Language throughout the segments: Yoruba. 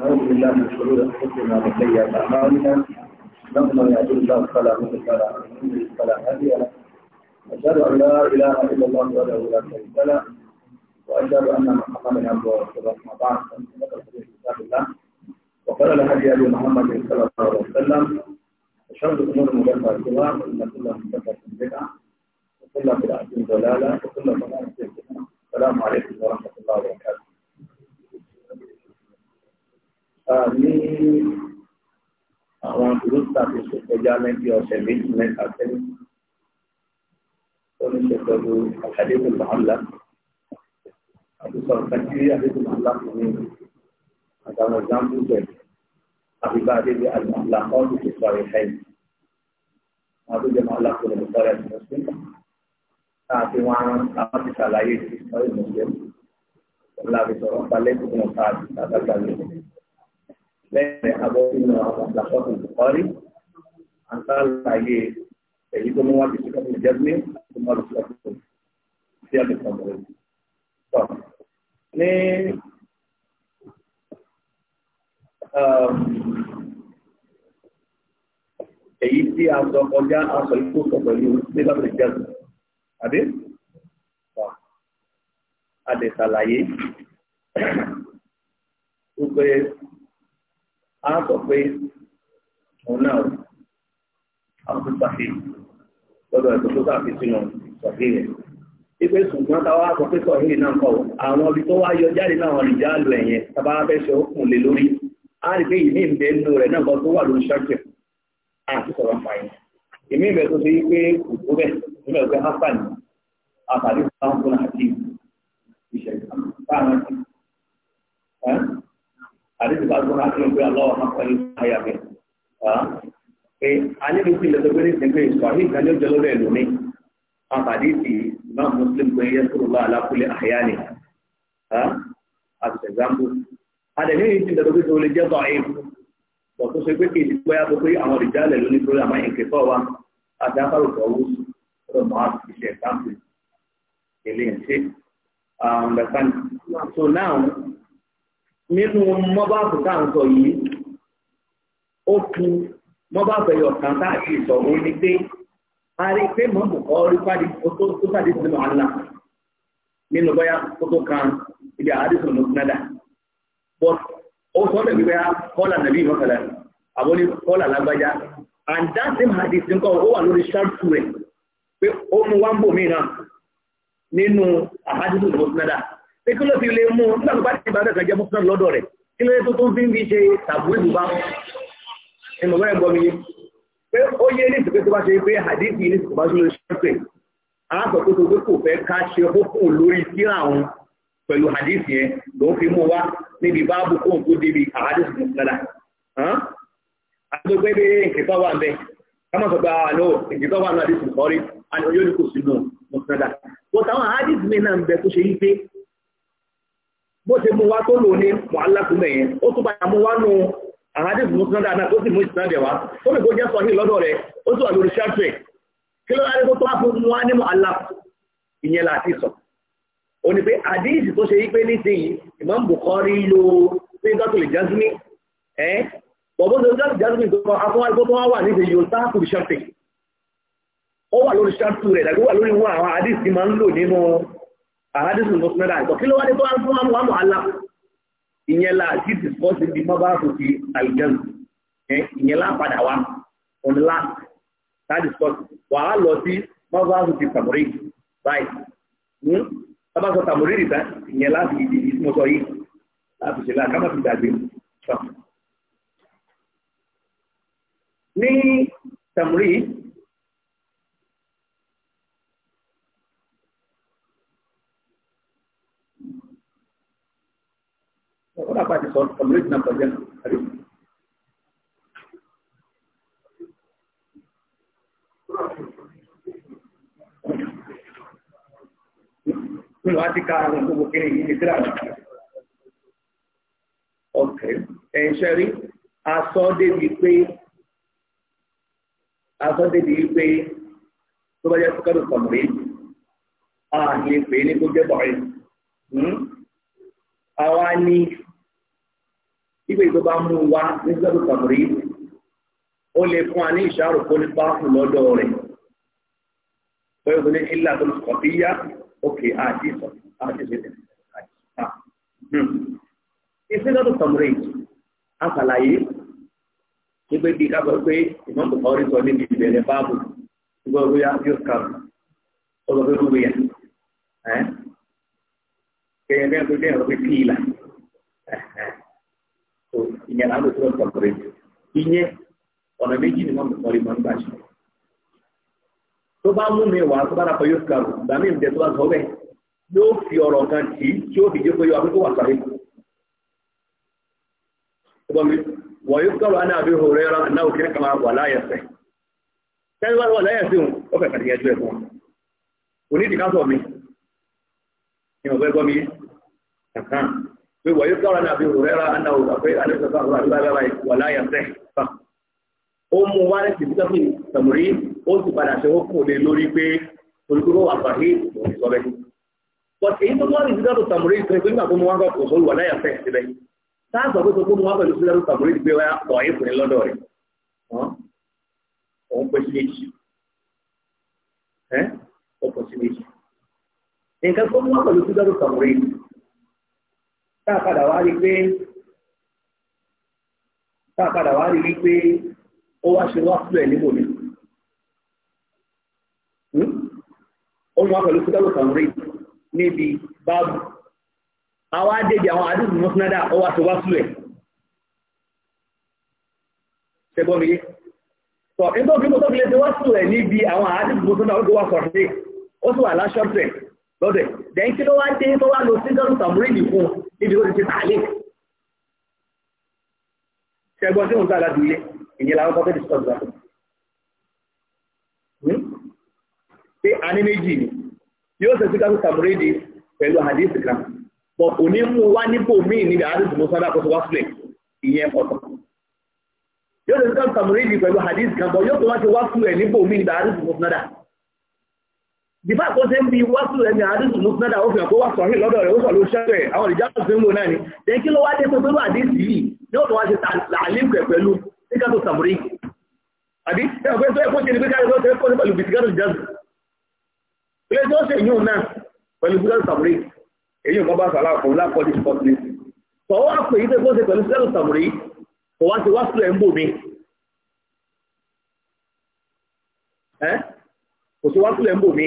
أعوذ بالله من شرور أنفسنا وسيئات أعمالنا نحن يهدي الله فلا مضل له ومن فلا هادي له أشهد أن لا إله إلا الله وحده لا شريك له وأشهد أن محمدا عبده ورسوله أما بعد فإن الحديث كتاب الله وقال الهدي أبي محمد صلى الله عليه وسلم وشر الأمور الله وإن كل محدثة بدعة وكل بدعة ضلالة وكل ضلالة في السلام عليكم ورحمة الله وبركاته Ah, ní àwọn gúrúùtà tó ṣe kọjá lẹ́bí ọ̀sẹ̀ méjì mẹ́ta sẹ́yìn tó ní ṣe pẹ̀lú àkàdémù làálà àti sọ̀rọ̀ kàkí àdéhùn làálà fún mi àtàwọn ìgbàmù bẹ̀ àti bá àdéhùn àlàálà ọ̀dùn ti sọ̀rọ̀ ìfẹ́ yìí wọn tó jẹ́ mọ́ alákòrò ìfọ̀rẹ́ àti mùsùlùmí káàkiri wọn àwọn ti ṣàlàyé ìfọ̀rẹ́ mùsùlùmí ọ̀làbìsọ̀rọ̀ palẹ́kùn náà káàkiri lẹ́yìn àbọ̀ sínú àgbàṣọ́kù bùkọ́rí àtàlàyé èyí tó mú wá bí síkọ́kù jẹ́bí tó mú wá bí síkọ́kù sí àbí kọ̀ọ̀rọ̀ tọ̀ ní um, èyí tí a sọ kọjá a sọ ikú sọ pẹ̀lú nígbàgbé jẹ́bí àbí tọ̀ wípé a sọ pé òun náà àwọn tó ṣàfihàn lọ́dọ̀ ẹ̀kọ́ tó ṣàfihàn sínú ṣàfihàn ipe ṣùgbọ́n táwa sọ pé sọ̀hìn náà kọ̀ àwọn ibi tó wá yọ jáde náà wọn ìjà lọ ẹ̀yẹn tàbá fẹ́ ṣe òkun lé lórí á rí pé ìbẹ́ rẹ̀ náà kan tó wà lórí àti sọ̀rọ̀ ìmí tó ṣe yí pé kò tó bẹ̀ fún àti ìṣẹ̀lẹ̀ àdéhùn bá gbọ́n àti ìgbé aláwọ̀ máa pẹ̀lú àyà mi. pé a níbi tí ilẹ̀ tó gbé ní ìsìnkú ìsọ̀ àbí ìgbà ní ọjọ́ lọ́dọ̀ ẹ̀lú mi. wọn pàdé sí náà muslim pé yẹ kúrò bá alákùlé àyà ni. as example àdéhùn yìí ti ilẹ̀ tó gbé tó lè jẹ́ bọ̀ ẹ̀ bọ̀ tó ṣe pé kì í ti pẹ́ àbọ̀ pé àwọn ìjà ilẹ̀ ló ní torí àmọ́ ìkẹ́kọ̀ wa àti afárò tó wú ọ̀rọ̀ mọ́ àti ìṣẹ̀ nínú mọ́bàbù tá à ń sọ yìí ó ku mọ́bàbù kan tá à ti sọ òun ni pé a rí pé mọ́bù kọ́ rí pàdé tó pàdé sínú àlà nínú bóyá kótó kan ibi àádìsùn ló fún ẹ̀dá but ó sọ ọ́ dẹ̀bi bóyá kọ́là nàbí ìmọ̀kàlà àbóni kọ́là lágbájá and that same hadith nǹkan ó wà lórí pé pé kí ló fi lè mú nígbà tó bá ti bá kẹ̀kẹ́ jẹ́ mọ́sán lọ́dọ̀ rẹ̀ kí ló yẹ tó tún fi ń fi ṣe tàbí ìbúbá ni mo bẹ́ẹ̀ gbọ́ mi yé pé ó yé ní ìsìnkú tó bá ṣe pé àdéhùn ní ìsìnkú bá ṣe lè ṣe pé aláṣọ tó tó pé kò fẹ́ ká ṣe kókò lórí síra òun pẹ̀lú àdéhùn yẹn ló fi mú wá níbi báàbù kóhùn tó débi àádéhùn mọ́sálà àtọ́gbẹ́ bí nkìtọ́ wà bẹ́ àdéhùn kọ́rí ń bẹ tó bó ṣe mú wá tó lò ní wàhálàkùnmẹ̀ yẹn ó tún padà mú wá nù àhádìsì mú sinadà náà ó sì mú ìsinadà wá ó lè kó jẹ́ sọ yìí lọ́dọ̀ rẹ̀ ó sì wà lórí ṣáàtì kí ló wá ní kó tó wá fún mú wá ní wàhálà ìyẹn láti sọ ó ní pé àdíìsì tó ṣe yí pé ní sèyí Imam Bukhari lo síndọ́tò lè jásmí ẹ́ bọ̀bọ́ tó jásmí jásmí tó kọ tó wá wà ní sèyí yóò àhádìsùn tó sinẹ́dà ìtọ̀ kí ló wá ní tó wá fún àwọn àmọ́ àlá ìyẹn la kí dìspọ́sì bí bá bá kò sí àlùjẹ́nu ìyẹn la padà wá òní la ká dìspọ́sì wà á lọ sí bá bá kò sí tàmúrí báyìí hmm? bá bá sọ tàmúrí nìta ìyẹn la fi ìdí ìdí mọ́tọ́ yìí láti ṣe láà kámọ́ fi dàgbé ní tàmúrí What about this one? Complete number again. Vatikano to work in Israel. Okay. And Sherry, I saw the replay. I saw the replay. So I just got a summary. Ah, he is paying a good boy. Hmm? Awani ìgbé ìjọba mú wa ní sẹ́dù tàbí ó lè fún wa ní ìṣàrò kó ní páàkù lọ́dọ̀ rẹ̀ pẹ̀lú òfin ní ilé àtọ́lù kọ̀fíyà òkè àti ìsọ̀ àti ìṣẹ̀lẹ̀ àti ìṣà. ìṣẹ́dù ah, tàbí hmm. àkàlàyé ìgbé bíi ká sọ pé ìmọ̀ tó kọ́ orí sọ níbi ìbẹ̀rẹ̀ báàbù ìgbọ́ bóyá yóò kà ó sọ pé rúbìyà kẹ̀yẹ̀ kẹ́yẹ̀ tó dé ọ̀rọ̀ pé kí ìlànà ìyẹn láti tó ń tọ̀pẹ̀rẹ̀ ìyẹn ọ̀nà méjì ni wọ́n mọ̀ ìmọ̀ nígbà ṣe tó bá mú mi wá tó bá dàpọ̀ yóò kàrò ìgbà mí ìdẹ tó bá sọ bẹ́ẹ̀ yóò fi ọ̀rọ̀ kan tì í tí ó fi jẹ́ pé yóò akókò wà sáré wọ́n yóò kàrò àná àbí hòrè ra náà kí nìkan wà láyẹsẹ̀ tẹ́lẹ̀ wá wà láyẹsẹ̀ òun ó fẹ̀ kàdé ẹjọ́ ẹ̀ fún wọn onídìí ká sọ mi ìmọ̀ fẹ́ gbọ́ mi yé pé wọ̀nyí sọ̀rọ̀ ní àbí òrẹ́ra ẹ̀nà òrà pé alẹ́sọ̀tọ̀ àwọn àbíbáyà wà láyà fẹ́ fà. ó mú wá ní ti tọ́kì tẹ̀mùrí ó sì padà ṣe ó kò lè lórí pé olùkóró àpàdé òní sọ bẹ́ẹ̀. bọ̀t èyí tó wọ́n ní ìdíjọ́ tẹ̀mùrí ìtọ́ ìpínlẹ̀ àkókò wọn kò sórí wà láyà fẹ́ síbẹ̀. sáàsọ̀ pé tó wọn pẹ̀lú ìdíjọ́ tẹ̀mùrí ti gbé wá ọ̀yẹ́ fún lọ́dọ̀ rẹ̀. òun pẹ̀ sí méjì. ẹ́ ọ̀pọ̀ sí méjì. nǹkan tó wọn pẹ̀lú ìdíjọ́ tẹ̀mùrí tá a padà wá rí pé tá a padà wá rí wípé ó wá ṣe hmm? wá fúlẹ̀ níbo ni ó mú akọ̀lù fúkẹ́lù kan rí níbi báàbù àwọn adébi àwọn àdúgbò mọ́sánádà ó wá ṣe wá fúlẹ̀ ṣẹgbọ́n mi yé sọ nítorí mo tó fi lè ṣe wá fúlẹ̀ níbi àwọn àdúgbò mọ́sánádà ó wá sọ̀rọ̀ ó sì wà láṣọ́ọ̀tẹ̀ lọ́dọ̀ ẹ̀ dẹ̀yìn tí ló wá dé tó wá lo síndọ́rù tàmúrìnì fún níbi ó ti ti tààlé ṣẹgbọ́n tí òun sáà láti ilé ìyẹn làwọn kọ́kẹ́ discourse bá pé a ní méjì ni yóò ṣe síkàtú tàmúrìnì pẹ̀lú àdéhùn kan bọ̀ kò ní mú wá níbò míì níbi àdéhùn mú sádà kóso wá sílẹ̀ ìyẹn ọ̀tọ̀ yóò ṣe síkàtú tàmúrìnì pẹ̀lú àdéhùn kan yóò tó wá ti wá sílẹ̀ níbò míì níbi àdéhùn mú sádà bífà tó ṣe ń bi wásù ẹni àdìsù mùsùlùmí ó fi hàn kó wà sọ̀hìn lọ́dọ̀ rẹ̀ ó sọ̀ ló ṣẹ́rẹ̀ àwọn ìjábọ̀ tó ń wò náà ni then kí ló wá dé pẹ̀lú àdìsù yìí ní ó tó wá ṣe tààlìm rẹ̀ pẹ̀lú síkàtò sàmúrí àbí ẹgbẹ́ tó ẹkọ́ ṣe ni pé káyọ̀ tó ṣe kó ní pẹ̀lú bisikàtò jazz ilé tó ṣe yún náà pẹ̀lú síkàtò sàmúrí èyí nǹkan bá sàlá fún lápọ̀ ní spọ́tlì sọ wá pé yìí tó ṣe pẹ̀lú síkàtò sàmúrí kò wá ṣe wásù ẹ̀ ń bò mí ń bò mí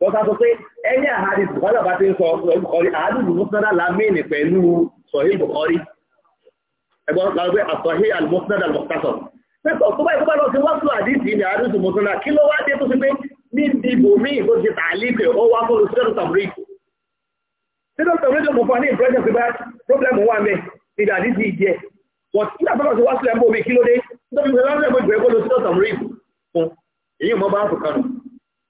Tọ́ta sọ pé ẹni àhàdì Bùkọ́rí ọ̀bá ti ń sọ Bùkọ́rí, àádùn Mùsùlùmí lámìnì pẹ̀lú Sọ̀hí Bùkọ́rí. Ẹgbọ́n sọ pé àsọ̀hí Al-Mùsùlùmí Al-Mùsùlùmí. Pẹ́pọ̀ tó báyìí tó bá lọ sí wáṣọ àdìsí ni àádùn Mùsùlùmí kí ló wá dé tó fi pé ní ìdìbò míì tó ti tàlífẹ̀ ó wá fún Sẹ́dọ̀ Tàbrík. Sẹ́dọ̀ Tàbrík mo fún ní ìpẹ́jọ́ sí bá pọ́blẹ́mù wà mẹ́ níbi àdìsí ìjẹ́. Wọ́n ti lábẹ́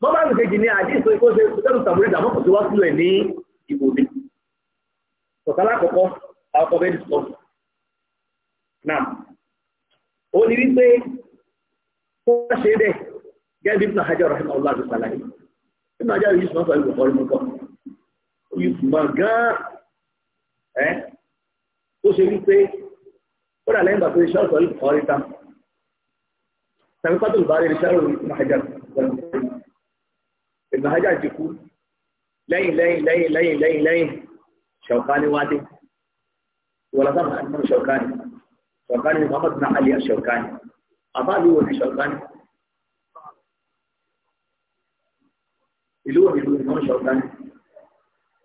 mọ́bàlù kejì ni àdíṣe kó ṣe sẹ́nu tàbúrẹ́ dàmọ́ kò sí wá sílẹ̀ ní ìbò mi ọ̀tálá àkọ́kọ́ àkọ́kọ́ bẹ́ẹ̀ sọ náà ó ní wípé kó wá ṣe bẹ́ẹ̀ gẹ́gẹ́ bí Ibn Hajar rahim allah ti sàlàyé Ibn Hajar yìí sùn sọ̀rọ̀ ìwọ̀kọ́ nínú kọ́ oyè sùnmọ́ gan-an ẹ́ ó ṣe wípé ó dà lẹ́yìn bàtà iṣẹ́ ọ̀sọ̀ ìwọ̀kọ́ rí ta tàbí pátó ìbára iṣẹ́ ọ̀rọ̀ Ibn Hajar Ibn Hajar ti kú lẹ́yìn lẹ́yìn lẹ́yìn lẹ́yìn lẹ́yìn lẹ́yìn Shawkani wá dé wọ́n lọ́sàn án mọ́ Shawkani Shawkani ni Muhammad bin Ali Shawkani àbá mi wò ní Shawkani ìlú wò ní ìlú ìmọ̀ Shawkani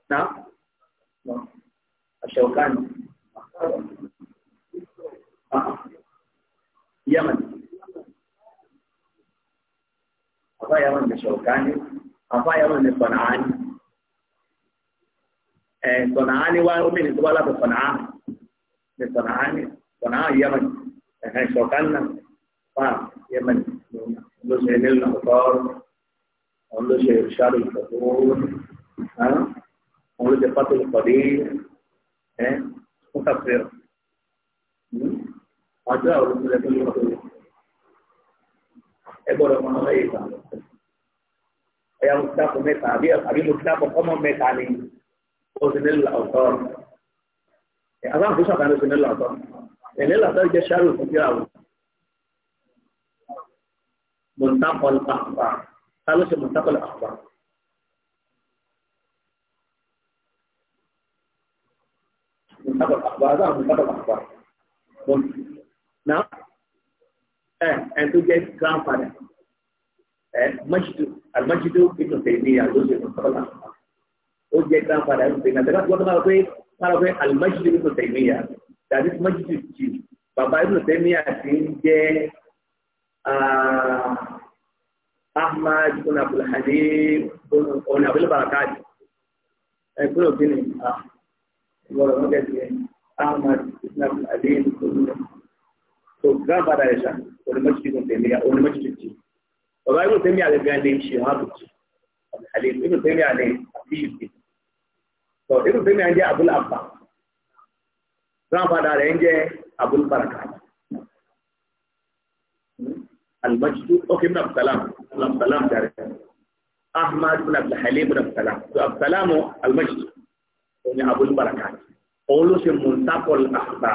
náà Shawkani Yaman àbá Yaman ní Shawkani. àfáyà náà ní Sọ̀nàání ẹ̀ Sọ̀nàání wá omi ní tó wá láti Sọ̀nàá ní Sọ̀nàání Sọ̀nàá Yemen ẹ̀hẹ̀ ṣọ̀kan náà fà Yemen ló ṣe ní lọ́kọ́rọ́ òun ló ṣe ìṣàrò ìṣòro òun ló ṣe pátó ìpàdé ẹ̀ fún kàfẹ́rọ̀ ọjọ́ àwọn olùsọ̀rọ̀ tó lọ́kọ́ ẹ gbọ́dọ̀ mọ ọ̀rọ̀ yìí kan. ẹ̀yà mùsùlùmí mẹ́ta àbí àbí mùsùlùmí ọmọ mẹ́ta ni òsìnlélà ọ̀tọ̀ àwọn àfúnṣà kan òsìnlélà ọ̀tọ̀ ẹ̀lẹ́là ọ̀tọ̀ jẹ́ sáré òfin bí àwọn mùsùlùmí àpá ta ló ṣe mùsùlùmí àpá. منتقى الأخبار هذا منتقى الأخبار نعم أنتو جاي كلام فارغ Eh, mọ́ṣídù àlùmọ́ṣídù inú tèmi àlóṣe inú sọ́lá ó jẹ́ gbọ́n padà inú tèmi àtẹ́gbà tó máa pé máa pé àlùmọ́ṣídù inú tèmi yà tàbí mọ́ṣídù jì bàbá inú tèmi àti ń jẹ́ Ahmad bin Abdul Halim bin Oni Abdul Barakadi ẹgbẹ́ òbí ni ìwọ̀rọ̀ wọn gẹ̀ẹ́sì Ahmad bin Abdul Halim bin Oni. So, grandfather Aisha, onímọ̀ṣídù tèmi yà onímọ̀ṣídù jì ọ̀rọ̀ ibùdó tẹ́mi àlẹ́ gan lè ṣe hàn lòtù àlẹ́ ibùdó tẹ́mi àlẹ́ àbí ìṣe tọ́ ibùdó tẹ́mi àlẹ́ abul abba grandfather rẹ̀ ń jẹ́ abul baraka almajidu ok ibn absalam ibn absalam jare ahmad ibn abdulhalim ibn absalam so absalamu almajidu òun ni abul baraka òun ló ṣe muntakol ahba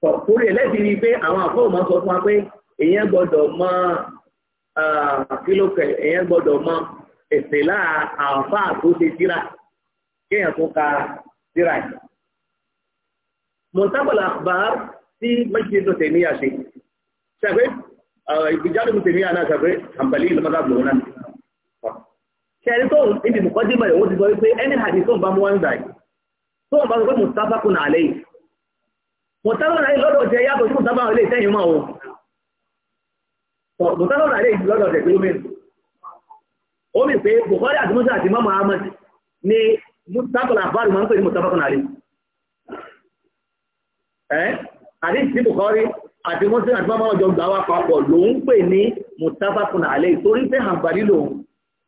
tọ́ torí ẹlẹ́sìn ni pé àwọn àfọwọ́mọ sọ fún wa pé èyàn gbọ́dọ̀ mọ kílókè èyàn gbọ́dọ̀ mọ ìsìlá àǹfà tó ṣe síra kéèyàn tó ka síra yìí. mọ̀tàbọ̀lá akhbar tí méjì tó tẹ̀ níyà ṣe ṣàgbé ìgbìjáde tó tẹ̀ níyà náà ṣàgbé àǹbàlí ìlú mọ́tàbọ̀lá òun náà. kẹrin tó ibi mọ̀kọ́ dé mọ̀ ìwọ́n ti sọ wípé ẹni hàdí tó ń bá mú wọn dà tó ń bá sọ pé mùsàfà kùnà àlẹ́ yìí mùsàfà kùnà lọ́dọ̀ jẹ́ yàtọ̀ sí mùsàfà àlẹ́ ìtẹ́yìn mọ́ bùkọ́lọ̀ rà lè lọ́dọ̀ tẹ̀ pẹ̀lú mẹ́rin ó mì pé bùkọ́lẹ̀ àti mọ́sá àti mọ́mọ́ ahmad ní mustapha àfáàrù máa ń pè ní mustapha kan àrí ẹ́ àrí sí bùkọ́rí àti mọ́sá àti mọ́mọ́ ọjọ́ gbà wá papọ̀ ló ń pè ní mustapha kan àrí torí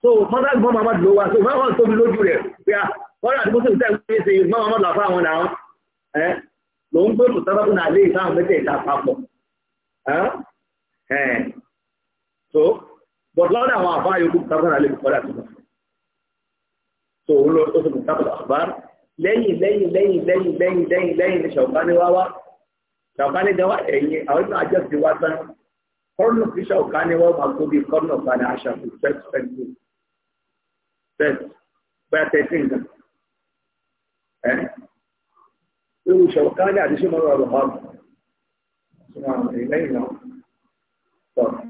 so mọ́sá àti mọ́mọ́ ahmad ló wá so mọ́mọ́ tóbi lójú rẹ̀ pé à kọ́lẹ̀ àti mọ́sá àti mọ́mọ́ ahmad làfá àwọn náà ẹ́ ló ń pè mustapha so but lọ́dọ̀ àwọn àbá yòókù tábàrà lè kọ́ dà tuntun so òun lọ tó tóbi tábàrà àbá lẹ́yìn lẹ́yìn lẹ́yìn lẹ́yìn lẹ́yìn lẹ́yìn lẹ́yìn ní ṣàwùkání wá wá ṣàwùkání jẹ́ wá ẹ̀yìn àwọn ìgbà àjọ ti wá tán kọ́rùnù fi ṣàwùkání wọ́n máa tó bí kọ́rùnù padà àṣà fún first first first bẹ́ẹ̀ thirteen gan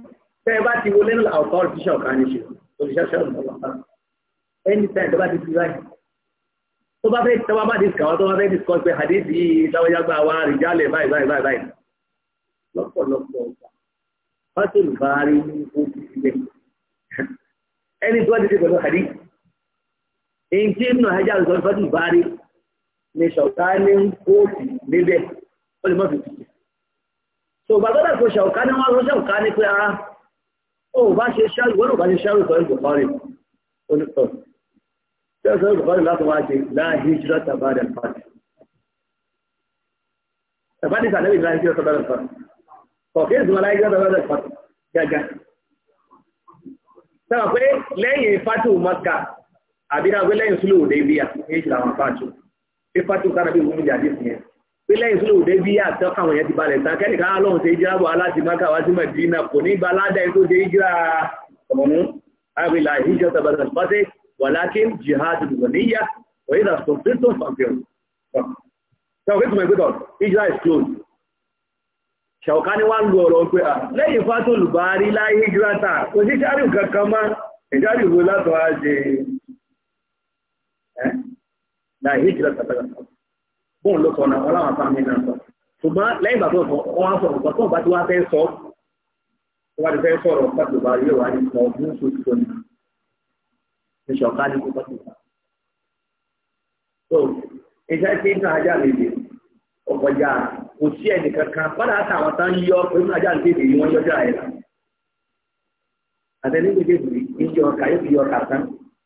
ẹ́ tẹ́ ẹ bá ti wọlé nílò àwùkọ́ olùṣẹ́ ọ̀kan ní ṣe olùṣẹ́ ṣẹ́ ọ̀kan ẹni tẹ́ ẹ tó bá ti fi báyìí tó bá fẹ́ tó bá bá disc àwọn tó bá fẹ́ discuss pé hadith yìí láwọ́yá gba wa rìjálẹ̀ báyìí báyìí báyìí lọ́pọ̀lọpọ̀ ọ̀gá fásitì bá rí ní ojú sílẹ̀ ẹni tó wá ti ṣe pẹ̀lú hadith èyí tí nínú ajá àrùsọ fásitì bá rí ní ṣọ̀ká ó bá ṣe ṣáàrù wọ́n bá ṣe ṣáàrù sọ ìbùkọ́rì onítọ̀ tí ó sọ ìbùkọ́rì láti wá ṣe láàájí ìjírá tàbádà pàtì tàbádì sàlẹ̀ ìjírá ìjírá tàbádà pàtì kọ̀kẹ́ ìjírá ìjírá tàbádà pàtì gàgà sábà pé lẹ́yìn fatu maka àbí náà pé lẹ́yìn sulu òde bíyà ní ìjírá àwọn fatu pé kára bí wọ́n mú jáde sí yẹn pé lẹ́yìn sílò òdé bí àtọ́ káwọn èèyàn ti balẹ̀ tán kẹ́nìká lọ́hùn ṣe ìjírá bọ̀ aláti máa káwá sí Mẹ̀dínà kò ní gba aládá ẹni tó ṣe ìjírá ọ̀mọ̀mú àbílà ìjọ tàbátà pàṣẹ wàlákì jihad nìyà òye dà tó fi tó fàfihàn. ṣàwọn kìtùmọ̀ ìgbẹ́tọ̀ ìjírá is closed. ṣàwọ̀ká ni wọ́n ń lo ọ̀rọ̀ pé lẹ́yìn fátó olùbárí láyé ìjírá kò bóun ló sọ náà wọn láwọn fáwọn mi náà sọ ṣùgbọ́n lẹ́yìn ìgbà tó sọ wọn á sọ nǹkan tó ń bá ti wá fẹ́ sọ tó bá ti fẹ́ sọ̀rọ̀ pàtó bá yóò wá ní sọ ọdún tó ti tóni ìṣọ̀ká ní kó pàtó bá. so iṣẹ́ tí ń tàn ajá lè dè ọkọjá kò sí ẹnì kankan padà àtàwọn tán yọ pé ní ajá lè dè yìí wọ́n yọjọ́ àyè náà àtẹnudẹ́gbẹ̀dẹ́gbẹ̀ ìjọ ọkà yóò fi yọ ọkà tán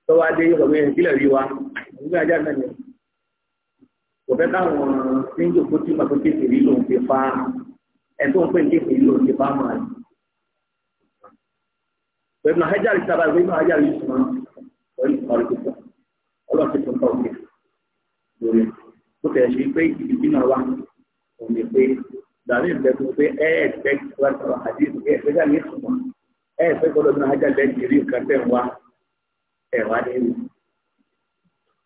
tọ́wọ́ adé yóò sọ pé ìpínlẹ̀ rí wa nígbà ajá náà kò fẹ́ káwọn tí ń jòkó tí màá tó kéèké rí lòun ti fa ẹ̀ tó ń pè kéèké rí lòun ti fa màá yìí. pẹ̀lú náà hajj àrísí sábà ìwé náà hajj àrísí sùn náà pẹ̀lú ìparí tó sọ ọlọ́run ti tún tọ́wọ́ kéèké lórí tó tẹ̀ ṣe pé ibi tí náà wà kò ní pé dàbí ìbẹ̀kú pé ẹ ẹ̀ fẹ́ gbọ́dọ̀ àti ẹ̀ fẹ́ gbọ́dọ̀ ní ìsùn ẹ̀ fẹ́ gbọ́dọ̀ ní hajj àrísí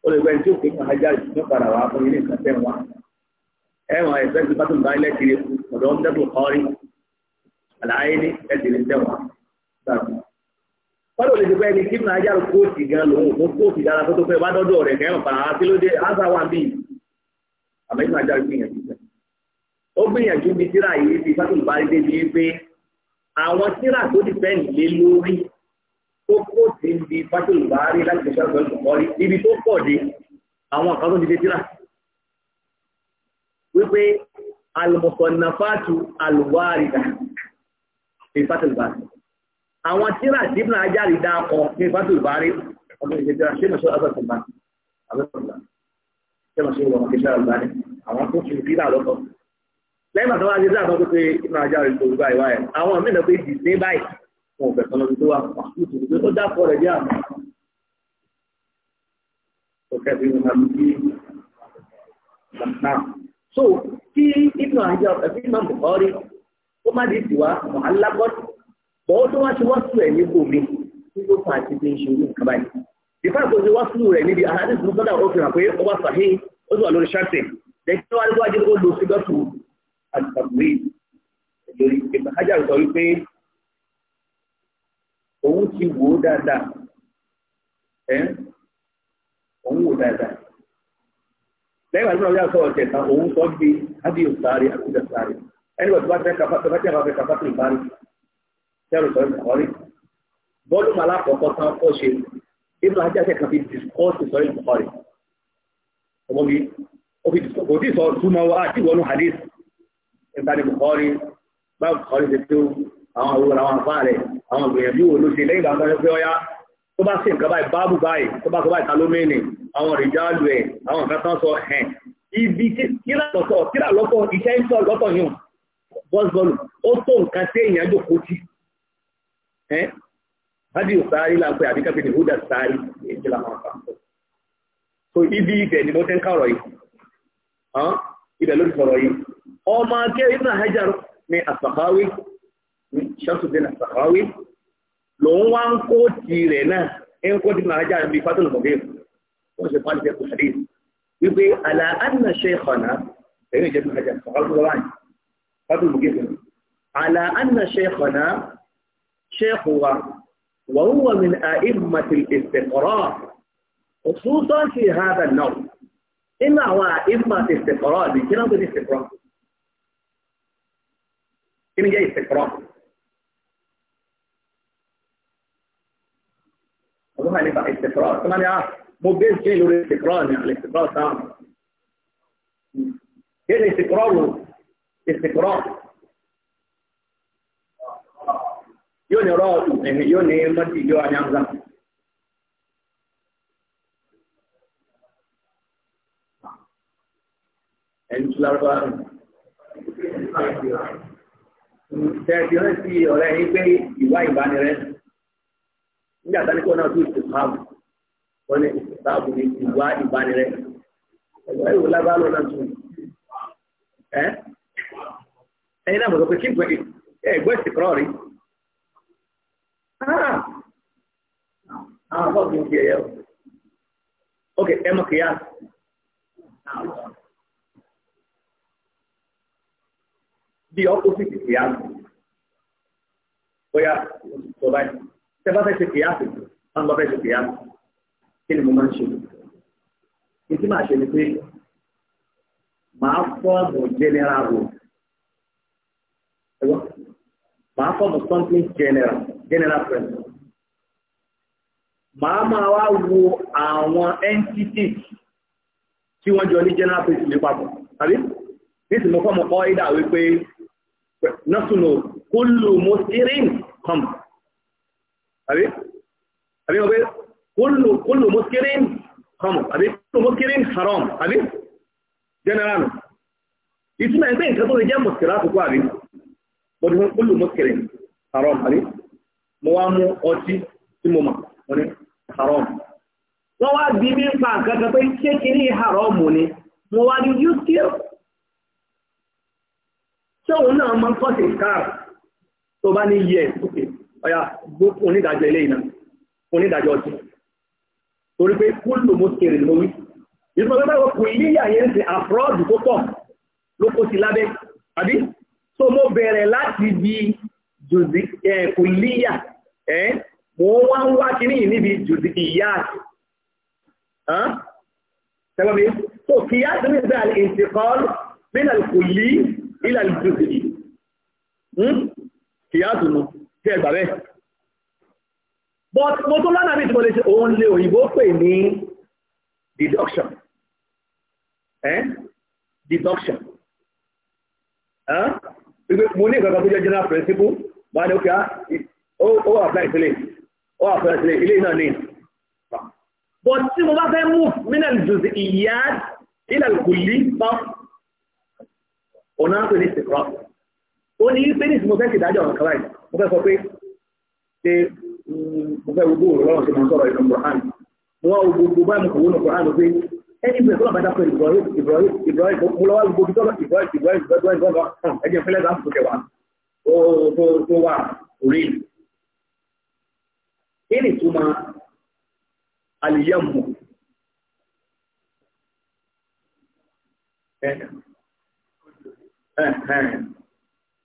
ó lè gbẹ́ tí ó pé fún ajá ìṣúná padà wá fún ilé nǹkan tẹ̀wá ẹ̀wọ̀n ẹ̀fẹ́ ti bátún bá ilé kiri ọ̀dọ́ ń dẹ́kun kọ́rí àlàyé ní ẹ̀dìrín tẹ̀wá gbàgbé. wọ́n lè gbẹ́ ni kí fún ajá kóòtì gan lòun òun kóòtì dára tó tó fẹ́ bá dọ́dọ̀ rẹ̀ kẹ́hìn padà wá kílódé áza wà ń bì àmọ́ ìfún ajá gbìyànjú ó gbìyànjú bí tíra yìí ti bátún bá ilé bíi pé àwọn tíra tó ti fẹ́ nílé lórí tó kó sí ibi pátó ìbáárí láti lè ṣàgbọ́n ìkọ̀kọ́rí ibi tó pọ̀ dé àwọn kan tó ti dé tíra wípé alùmọ̀sọ̀nàfàtù alùwárìdà ní pátó ìbáárí àwọn tíra tí ibùdó ajáre dá ọkọ̀ ní pátó ìbáárí ọdún ìṣẹ́ tíra ṣé mọ̀ṣọ́ àgbàtì bá àgbàtì bá ṣé mọ̀ṣọ́ ìwọ̀n kẹṣẹ́ àgbàtì àwọn tó ti tíra lọ́tọ̀ lẹ́yìn àtàwọn ajé tíra tó pé ibùdó ajáre tó gbà ìwáyà àwọn mí wọn ò fẹ́ kan lọ́bi tó wà pa nítorí pé ó dápọ̀ rẹ̀ bí àmọ́ ọ̀kẹ́ bí wọn máa bí náà so kí ibùdó àjọ ẹ̀fí máa bù ọ́ rí ó má di tiwa mọ̀ alágọ́tì bọ́ ó tó wá ṣe wá sùn ẹ̀ níbo mi kí ló fà á ti fi ń ṣe orí nǹkan báyìí ìfẹ́ àkóso wá sùn rẹ̀ níbi àhádé tó gbọ́dọ̀ ó fi hàn pé ó wá sàhín ó sì wà lórí ṣáàtì lẹ́yìn wá níwájú òun ti wò ó dáadáa ẹ òun wò dáadáa lẹ́yìn àti ìrọ̀lẹ́ àti ọ̀tẹ̀ kan òun sọ gbé ádìyẹ sáré àkúdà sáré ẹni wọ́n ti bá fẹ́ kafa tó bá tẹ̀ bá fẹ́ kafa tó ìbárí tẹ́lẹ̀ sọ ìgbà wọlé bọ́ọ̀lù màlá àkọ́kọ́ tán kọ́ ṣe ibùdó ajá tẹ̀ kan fi discourse sọ ìgbà wọlé ọmọ mi ó fi discourse kò tí sọ túmọ̀ wá àti ìwọ́nú hadith ìbáni Bukhari báwo ṣe tó àwọn àwọn àwọn àfá rẹ̀ àwọn ìgbìyànjú wo ló ṣe lẹ́yìn ìgbà tó pé ọyá tó bá ṣe nǹkan báyìí báàbù báyìí tó bá sọ báyìí ta àwọn ìrìnjáàlù ẹ̀ àwọn nǹkan tán sọ ẹ̀ ibi kíra lọ́tọ̀ kíra lọ́tọ̀ iṣẹ́ ń sọ lọ́tọ̀ yùn bọ́sbọ́ọ̀lù ó tó nǹkan tí èèyàn jò kó tí ẹ́ bájì sáárì là ń pè àbíkà pé sáárì èyí làwọn àfà so ibi ibẹ̀ ni mo ti ń kàrọ̀ yìí ibẹ̀ ló ti sọ̀rọ̀ yìí ọmọ akẹ́rẹ́ ibùdó hajar ní àsàkáwé ṣọ́ọ̀tù dínà sàkáwí lòun wá ń kó tirẹ̀ náà ń kó dínà ajá ibi fátólù mọ̀gẹ́ wọ́n ṣe pàdé ẹ̀kọ́ ṣàdé wípé àlà àdínà ṣe ìkànnà ẹ̀yìn ìjẹ́ dínà ajá sàkáwí lọ́wọ́ àyìn fátólù mọ̀gẹ́ àlà àdínà ṣe ìkànnà ṣe ìkùwà وهو من أئمة الاستقرار خصوصا في هذا النوع إما هو أئمة استقرار بكلام الاستقرار إن جاي استقرار náà nípa ìsìnkúrọ̀ tó máa ní à ah, mo gbé ìṣe lórí ìsìnkúrọ̀ ní àlè ìsìnkúrọ̀ sáà kí ni ìsìnkúrọ̀ wò ìsìnkúrọ̀ yóò ní rọ́ọ̀tù ẹ̀mí yóò ní mọ́tì yóò ní àmúzà. ẹni tó lárúbá rẹ̀ tẹ̀síọ́sì ọ̀rẹ́ yín pé ìwà ìbánirẹ́. Ndị tá nke kí wọn náà tún ìsìnkáàbù wọn ní ìsìnkáàbù ní ìwà ìbánirẹ ẹgbẹ́ ìwò lágbára lọ́nà tún ẹ ẹyin náà mo sọ pé kí n gbẹ ẹgbẹ́ tẹ bá fẹ́ ṣe kìyàsì wọn lọ fẹ́ ṣe kìyàsì kí ni mo máa ń ṣe ní tí màá ṣe ni pé màá fọ́ọ̀mù general rule ẹ̀wọ́n màá fọ́ọ̀mù something general general principle màá máa wá wo àwọn entities tí wọ́n jọ ní general principle papọ̀ tàbí ní tí mo fọ́ọ̀mù kọ́ ìdá wípé nọ́sùnù kúlù àbí àbí wọ́n pé kúlù kúlù muskirin haram àbí kúlù muskirin haram àbí general ìtumọ̀ ẹgbẹ́ nǹkan tó lè jẹ́ muskira àkókò àbí mo ti fún kúlù muskirin haram àbí mo wá mú ọtí tí mo mà wọ́n ní haram wọ́n wá bí mi ń pa nǹkan kan pé ṣé kiri haram ni mo wá ní yúkìr ṣé òun náà máa ń kọ́ ọ̀yà gbókùn onídàájọ́ ilé ìná onídàájọ́ ọtí torí pé kúlù mo kéré ló wí ìfúnpọ̀ pé báwo kò yíyà yẹn ti àfúrọ́ọ̀dù tó pọ̀ ló kó sí lábẹ́ àbí tó mo bẹ̀rẹ̀ láti bí jùzì kò líyà ẹ́ mo wá ń wá kíní yìí níbi jùzì ìyá àti tẹ́gbọ́n mi tó kí yá sí nígbà ìsìnkọ́l nínú kí but mo tó lọ́nà bíi tí mo lè ṣe òun lè òyìnbó pè ní deduction eh? deduction eh? mo ní ìgbàgbọ́ tó jẹ́ general principle wà ní òkè ó apply sílẹ̀ ó apply sílẹ̀ ilé náà ní but tí mo bá fẹ́ move minal juzi iyad ilal kulli bá ọ̀nà àpẹẹrẹ ìsìnkú ó ní pé ní ìsìnkú fẹ́ sì dájọ́ ọ̀nà kàwáyé mo fẹ́ sọ pé ṣe mo fẹ́ gbogbo òrò lọ́rùn tí mo sọ̀rọ̀ ìlú Quran mo wá gbogbo báyìí mo kò wọ́n Quran pé ẹni bẹ̀rẹ̀ sọ́nà bàtà pẹ̀lú Ibrahim Ibrahim Ibrahim mo lọ́wọ́ gbogbo bí tọ́lọ̀ Ibrahim Ibrahim Ibrahim Ibrahim ẹ̀jẹ̀ fẹ́lẹ́ dá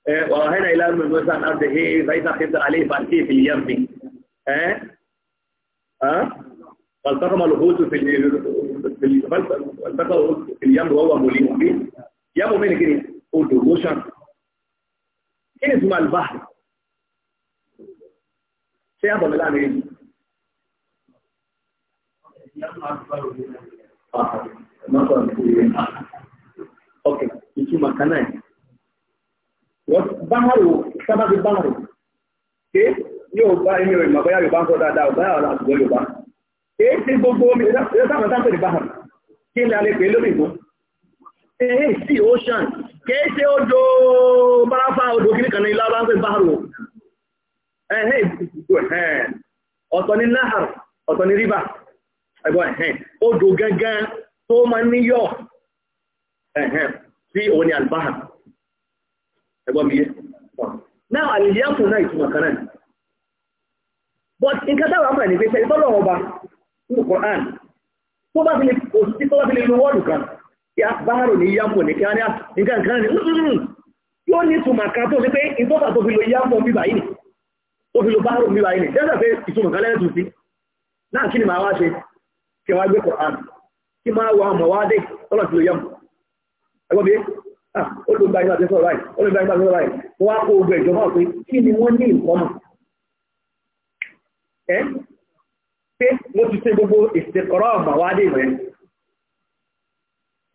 إيه، وهنا إلى مثلا أرضه فإذا خفت عليه فألقيه في اليم ها إيه؟ ها فالتقم الحوت في ال فالتقم في اليم وهو مليم به يم من كده قلت وشر كده اسمه البحر شيء هذا الآن إيه آه. مثلا اوكي يجي مكانه báhàrò sábàbí ṣe yóò bá ẹni rẹ̀ màbáyá yóò bá ń sọ dáadáa ọ̀bá àwọn àtùgbọ́ yóò bá èé tí gbogbo omi ẹ̀sàmọ̀ sáfẹ́ ní báhàrò kí ni a lè pè lónìí èé sí ocean kìí ṣe odò báráfà odò ní ilá bá ń ní nahar ní river odò tó máa ń sí òun ni ẹgbọ́n mi yé náà àlìyàfún náà ìtumọ̀ kan náà but nǹkan táwọn àmà ní pé ṣe ìtọ́lọ̀ ọba nínú Quran tó bá fi lè kò sí tó bá fi lè lo wọ́ọ̀dù kan kí a bá rò ní yàpọ̀ ní kí a ní nǹkan kan ní yóò ní ìtumọ̀ kan tó fi pé ìtọ́fà tó fi lo yàpọ̀ bí báyìí ni tó fi lo bá rò bí báyìí ni jẹ́sà pé ìtumọ̀ kan lẹ́yìn tún sí náà kí ni màá wá ṣe kí wá gbé Quran kí máa wà mọ̀wádé tọ́lọ̀ ti lo yàpọ̀ ẹgbọ́n mi olùgbàgbà ah, ti sọ̀rọ̀ báyìí olùgbàgbà ti sọ̀rọ̀ báyìí wọ́n wá kó ogun ìjọba pé kí ni wọ́n ní nǹkan mọ̀ ẹ́ pé mo ti ṣe gbogbo ìsìnkọ̀rọ̀ ọ̀gbà wá dé ìwẹ̀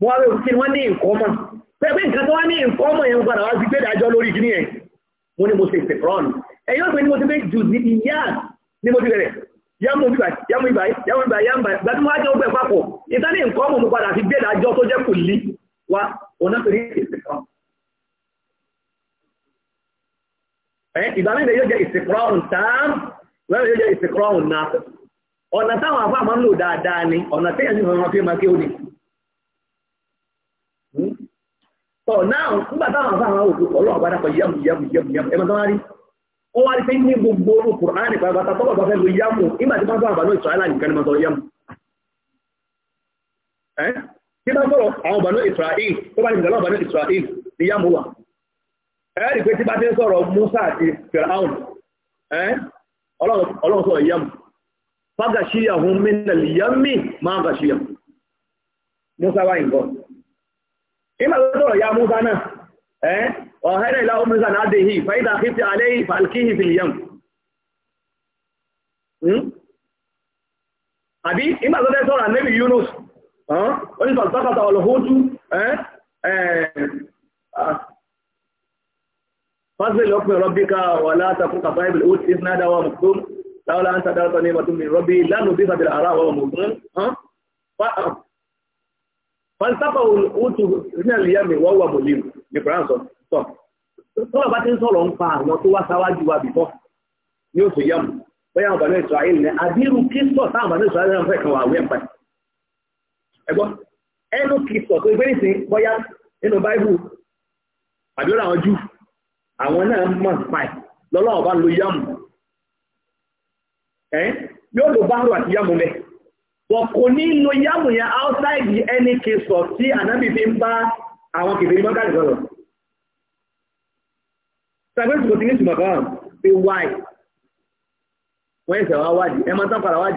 mo wá bẹ̀rù kí ni wọ́n ní nǹkan mọ̀ pé pé nǹkan tó wá ní nǹkan mọ̀ mo ní mo ṣe ìsìnkọ̀rọ̀ nù ẹ̀yìn ọ̀pẹ ni mo ti fẹ́ jù ní ìyá ni mo ti bẹ̀rẹ̀ yàmú ibà yàmú ibà yàmú ibà yàmú ibà gbàdúrà jẹ́ ọgbẹ́ papọ̀ ìtàn ní nǹkan mọ̀ mo padà fi gbé dájọ́ tó jẹ́ kò lí wa ọ̀nà torí ìsìnkúrọ̀. ìgbà mẹ́rin yóò jẹ́ ìsìnkúrọ̀ tán mẹ́rin yóò jẹ́ ìsìnkúrọ̀ náà ọ̀nà táwọn àfáà máa ń lò dáadáa ni ọ̀nà tí ẹ̀sìn ọmọ fi máa kí ó ní tọ̀ náà nígbà táwọn àfáà máa òkú ọlọ́wọ́ bá dápọ̀ yẹ́mù yẹ́mù yẹ́mù yẹ́mù ẹmọ tán wá rí ó wá rí pé ní gbogbo orú kùránì pàápàá tọ́wọ́ bá fẹ́ lo yẹ́mù nígbà tí wọ́n bá bá lọ tí bá sọ̀rọ̀ àwọn ọ̀bànú Israel tó bá ní ìgbàlá ọ̀bànú Israel ní yàmù wà ẹ̀rì pé tí bá ti ń sọ̀rọ̀ Musa àti Firaun ọlọ́run sọ̀rọ̀ yàmù fagashiya hun minal yammi ma gashiya Musa wá ìgbọ́ ìgbà tó sọ̀rọ̀ ya Musa náà ọ̀hẹ́rẹ̀ ìlà Musa náà dé yìí fàídà kìtì alẹ́ yìí fàlkìhì fil yam hmm? Yunus wọ́n ní sàtàkàtà ọ̀lọ̀hójú fásitì ọkùnrin rọ́bíkà wà látàkùn kàfáìbìlì ó ti náà dáwà mùsùlùm láwọ́lá ń sàdárọ́tọ̀ ní ìbàtún mi rọ́bí lánàá bí sàbìlì ara àwọn mùsùlùm fàlítàpà òtù ríẹ̀lì yẹ́mi wọ́n wà mọ̀lìm ní france sọ tọ́lọ̀ bá ti ń sọ̀rọ̀ ń pa àwọn tó wá sáwájú wa bìfọ́ ní oṣù yẹ́mu bóyá àwọn bàbá Israel ní adírú kí sọ̀ táwọn bàbá Israel náà fẹ́ kan wà ẹgbọ́ ẹnu kìsọ̀ tó gbé nìsín bọ́yá nínú báíbù àdúrà àwọn jù àwọn náà mọ̀ pàì lọ́lọ́wọ́ bá lo yámù ẹ́ yóò lo báhùrù àti yámù mẹ́ bọ̀ kò ní lo yẹn outside the any kìsọ̀ tí ànábì fi ń bá àwọn kìfèrè sọ̀rọ̀ ní ìtumọ̀ kan pé wọ́n máa tán padà wọ́n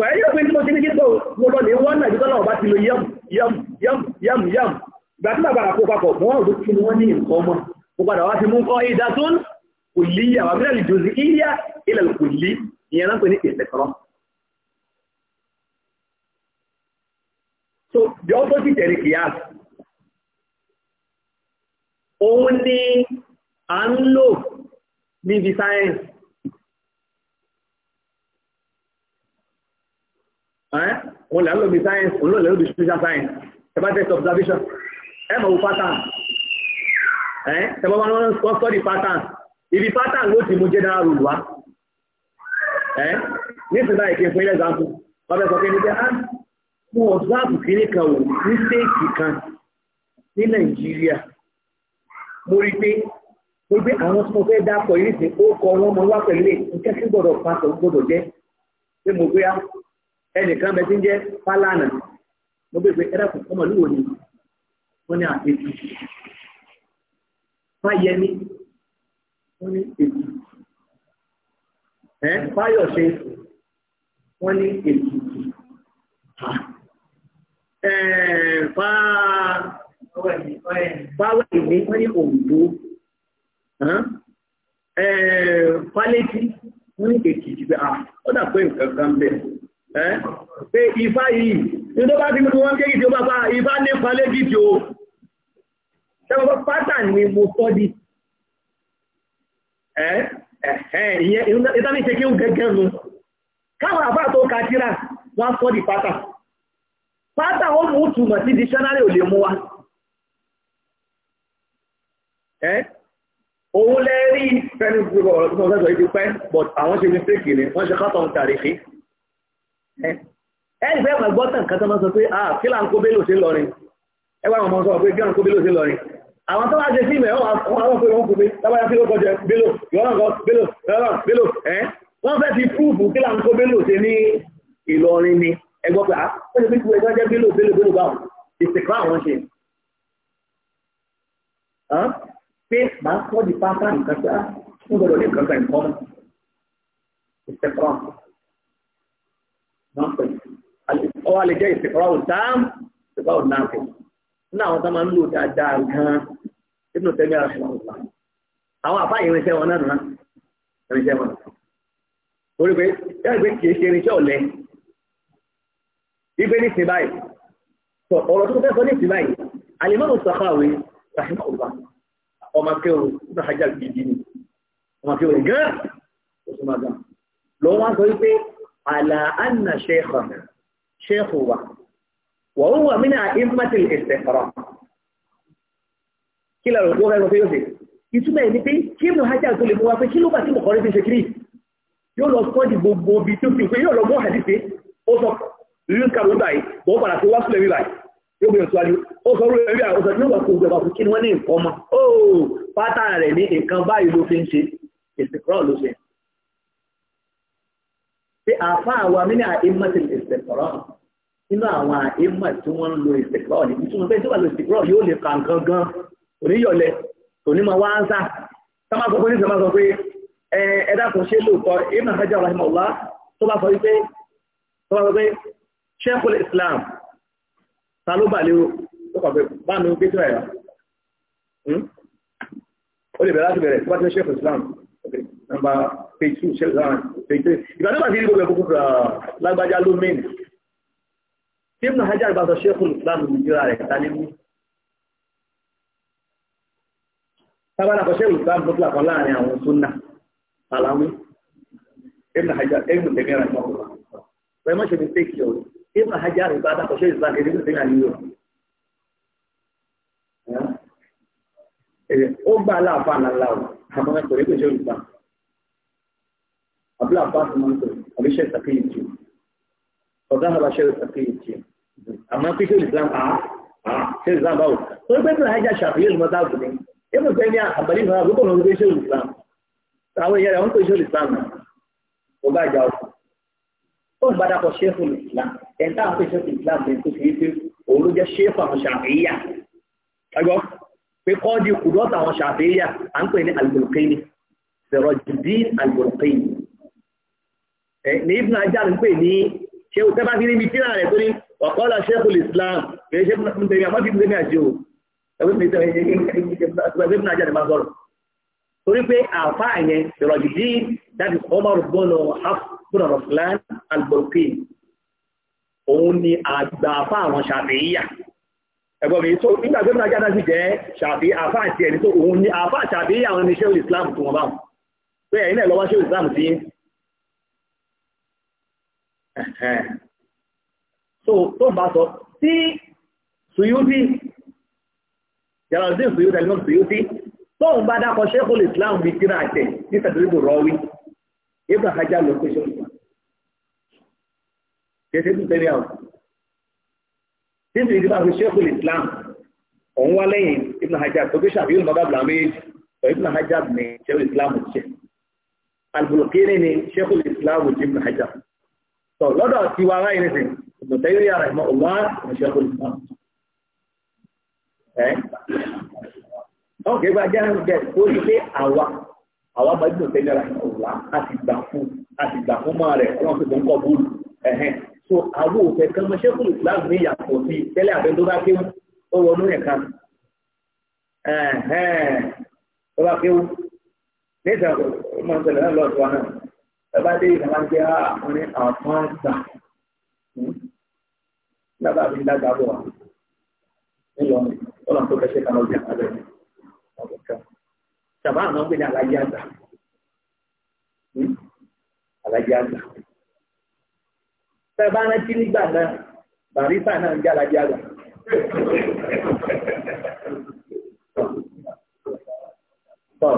pẹ̀lú òfin tí mo ti ní kíkọ́ mo lọ lè wọ́n náà jùlọ bá ti lo yam yam yam yam yam gbà tí bàbá àkókò papọ̀ mọ́ ọ̀dọ́ tí wọ́n ní nǹkan ọmọ mo padà wá sí mú kọ́ ìdá tó ìyá ilẹ̀ kò lí ìyẹn náà ní ìpẹ̀lẹ̀ so the opposite ẹ̀rí kìíyà òun ni à ń lò níbi sáyẹ́nsì òun lẹ́nu lóbi science òun lẹ́nu lóbi social science ẹ bá test observation ẹ mọ̀ wò pattern ẹ tẹ́bọ́ bá wọ́n study pattern ibi pattern ló ti mú general rule wá ẹ nísìnyí báyìí kí n fún ilé example wọ́n fẹ́ sọ pé níbi ah mo observe kìíní kan wò ní stéèkì kan ní nàìjíríà mo rí pé mo gbé àwọn tí mo fẹ́ dápọ̀ yìí nísìnyí ó kọ wọn mo wá pẹ̀lú ẹ̀ nǹkan tí gbọ́dọ̀ pa tó gbọ́dọ̀ jẹ́ pé mo gbé á ẹnìkan bẹ ti ń jẹ́ Fálànà mo gbé pé ẹ̀rọ kò ọmọ ìlú wo ni wọ́n ní àpèjì Fáyẹmí wọ́n ní èjì ẹ̀ Fáyọ̀ṣe wọ́n ní èjì Fáwẹ̀ ìní wọ́n ní Òǹdó Fálétí wọ́n ní èjì jù pé ó dà pé nǹkan kan bẹ̀rẹ̀ pé ìfá yìí ní tó bá ti mú wọn kéèkì tí ó bá bá ìfá ní palé gidi o ṣẹ́gbọ́n pátá ni mo sọ́ di ìtàní ṣe kí ó gẹ́gẹ́ nu káwọn àbá tó ka tíra wọ́n sọ́ di pátá pátá ó mú túmọ̀ sí dictionary ò lè mú wa òun lẹ́rí fẹ́ni gbogbo ọ̀rọ̀ tó sọ́sọ́ ìdí pẹ́ but àwọn ṣe mistake ni wọ́n ṣe kọ́tọ̀ ń tàrí fi ẹ̀rì fẹ́ máa gbọ́tàn kan tó máa sọ pé ah kí là ń kó bélò sí lọrin ẹwà àwọn ọmọ sọ pé kí là ń kó bélò sí lọrin àwọn tó wáá ṣe fíìmù ẹ̀ wọ́n àwọn fèrè wọn kò pé lábáyá sí lókọ̀ jẹ bélò yọ̀ọ́nà bélò yọ̀ọ́nà bélò ẹ̀ wọ́n fẹ́ fi púùpù kí là ń kó bélò sí ní Ìlọrin ni ẹgbọ́ pé ah ó ṣe fi kúrò ẹgbẹ́ jẹ́ bélò bélò bélò báwọn ìsìnkú àwọn ṣe pé màá sọ́ di pátá nǹkan tí a ah, ń gbọ́dọ̀ ní nǹkan kan ìkọ́mọ́ ìsìnkú àwọn máa ń pè ọ wa lè jẹ́ ìsìnkọ́ ọ̀tám ìsìnkọ́ ọ̀nàfẹ́ nínú àwọn tó máa ń lò dáadáa gan-an nínú tẹ́lẹ̀ ara ṣùgbọ́n ọ̀tá àwọn àfáà irinṣẹ́ wọn náà nùnà irinṣẹ́ wọn torí pé yẹ́n pé kìí ṣe irinṣẹ́ ọ̀lẹ ìgbé ní ìsìn báyìí ọ̀rọ̀ tó fẹ́ sọ ní ìsìn báyìí alimọ́nù sàkàwé rahimah ọba ọmọ kéwòn على أن شيخنا شيخ هو وهو من أئمة الاستقراء كلا الوقوع غير في يوسف ìtumọ̀ ẹni pé kí mú hajj àti olè mú wa pé kí ló bá tí mọ̀kànlẹ́ fi ṣe kiri yóò lọ sọ́ọ̀dì gbogbo bí tó fi pé yóò lọ mọ́ àdìsẹ́ ó sọ rírí kàró báyìí bọ́ padà sí wáṣọ lẹ́rí báyìí yóò gbìyànjú wájú ó sọ orí ẹ̀rí àwọn ọ̀sán tí wọ́n kò jọba fún kí wọ́n ní nǹkan ọmọ ó pátá rẹ̀ ní nǹkan báyìí ló fi ń ṣe ìsìnkúrọ̀ ló ṣe pé àfa àwa mi ní àìmọ̀ ti lè sẹ̀kọ̀rọ̀ nínú àwọn àìmọ̀ tí wọ́n ń lo ìsìnkúrọ̀ ní ìtumọ̀ pé tí wọ́n lo ìsìnkúrọ̀ yóò lè kà nǹkan gan oníyọ̀lẹ̀ onímọ̀ wá ń sà sábà sọ pé ní sábà sọ pé ẹ dákun ṣe lóòótọ́ ibn hajj rahimahullah tó bá sọ wípé tó bá sọ pé sheikhul islam ta ló bà lérò tó kọ̀ pé bá mi gbé tíra ẹ̀rọ hmm? ó lè bẹ̀rẹ̀ láti bẹ̀rẹ̀ tó bá ti ṣe sheikhul islam okay number page two seven page three ìgbà náà bá ti rí gbogbo ẹ̀kọ́ kúkúrà uh, lágbájá islam nàìjíríà rẹ̀ ta ní mú tábàlà kọ islam tó kàn láàrin àwọn sunna aláwí ibn hajj ibn tẹ̀mí rẹ̀ mọ́ pẹ̀lú mọ́ ṣe mi tẹ́kì ọ̀ ibn hajj rẹ̀ bá islam ó gbà láàfáà náà láwọ̀ àmọ́ ẹ̀kọ́ rẹ̀ kò ṣe قبل عباس المنصور أبي شيخ تقي الدين فذهب شيخ تقي الدين أما في شيخ الإسلام آه آه شيخ الإسلام باو فلو بيت الحاجة شافعية المذاهب دي ابن تيمية حبلين هنا بيقول لهم شيخ الإسلام فهو يرى هم شيخ الإسلام وبقى جاوب ó gbada kọ ṣéfù islam ẹ̀ńtà àti ṣéfù islam ní kò sí pé òun ló jẹ́ ṣéfù àwọn ṣàfihàn ẹgbọ́ pé kọ́ di kùdọ́tà àwọn ṣàfihàn à ń pè ní al-Bulqini Sirajuddin al-Bulqini Eh, ní ibùn ajá ń pè ní ṣe òkè bá ti níbi tí náà rẹ̀ tó ní ọ̀kọ́lá ṣẹ́kùl islam kìí ṣe fún tèmi àmọ́ ti tèmi àjò ibùn ajá ni máa sọ̀rọ̀ torí pé àfa àyẹn ìrọ̀jì dí láti Umar bọ́ọ̀lù hafbun rọ̀fúlán alburki òun ni àgbà àfa àwọn ṣàfihìyà ẹ̀gbọ́n mi tó nígbà tó náà jáde sí jẹ́ ṣàfi àfa islam tó wọn bá wọn pé ẹ̀yin islam sí so tó ń bá sọ tí Suyuti Jalaluddin Suyuti alimọ́n Suyuti tó ń bá dákọ̀ Sheikhul Islam bíi tíra àtẹ̀ ní sàtìlẹ́bù rọ́wí Ibn Hajar ló pé Sheikhul Islam kẹsẹ̀ tó tẹ̀lé àwọn tí ìdí bá fi Sheikhul Islam òun wá lẹ́yìn Ibn Hajar tó gbé ṣàfihàn bàbá blamage Ibn Hajar ní Sheikhul Islam ṣe albulokere ni Sheikhul Islam Ibn Hajar tọ̀ lọ́dọ̀ ti wá ara ìrìnsìn ìgbòtẹ́ yóò yára ìmọ̀ òwá ìṣẹ́ olùkọ́ ẹ́ ọ̀kẹ́ gba jẹ́ ẹ̀ tó ní pé àwa àwa máa gbòtẹ́ yára ìmọ̀ òwá a ti gbà fún a ti gbà fún máa rẹ̀ ọlọ́run tó ń kọ́ bóòlù ẹ̀hẹ́n so àwọn òfẹ́ kan mọ́ ṣẹ́kù láàbù ní ìyàtọ̀ sí tẹ́lẹ̀ àbẹ́ tó bá kéwù ó wọnú ẹ̀ka ẹ̀hẹ́n tó bá kéwù ní ìtàn Bàbá dé ìlànà jẹ́ àwọn ní àwọn àgbà. Bàbá mi dágbà bọ̀ wá. Nílò ọ̀nà ọ̀nà tó fẹ́ ṣe kan lọ́jà abẹ́rẹ́. Ṣàbá àwọn ọ̀gbìn ní alájẹ́ àgbà. Hmm? Alájẹ́ àgbà. Bẹ́ẹ̀ bá rántí nígbà náà, bàrísà náà ń jẹ́ alájẹ́ àgbà. Tọ́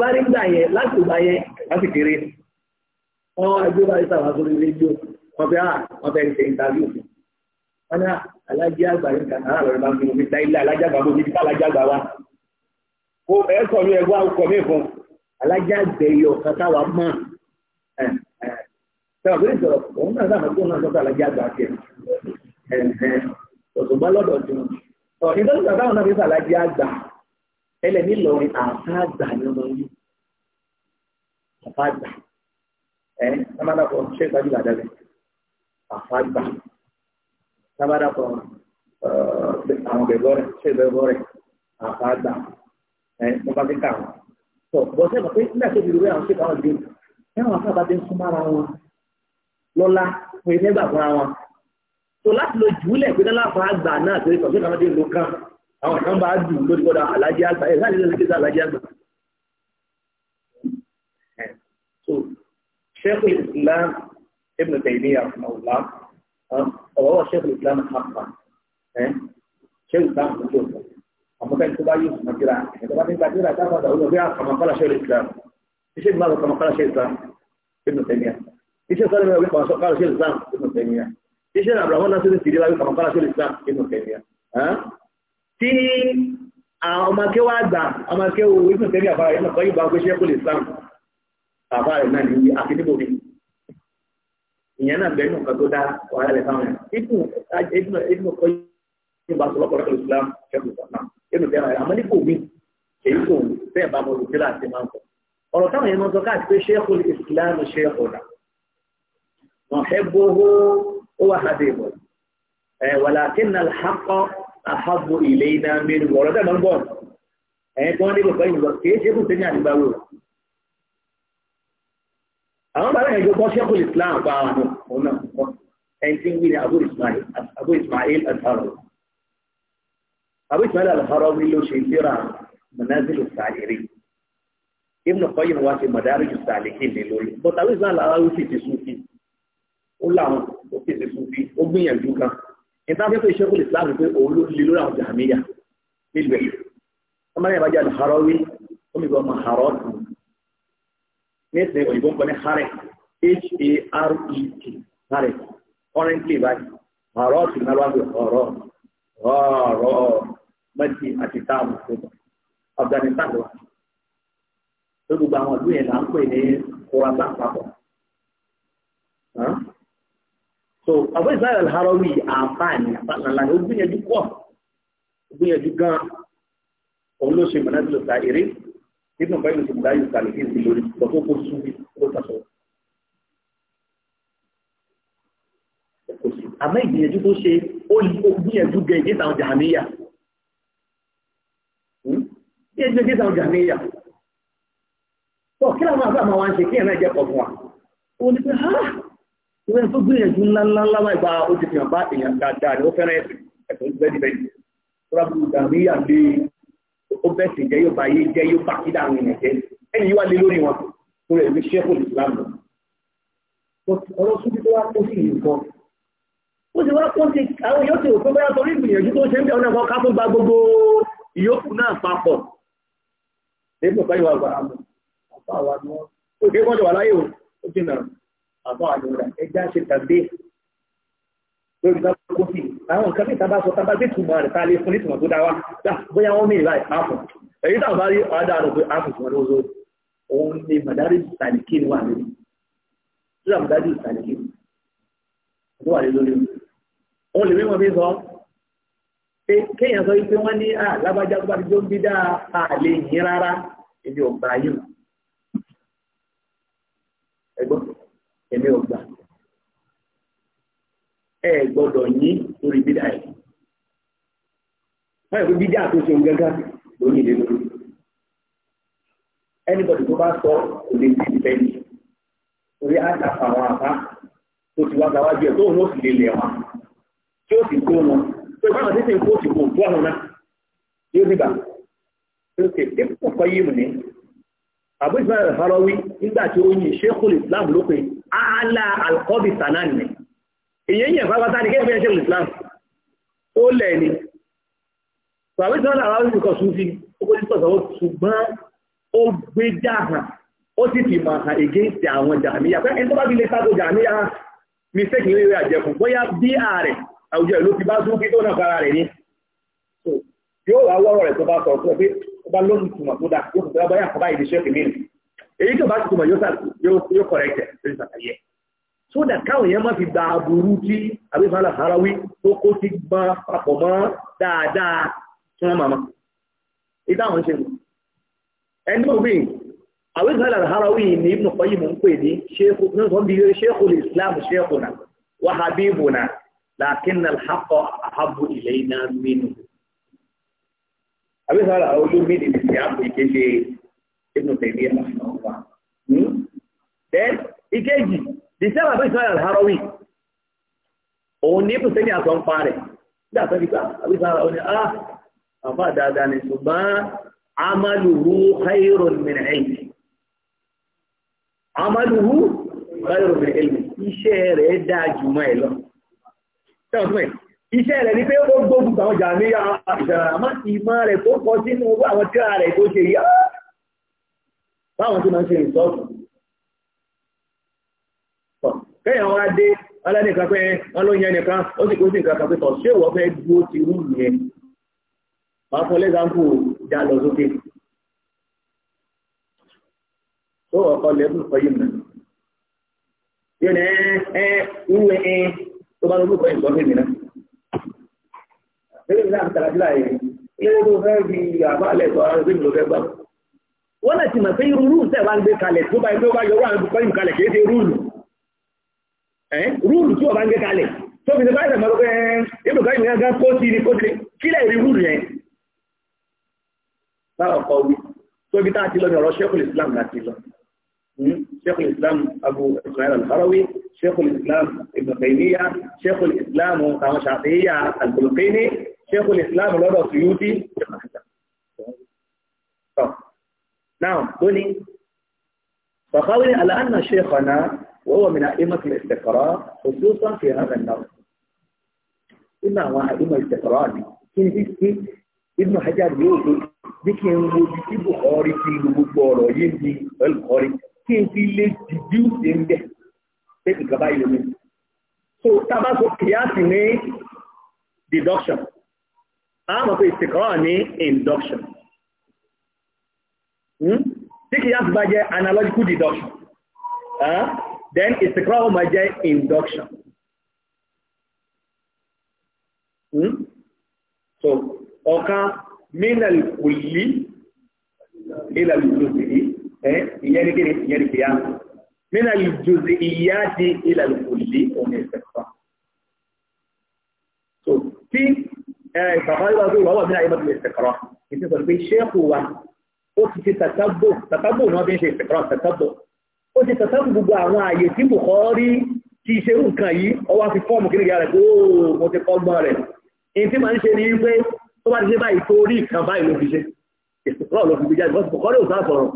bá rí gbà yẹn láti gbà yẹn láti kéré wọ́n wá gbé báyìí sàwọn sórí rédíò wọ́n fẹ́ à ah, wọ́n fẹ́ ṣe ìtàgé òfin wọ́n ní ah, alájí àgbà di alájí àgbà wa kó ẹ sọ mi ẹgbẹ́ àwòkọ mi fún alájí àgbà yìí ọ̀kan táwa mọ̀ ẹ̀ ẹ̀ sọ̀rọ̀ pé sọ̀rọ̀ òun náà sábà tó náà sọ̀tọ̀ alájí àgbà tiẹ̀ ẹ̀ ẹ̀ ọ̀tọ̀gbá lọ́dọ̀ tiwọn ọ̀ nítorí sàtáwọn náà fi sàlájí àgbà lọ́rin àfáàgbà ni ọmọ yìí àfáàgbà ẹ eh, sábàdà kọ ṣé ìgbàjú bàdà bẹ àfàgbà sábàdà kọ eh, àwọn bẹ̀rẹ̀ rẹ ṣé ìbẹ̀rẹ̀ rẹ àfàgbà ẹ eh, mo bá ti kà wọn. tọ bọ sẹ ma pé nígbà tó ti rí àwọn ṣé káwọn gbé ẹwọn àfàgbà ti ń súnmọ́ ara wọn lọ́la fún ilé gbàgbọ́ ara wọn. tó láti lo jùúlẹ̀ pé náà fún شيخ الإسلام ابن تيمية رحمه الله وهو شيخ الإسلام الحق، شيخ الإسلام مجوزا أما كان تبا يوسف مجرى طبعا إن مجرى تعرف هذا هو بيع كما قال شيخ الإسلام شيخ ماذا كما قال شيخ الإسلام ابن تيمية شيخ صلى الله عليه وسلم قال شيخ الإسلام ابن تيمية شيخ عبد الرحمن ناصر السيدي كما قال شيخ الإسلام ابن تيمية ها tí ọmọ akéwà àgbà ọmọ akéwà ابن تيمية àfàrà yẹn lọ́kọ́ yìí شيخ الإسلام bàbá rẹ̀ náà níbi àti níbo mi ìyẹn náà bẹ́ẹ̀ nù kan tó dá wàhálà rẹ̀ fáwọn yẹn ibùdó kọ́ yín bá sọ lọ́kọ̀ọ́kọ́ Islam ṣẹ́kù sọ̀nà ẹnu bẹ́ẹ̀ rẹ̀ àmọ́ nípò mi èyí kò bẹ́ẹ̀ bá mo lù sílẹ̀ àti máa ń sọ ọ̀rọ̀ táwọn yẹn máa ń sọ káàkiri ṣẹ́kù Islam ṣẹ́kù rà wọn fẹ́ gbóhó ó wà hàdé ìbọ̀ ẹ̀ wàlàkín náà àkọ́ àhábò ilé àwọn bàbá yẹn gbogbo ṣẹ́kù islam bá wà ní ọ̀nà ẹni tí ń wí ní abu ismail al-harawi abu ismail al-harawi ló ṣe ìdíra manazilu sàlẹ̀rí ibn qayyim wá sí madariju salikin ní lórí but abu ismail al-harawi sì ti súnfì ó láwọn ó sì ti súnfì ó gbìyànjú kan ìtàkùn tó ṣẹ́kù islam pé òun ló lè lórí àwọn jàmíyà nílùú ẹ̀ ọmọ yẹn bá jẹ́ al-harawi ó mi gbọ́ mọ̀ harọ́ọ̀tù ní ìsìn òyìnbó ń pọ h-a-r-e-t harek currently right ọ̀rọ̀ ọ̀sìn náà wájú ọ̀rọ̀ ọ̀rọ̀ mẹ́tì àti táàmù ṣùgbọ́n Afghanistan lọ. tó gbogbo àwọn ìlú yẹn là ń pè ní kóratá papọ̀. so Abu Ishaq al-Harawi àǹfààní àpàlàlà ó gbìyànjú pọ̀ gbìyànjú gan-an òun ló ṣe mọ̀nàdúró sa nínú ọ̀gá ìlú ìgbà yóò kalẹ̀ kí n ti lórí lọ́tọ́ kó sún bí ó sàṣọ. àmọ́ ìgbìyànjú tó ṣe ó gbìyànjú gẹ ìgbésà ọjà àníyà gbìyànjú ìgbésà ọjà àníyà tó kí làwọn àbá máa wá ń ṣe kí ẹ̀rọ ìjẹ́pọ̀ fún wa ó ní pé ha ìwé tó gbìyànjú ńláńlá láì gba ó ti fi hàn bá èèyàn dáadáa ni ó fẹ́ràn ẹ̀sìn ẹ̀sìn bẹ́ẹ̀ni bẹ́ẹ̀ni tó bá fi ọjà àníyà lé ó bẹ́ẹ̀ sì jẹ́ yóò bá yé jẹ́ yóò bá kídà àwọn èèyàn jẹ́ ẹni yóò wá lé lórí wọn tó rẹ̀ ní ṣẹ́kù islam lọ. ọ̀rọ̀ súnjú tó wá kó sí yìí nǹkan ó sì wá kó sí àwọn yóò ti òfin bóyá torí ìgbìyànjú tó ṣe ń bẹ̀ ọ́nà kan ká fún gba gbogbo ìyókù náà papọ̀. lẹ́gbẹ̀ẹ́ pẹ́ ìwà àgbà àmọ́ àbá àwa ni wọ́n ó lórí bá kó sí àwọn nǹkan tí ìta bá sọ tábà bẹ́ẹ̀ túmọ̀ rẹ̀ ta lè fún nítumọ̀ tó dá wa dá bóyá wọ́n mìíràn láì áàpù èyí táwọn bá rí ọ̀dà rẹ̀ pé áàpù tí wọ́n ló zo òun ni màdárì sàlìkì ni wà lórí tí wọ́n màdárì sàlìkì tó wà lórí òun lè mímọ́ bí sọ pé kéèyàn sọ wípé wọ́n a lè yín rárá èmi ò gbà yìí ẹ̀gbọ́n èmi ò ẹ gbọ́dọ̀ yí lórí ẹ̀ wọ́n yẹ kó tó ṣe gángan lórí ìdè ẹnìbọ̀dì tó bá sọ kò lè ti ìfẹ́ ni torí àtàkà àwọn àbá tó ti wá gbáwájú ẹ̀ tóun ó sì lè lẹ̀ wọn tí ó sì kó wọn tó ìbáwọn títí ń kó sì kó tó àwọn náà yóò dìgbà tó ṣe tí kò yé mu ní àbújá rẹ̀ nígbà tí èyí yẹn pàápàá ní kébí ẹṣẹ́ Islam ó lẹ̀ ni pàbí sọ́nà àwọn olùkọ̀ súnfí ó kó títọ̀ sọ́wọ́ ṣùgbọ́n ó gbé jáhàn ó sì fi máa hàn against àwọn jàmíyà pé ẹni tó bá fi lè sáto jàmíyà mistake lórí àjẹkùn bóyá bí ààrẹ àwùjọ ìlú ti bá súnfí tó náà fara rẹ̀ ni yóò wá wọ́rọ̀ rẹ̀ tó bá sọ̀rọ̀ fún ẹ pé ó bá lónìí túmọ̀ tó dà yóò fi bá yà kọ́ báyìí ní ṣẹ́ẹ̀kì mí èyí tó bá ti túmọ̀ yóò kọ̀rẹ̀ ẹ̀jẹ̀ lórí sàkàyẹ̀ so that káwọn èèyàn má fi gba aburú tí abífàlà farawí tó kó sí gbọ́n papọ̀ mọ́ dáadáa tí wọ́n màmá ìdáhùn ṣe ẹni òbíin abífàlà farawí ní Ibn Qayyim ń pè ní sheikhul islam sheikhuna wa habibuna lakin al-haqqa ahabbu ilayna minhu abífàlà olómi ní ti àpò ìkéṣe Ibn Taymiyyah ọ̀fà hmm? ìkéjì the same Abu Ismail harawi òun ní kò sẹ́ni àtọ̀ ń pa rẹ̀ nígbà tó fi pa Abu Ismail al-Harawi ah, amaluhu khayrun min amaluhu khayrun min ilmi iṣẹ́ rẹ̀ dáa jù ni pé ó gbógun tàwọn jà ní ìṣẹ̀rẹ̀ àmá ìmọ̀ rẹ̀ tó kọ sínú àwọn tíra rẹ̀ tó ṣe yá. Ah! Báwọn tí máa ń ṣe ìsọ́ọ̀tún kéèyàn wá dé ọlọ́nìkan pé wọ́n ló yẹn nìkan ó sì kó sí nǹkan kan pé tọ̀ ṣé ìwọ́n fẹ́ dúró ti rú yẹn máa fún lẹ́sàmpù já lọ sókè tó ọkọ lẹ́bùn kọyìn mọ́ yóò ní ẹ ìwé ẹ tó bá lọ́dún kọyìn sọ́kè mi náà lórí mi náà ń tàbí láàyè ilé tó fẹ́ fi àbálẹ̀ sọ ara sí mi ló fẹ́ gbá wọ́n náà ti mọ̀ pé irú rúùsẹ̀ wá ń gbé kalẹ̀ rúùlù tí ọba ń gbé kalẹ̀ tó fi ṣe báyìí rẹ̀ mọ́lọ́pẹ́ ibùkọ́ ìmìnira gan kó sí ní kó sí kílẹ̀ rí rúùlù yẹn báwọn kọ wí tó ibi tá a ti lọ ní ọ̀rọ̀ Sheikhul Islam láti lọ hmm? Sheikhul Islam Abu Ismail al-Harawi Sheikhul Islam Ibn Taymiyyah وهو من أئمة الاستقراء خصوصا في هذا النوع إما هو أئمة الاستقراء ابن حجر يقول ذكي موجودي بخاري في المبارة يمدي البخاري كان في اللي تجيو سنده تكي كبايل من so تبا سو قياسي deduction أما في استقراء ني induction tí kìí yá ti bá analogical deduction then istikra ó máa jẹ́ induction hmm? so ọ̀kan minal kulli ilal juz'i ìyẹn ní kíni ìyẹn ní kìíyà minal juz'iyyati ilal kulli òun istikra so tí ìfàkọ́ ìwà tó wà wà mí àyè mọ́tò istikra ìfẹ́ sọ pé ṣéèkù wa ó ti ti tàtàbò tàtàbò ni wọ́n fi ń ó ti tẹ̀sán gbogbo àwọn àyè tí Bukhari ti ṣe nǹkan yìí ọwá fi fọ́ọ̀mù kiri rẹ̀ tó mo ti kọ́gbọ́n rẹ̀ èyí tí ma ń ṣe ní pé tó bá ti ṣe báyìí tó rí ìkan báyìí ló fi ṣe ìsìnkọ́ ló fi gbé jáde bọ́sì Bukhari ò sá sọ̀rọ̀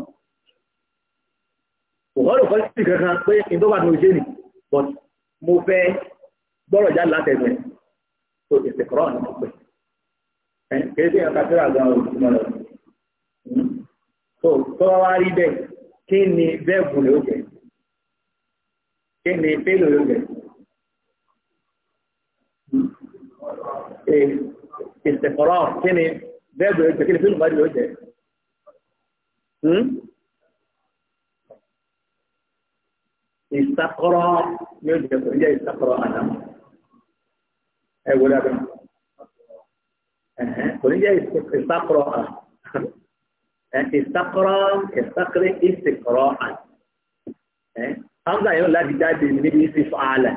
Bukhari ò kọ́ sí tó hmm? tó ìsìnkọ́ ní pé kí ni bẹ́ẹ̀bù ló jẹ́ kí ni pélò ló jẹ́ ìsẹ̀kọ̀rọ̀ kí ni bẹ́ẹ̀bù ló jẹ́ kí ni pélò bá ló hmm? jẹ́ ìsàkọ̀rọ̀ yóò jẹ́ kò jẹ́ ìsàkọ̀rọ̀ àdámọ̀ ẹgbẹ̀rẹ̀ kò ní jẹ́ ìsàkọ̀rọ̀ àdámọ̀ استقرام استقر استقراء. àn hamza yóò láti jáde níbi ìsìfọ́ àlẹ̀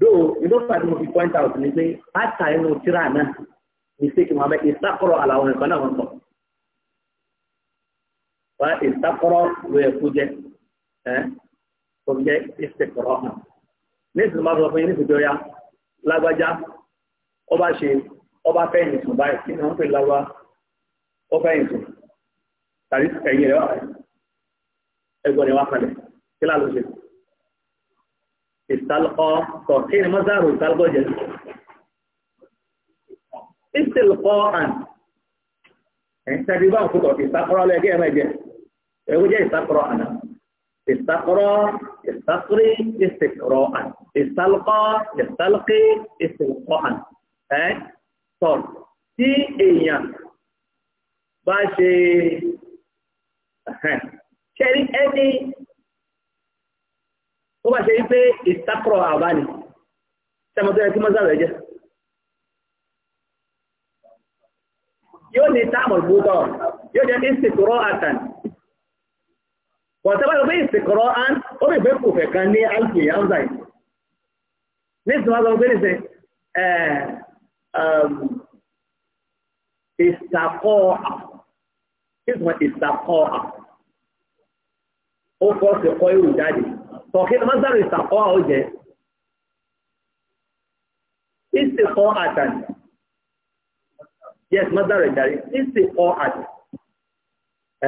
dóò inú fàtí mo fi point out ni pé àtà inú tíra náà mistake muhammed ìsàkọ́rọ́ àlàwọn nǹkan náà wọ́n sọ wa ìsàkọ́rọ́ wẹ̀ kú jẹ́ kò jẹ́ ìsìkọ́rọ́ àn ní ìsìnkú máa sọ fún yín ní ìsìnkú ya lágbájá ọba ṣe ọba fẹ́ ìsìn báyìí kí ni wọ́n pè lágbájá ó fẹ́yìn tó tàbí ẹ̀yìn rẹ̀ wà fẹ́ ẹgbọ́n rẹ̀ wà kalẹ̀ kí láà ló ṣe ìsàlọ́ kọ̀ kí ni mọ́sáàrù ìsàlọ́ jẹ́ ìsìlọ́ àn ẹ̀ńtẹ́bí bá ń kú tọ̀ lẹ́gẹ́ استلقى يستلقي استلقاء ẹ sọ tí èèyàn bá ṣe ṣẹ́rí ẹni ó bá ṣe wípé ìsákọ̀rọ̀ àbá ni sẹ́mọ̀ tó yẹ kí mọ́sá rẹ̀ jẹ́ yóò ní táàmù ìgbótọ̀ yóò jẹ́ ìsìkọ̀rọ̀ àtàn wọ́n tẹ́bá lọ pé ìsìkọ̀rọ̀ án ó rí pé kò kan ní alfi anzai nísìnyí wọ́n sọ pé nìsẹ́ ismọ̀ ìsàkọ́ọ̀hà ó kọ́ sí ọkọ̀ ìrù jáde tọ̀kí ni mọ́sálù ìsàkọ́ọ̀hà ó jẹ́ ìsìkọ́ àtàní yes mọ́sálù ìjáde ìsìkọ́ àtàní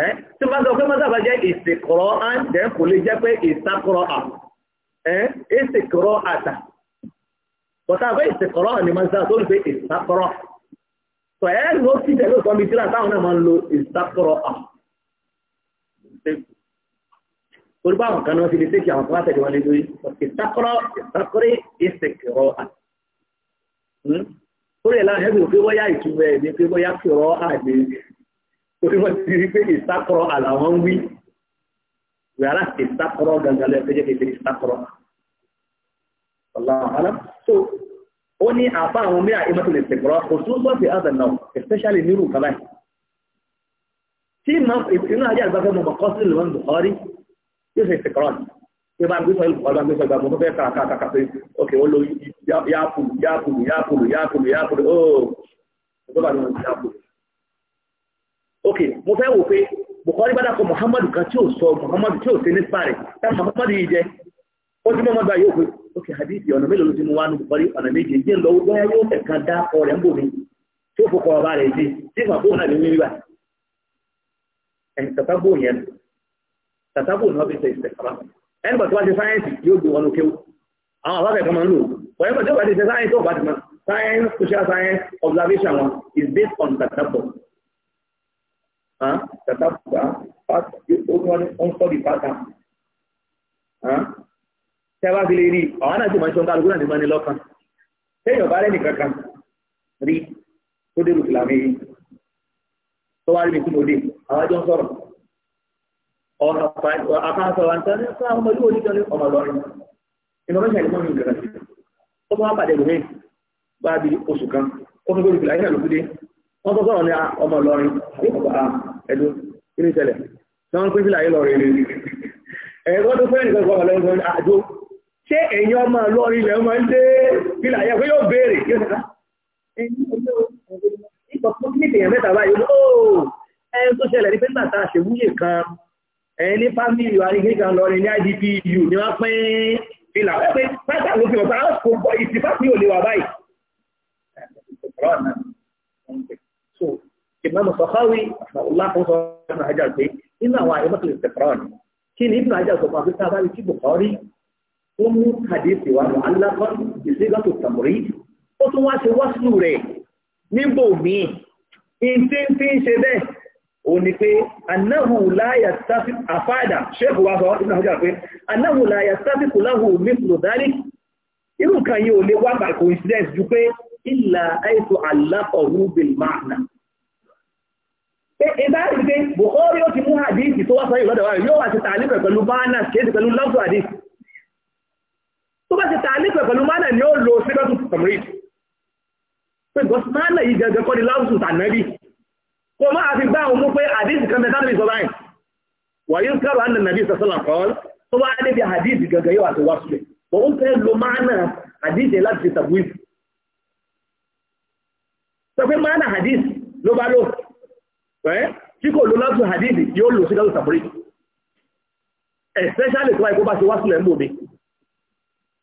ẹ́ tí máa sọ pé mọ́sálù jẹ́ ìsìkọ́rọ̀ àǹtẹ̀ kò lè jẹ́ pé ìsàkọ́rọ̀ à ẹ́ ìsìkọ́rọ̀ àtà bọ̀tà pé ìsìkọ́rọ̀ ni mọ́sálù tó ń pè ìsàkọ́rọ̀ à sọ ẹ́ ló sì tẹ̀lé òtọ́ mi tíra táwọn náà máa ń lo ìsákọ̀rọ̀ à torí báwọn kan náà ti lè tẹ́kì àwọn kan látẹ̀lé wọn lé lórí ìsákọ̀rọ̀ ìsákọ̀rẹ̀ ìsẹ̀kọ̀rọ̀ à hmm? torí ẹ̀ láwọn ẹ̀bùn òfin bóyá ìtumọ̀ ẹ̀ ní pé bóyá kọ̀rọ̀ à ní torí wọ́n ti rí pé ìsákọ̀rọ̀ à wí yàrá ìsákọ̀rọ̀ gangan lẹ́ẹ̀kẹ́jẹ́ ó ní àfá àwọn mìíràn ìmọ̀tòlè ìsìnkúrọ̀ kò tún gbọ́ sí other now especially nírú kaba yìí tí ìmọ̀ ìpinnu ajé àgbàfẹ́ mọ̀ kọ́ sí lè wọ́n Bukhari yóò ṣe ìsìnkúrọ̀ tí bá ń gbé sọ ìlú Bukhari bá ń gbé sọ ìgbà mọ̀ fẹ́ kà kà kà kà pé ok ó lo yáàpùlù yáàpùlù yáàpùlù yáàpùlù yáàpùlù ó oh, ìjọba ni wọ́n ti yáàpùlù ok mo fẹ́ wò pé Bukhari bá dàpọ̀ Muhammadu kan tí ò sọ Muhammadu tí ò sí ní sáré tá Muhammadu yìí jẹ ó ti mọ́ ókè hadithi ọ̀nà mélòó ló ti mú wá ní bukari ọ̀nà méje jẹ́ lọ wọ́n yóò ẹ̀kan dá ọ rẹ̀ ń bò mí tí ó fọkọ̀ ọba rẹ̀ sí tí ìfà bóun náà lè wí wíwà ẹ̀yìn tàtà bóun yẹn tàtà bóun náà fi ṣe ìṣẹ̀ kaba ẹni bàtí wọ́n ti sáyẹ́ǹsì yóò gbé wọn kéwù àwọn àbábẹ̀ kan máa ń lò wọ́n yẹn bàtí wọ́n ti ṣe sáyẹ́ǹsì ọ̀bá ti mọ science social science observation wọn is based on tàtà bọ̀ tàtà bọ̀ ó ní wọ́n ń sọ́ tẹ́wà fi lè rí ọ̀hán náà ti mọ̀ ṣọ́nkà lókùnrin àti mọ́ni lọ́kàn tẹ́yìn ọ̀bá rẹ̀ nìkankan rí tó dé rùfìlà méjì tó wá rí mi tí mo dé àwọn àjọ ń sọ̀rọ̀ ọ̀nà àkànṣọ̀rọ̀ àǹtán ní fún àwọn ọmọdé oníjọ ní ọmọ lọ́rin inú ọmọ ìṣàlẹ̀ mọ́rin nǹkan sí ó fún wa pàdé lómi bá bí oṣù kan ó fún gbórí fìlà ìṣàlẹ̀ lókùdé wọ́n tó sọ̀rọ̀ ní ọmọ lọ́rin ẹ̀dùn inú ìṣẹ̀lẹ̀ tí wọ́n pín fìlà yìí lọ́rin ẹ̀rọ tó fẹ́ẹ̀ nìkan ṣé ẹ̀yin ọmọ lọ́rin ilẹ̀ ọmọ ń dé bílà yẹ pé yóò béèrè yóò ṣe ká ìgbà tó ní èèyàn mẹ́ta báyìí ó ẹni tó ṣẹlẹ̀ pé nígbà kan ẹni ní wa ní gíga lọ́rin ní IDPU ni wọ́n pín bílà wọ́n pé pátá ló fi ọ̀pá ah, kò bọ̀ so ìmọ̀mù sọ̀káwí ọ̀lá kan sọ ọ̀nà àjà pé nínú àwọn àyẹ̀mọ́tò ìtẹ̀kọ́rọ̀ ni kí ni ìbùnà àjà ó mú kàdísì wa mọ̀ aláfà ìsígàtò tàmùrí ó tún wá ṣe wáṣù rẹ̀ níbò míì ìtí tí ń ṣe bẹ́ẹ̀ ò ní pé anáhù láyà sáfì àfáàdà ṣẹ́kù wá sọ ìgbà ọjà pé anáhù láyà sáfì kò láhù mẹ́sùlù dárí irú kan yìí ò lè wá by coincidence ju pé ìlà àìsàn aláfọ̀hù bìlmáàna pé ìbá rí pé Bukhari ó ti mú hadith tó wá sọ ìlọ́dọ̀ wa yóò wá ti tààlí pẹ̀lú bánà kéèsì pẹ̀lú lọ́fù hadith tó bá ti ta ní pẹ̀lú mánà ni ó lo sígọ́tù tọ̀mírì pé gọ́sì mánà yìí gẹ̀gẹ̀ kọ́ ni láwùsù tànẹ́bì kò máa fi gbá òun mú pé àdíìsì kan mẹ́ta níbi sọ́báyìn wàyí ń kẹ́rọ ànà nàbí sọ́sọ́là kọ́ọ́l tó bá níbi àdíìsì gẹ̀gẹ̀ yóò àti wá sílẹ̀ bọ̀ ó fẹ́ lo mánà àdíìsì láti fi tàbí ìfù sọ pé mánà àdíìsì ló bá lò tí kò lo láwùsù àdíìsì yóò lò sígọ́tù tàbí especially tó wáyé kó bá ti wá sílẹ̀ ń bò mi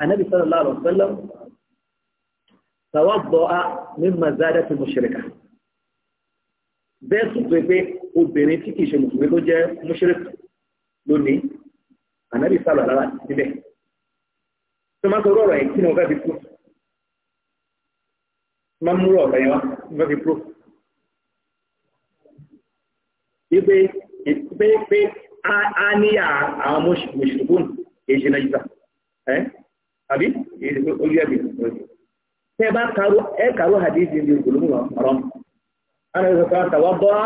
anabi sallallahu alaihi wasallam tawaddo'a mimma zadati mushrika bẹ́ẹ̀ sì pé pé obìnrin tí kìí ṣe mùsùlùmí ló jẹ́ mushrika lónìí anabi sallallahu alaihi wasallam síbẹ̀ tó máa sọ ọ̀rọ̀ ẹ̀ kí ni wọ́n fẹ́ fi kú máa mú ọ̀rọ̀ ẹ̀ wá wọ́n fi kú ipe ipe pe a ní àwọn mùsùlùmí èjì náà yìí àbí ojú ẹ̀bí tẹ́ bá karú ẹ karú hadith ní ìgbòlómù ọ̀rọ̀ ana yóò sọ tàwa bọ́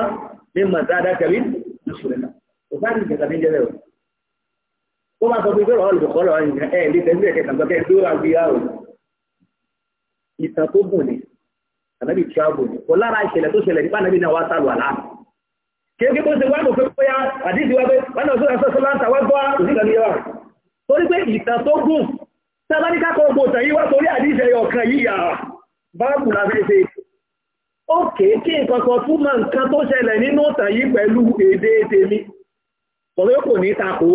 ní mazada kẹbí lọ́sùlẹ̀nà kò sáà ní kẹta ní jẹ́lẹ̀ o ó bá sọ pé bẹ́ẹ̀ ọ̀rọ̀ olùkọ́ lọ́wọ́ yìí ẹ̀ lè tẹ̀sí ẹ̀kẹ́ kan sọ́kẹ́ tó wàá gbéyà o ìtàn tó gùn ni ànábì tí a gùn ni kò lára ìṣẹ̀lẹ̀ tó ṣẹlẹ̀ nípa ànábì náà wá sálù àlá kéèké bó ṣe wá lò fẹ́ bóyá àdíjì wá pé wọn náà sọ tàbí kákọ̀ ọgbọ̀ tàyí wá torí àdíṣẹ́ ọ̀kan yìí yà báàbù lábẹ́sẹ̀ ó kéèké nǹkankan tún máa nǹkan tó ṣẹlẹ̀ nínú tàyí pẹ̀lú èdè tèmi tọ́lọ́ kò ní takò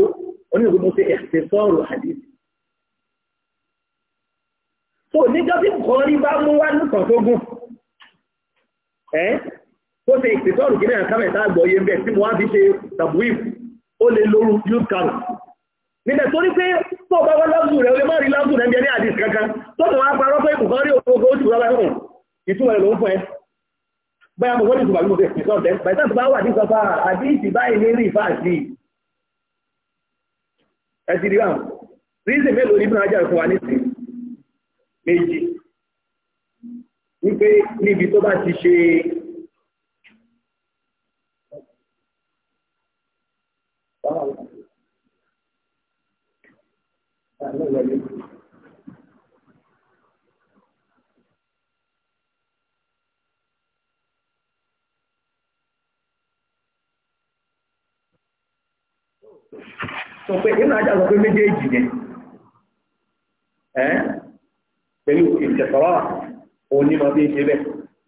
onígbogbo ṣe ẹ̀sẹ̀ sọ́ọ̀rọ̀ àdíṣẹ́ tó níjọ́ tí nǹkan rí bá mú wá nǹkan tó gùn ẹ́ tó ṣe ìpèsọ́ọ̀rù kí náà kámẹ́ta àgbọ̀yé ń bẹ̀ tí mo wá fi ṣe tàbí ó lè lóru nílẹ̀ torí pé tó bá wá lábùsù rẹ̀ olè máa rí lábùsù rẹ̀ ń bẹ ní àdìs kankan tó kàn wá parọ́ pé ìkùnkan rí òkú oṣù rọ́bà ẹ̀hùn ìtumọ̀ rẹ̀ ló ń fún ẹ báyà mo wọ́n ìtumọ̀ bí mo fẹ́ fi sọ́ọ̀tẹ́ bàí sáà tó bá wà ní sọ́fà àdìs báyìí ní rí ìfà sí ẹ ti rí níbi tó bá ti ṣe sọ pé nínú ajá sọ pé méjèèjì yẹn ẹ́ pẹ̀lú ìṣẹ̀sọ̀rọ̀ onímọ̀ bí ṣe bẹ́ẹ̀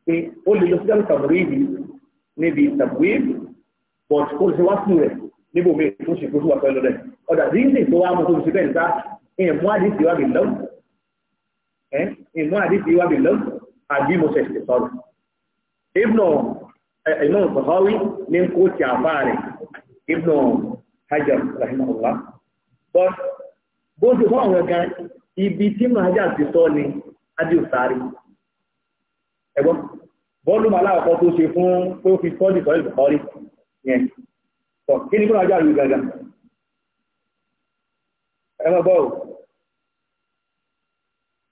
pé ó lè lọ sí ẹ̀rù tàbí rí níbi tàbí but kó lè ṣe wá sí rẹ̀ níbo mi fún ṣe gbóṣùwà pẹ̀lú rẹ̀ ọ̀dà ríndì tó wá mú tó ṣe bẹ́ẹ̀ níta ìyẹn mú àdìsí wá bí lọ́wọ́ ẹ́ ìyẹn mú àdìsí wá bí lọ́wọ́ àbí mo ṣẹ̀ṣẹ̀ sọ̀rọ̀ ibnu ibnu Bukhari ní kó ti rẹ̀ ibnu hajar rahimahullah but bó ti fún àwọn kan ibi tí mo hajar ti sọ ni adil sáré ẹgbọ́n bọ́ọ̀lù aláwọ̀kọ́ tó ṣe fún pé ó fi sọ́ọ̀dì sọ́ọ̀dì sọ́ọ̀dì yẹn but kí ni fún hajar yìí gangan ẹmọ bọ́ọ̀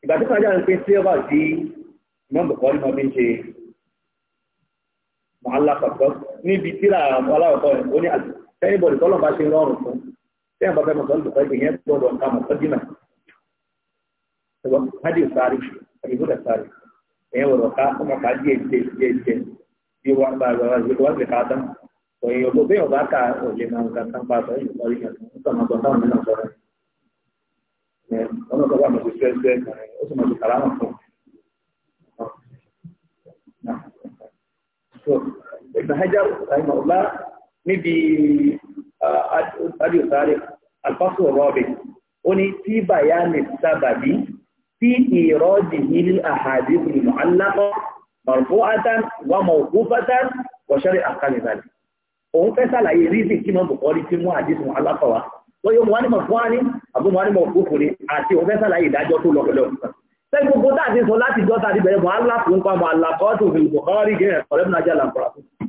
ìgbà tí hajar ń pín sílẹ̀ sí Imam Bukhari mọ́ bí ń ṣe mọ́ aláfàkọ́ níbi tí làwọn aláwọ̀kọ́ rẹ̀ ó ní àdìsí sẹ́yìn bọ̀dì tọ́lọ̀ bá ṣe rọrùn fún sẹ́yìn bá fẹ́ mọ̀ tọ́lọ̀ tọ́lọ̀ ìyẹn gbọ́dọ̀ ká mọ̀ tọ́jú náà ẹ̀wọ̀n hádìí sáré àdìgbòdà sáré ẹ̀yẹ wọ̀rọ̀ ká ọmọ ká díẹ̀ díẹ̀ díẹ̀ díẹ̀ bí wọ́n bá lọ rẹ̀ wọ́n ti ká tán òyìn òkú bẹ́ẹ̀ ọba ká òlè máa ń ka tán pa sọ èyí sọrí yẹn tó máa gbọ́n táwọn mìíràn sọ̀rọ̀ ẹ̀ ọmọ níbi adìọ̀sáré alfáṣọ rọ́bì ó ní tí bàyá ní sábàbí tí ìrọ́dì nílì àhàdì ìlú aláwọ̀ marfu'atan wa mawqufatan wa shari'a àkàlẹ̀bàlẹ̀ òun fẹ́ sàlàyé rízì kí mọ́ bùkọ́rí tí mú àdìsù aláfọwà wọ́n yóò mú wá ní mọ̀fúnwá ní àbúrò wá ní mọ̀fúnfún ní àti òun fẹ́ sàlàyé ìdájọ́ tó lọ pẹ̀lú ọ̀sán sẹ́yìn gbogbo táà ti sọ láti jọ́ta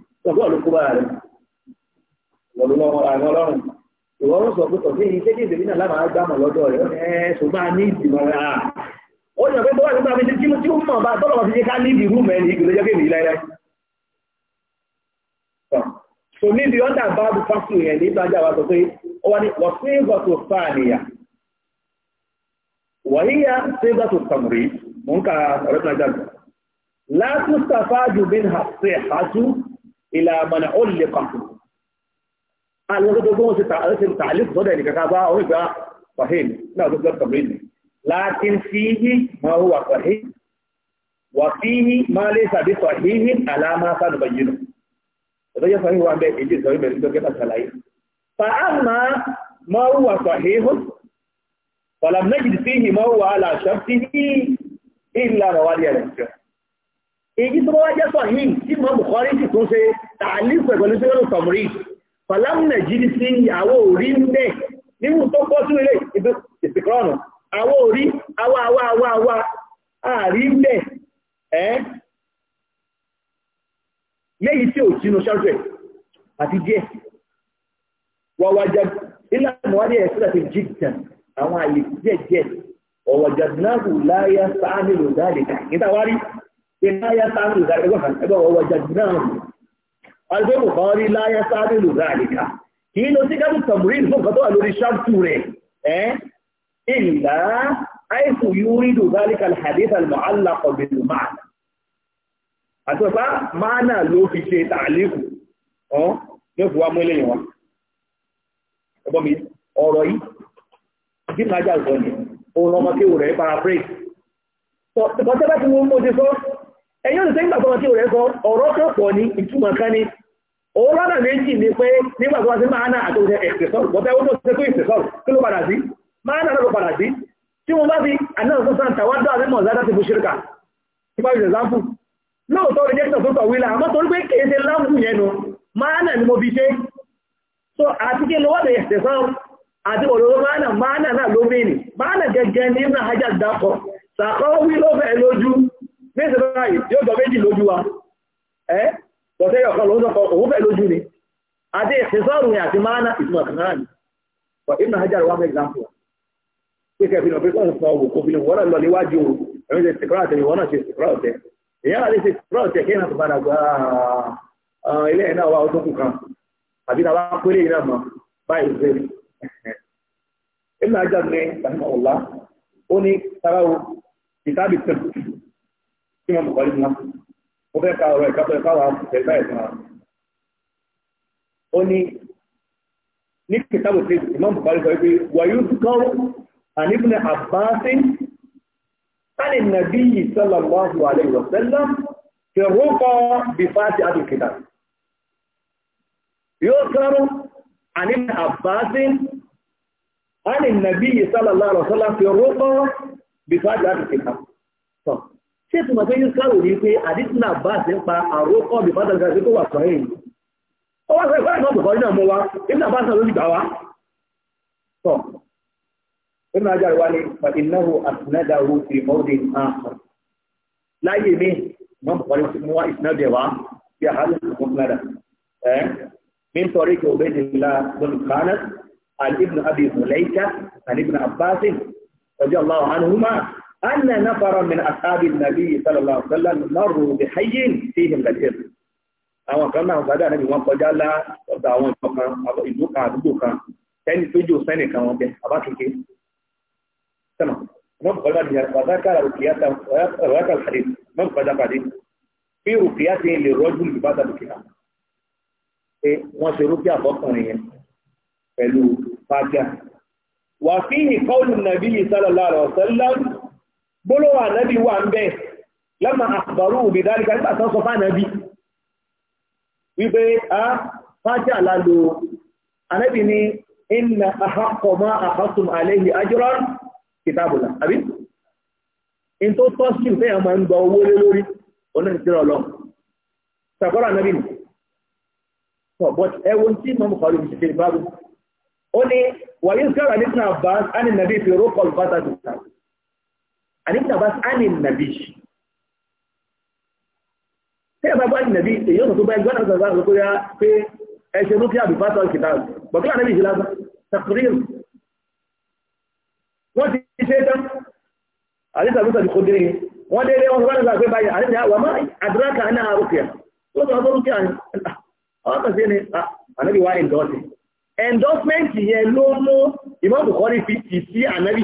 sọ̀kọ́ ló kó bára rẹ̀ wọ́n ló lọ́wọ́ àwọn ọlọ́run ìwọ ló sọ pé tọ̀sí yìí ṣé kí ìbèbí náà lábàá gbàmọ̀ lọ́dọ̀ rẹ̀ ẹ̀ ṣùgbọ́n a ní ìdìmọ̀ rẹ̀ à ó yàn pé bọ́wọ́ nípa mi tí tí ó mọ̀ bá tọ́lọ̀ fi ṣe ká níbi rúùmù ẹni ìgbìlẹ̀ jẹ́ kéèmì láíláí. so níbi ọ́dà bá bu fásitì yẹn ní ìbájá wa sọ pé ó wá ní wọ́n sí ìgbọ̀tò fáàníyà wàhíyá sí ìgbọ̀tò tàmùrí mò ń ka ọ̀rẹ́ إلى من علق قال وقت يقوم سيتعلق تعليق صدى لك كذا أو يبقى صحيح لا تقدر تبريد لكن فيه ما هو صحيح وفيه ما ليس بصحيح على ما سنبينه إذا هي صحيح وعند إجي صحيح من إذا كتب سلايف فأما ما هو صحيح فلم نجد فيه ما هو على شرطه إلا موالي الإنسان èyí tó wá jẹ́ sọ yìí tí mọ́ Bukhari sì tún ṣe tààlí pẹ̀lú sí ọ̀rọ̀ tọ̀mùrí fàlámùnà jírí sí ìyàwó orí ń bẹ̀ nínú tó pọ́ sí ilé ìsìnkọ́ọ̀nù àwọ̀ orí àwọ̀ àwọ̀ àwọ̀ àwọ̀ àrí ń bẹ̀ ẹ́ léyìí tí láyá sáàrù ìdáríkà ẹgbẹ́ ọwọ́ jajnáàmù alfẹ́ bukari láyá sáàrù ìdáríkà kí ló sí káàkiri tàbírin fún kàtọ́wà lórí ṣáàtù rẹ̀ ẹ́ ìlà àìsù yúrí ìdáríkà alhadith almu'allaq bil ma'na àti ọ̀pá ma'na ló fi ṣe tààlíkù ọ́n ní òfúwa mọ́lẹ̀ yìí wọn ẹgbọ́n mi ọ̀rọ̀ yìí bí máa jà ọ̀gbọ́n ni òun ọmọ kéwù rẹ̀ paraphrase tọ́tẹ́ bá ti wọ́n mọ́ ẹ̀yọ́ ti sẹ́yìn gbàtọ́wọ́ tí ò rẹ̀ sọ ọ̀rọ̀ tó pọ̀ ní ìtumọ̀ kan ni òun lọ́nà méjì ni pé nígbà tó wá sí máa náà àtòṣe ẹ̀sẹ̀sọ́rù bọ́tẹ́ ó tó ṣe tó ìsẹ̀sọ́rù kí ló padà sí máa náà lọ́dọ̀ padà sí tí wọ́n bá fi àdáhùn tó sáǹtà wá dọ́ àbímọ̀ zádá ti fi ṣírkà nípa ìṣẹ̀sáǹpù lóòótọ́ rejector tó tọ̀ wílà máa náà ni mo so àti kí ló wà lè ẹ̀sẹ̀sọ́rù àti òróró máa náà máa náà ló mìíní máa náà gẹ́gẹ́ ní ìrìn àjà dákọ̀ sàkọ́ lójú méjì báyìí yóò jọ méjì lójú wa ẹ́ tọ́tẹ́ ọ̀kan ló ń sọ̀kọ̀ òun fẹ́ lójú ni àti ìṣẹ́sọ́rù ni àti máa ná ìtumọ̀ kan náà ni but Ibn Hajar one example pé kẹfì náà pé kọ́ ń fọ òwò kò fi wọ́n lọ níwájú o ẹ̀mí ṣe sìkúrọ̀ àtẹ̀yìn wọ́n náà ṣe sìkúrọ̀ ọ̀tẹ̀ èèyàn àti sìkúrọ̀ ọ̀tẹ̀ kí náà tó padà gba ilé ẹ̀ náà wá Hajar ní ìtàkùn ọ̀la ó ní sáráwó ìtàbí kí wọ́n bùkọ́lé náà ó fẹ́ ka ọ̀rọ̀ ìkápẹ́ káwà ẹ̀ka ẹ̀sìn wa ó ní ní kìtàbù sí Imam Bukhari sọ pé wàyú kọ́rọ̀ àníbùnà àbáṣe sáni nàbí yìí sọ́lọ̀ lọ́wọ́ àlẹ́ ìwọ̀sẹ́lọ́ ti rúkọ bí fáti àti kìtà yóò kọ́rọ̀ àníbùnà àbáṣe sáni nàbí yìí sọ́lọ̀ lọ́wọ́ àlẹ́ ìwọ̀sẹ́lọ́ ti bí fáti àti kìtà ṣé tí màá pé yíò kárò ní pé àdísínà bá ti ń pa àrókọ́ bí bá dàgbà tó wà sọ́yìn yìí ó wá sọ ìfẹ́ ìmọ̀ bùkọ́ nínú ọmọ wa ìmọ̀ bá sọ lórí gbà wá tọ̀ ìmọ̀ ajá ìwá ni pàtìnáwó àtìnádàwó ti mọ́ọ̀dé ààrùn láyé mi mọ́ bùkọ́ ní mú wá ìsinádẹ̀ wá bí a hálù fún fúnládà ẹ́ mi ń sọrí kí òbẹ́ ti la bọ́lù kánà àti ibùn abi mulaika àti ibùn abbas ọjọ́ allah anhuma أن نفرا من أصحاب النبي صلى الله عليه وسلم مروا بحي فيهم الإر àwọn kan náà sáré ànábì wọn kọjá lá ọ̀dọ̀ àwọn ìtọ́kan ìlú kan àdúgbò kan ẹni tó jò sẹ́nì kan wọn bẹ àbá kéke sẹ́nà wọn kọjá ní àbáká rùkìyàtà rùkìyàtà pàdé wọn kọjá pàdé bí rùkìyàtà yẹn lè rọ́jú ìbáta rùkìyà pé wọ́n ṣe rúkìá fọkùnrin yẹn pẹ̀lú fájà wà fíhì kọ́ọ̀lù nàbí sallallahu alaihi wasallam gbólówà nábì wà ń bẹ́ lọ́mà àbàrú òbìdáríkà nígbà tán sọ fánàbí wípé a fájá lálò anábì ní inna àhàkọ̀mọ́ àhàkùn àlẹ́yìn ajọ́rọ̀ kìtàbùlà àbí in tó tọ́ sí ìfẹ́ àmà ń gba owó lé lórí oníṣẹ́rọ̀ lọ àníkà bá ánì nàbí tí ẹ bá bá ánì nàbí èyí ọ̀sán tó bá ẹgbẹ́ náà sọ̀rọ̀ pé pé ẹṣẹ́ ló kí àbí pátá kìtà bọ̀kílà nàbí ìṣẹ́ lásán takrir wọ́n ti ṣe tán àníkà ló sọ̀rọ̀ kó dé wọ́n dé wọ́n sọ̀rọ̀ sọ̀rọ̀ pé báyìí àníkà wà má àdúrákà náà àrùkìá ó sọ̀rọ̀ sọ̀rọ̀ ah, kí ọkàn sí ni ah, ànábì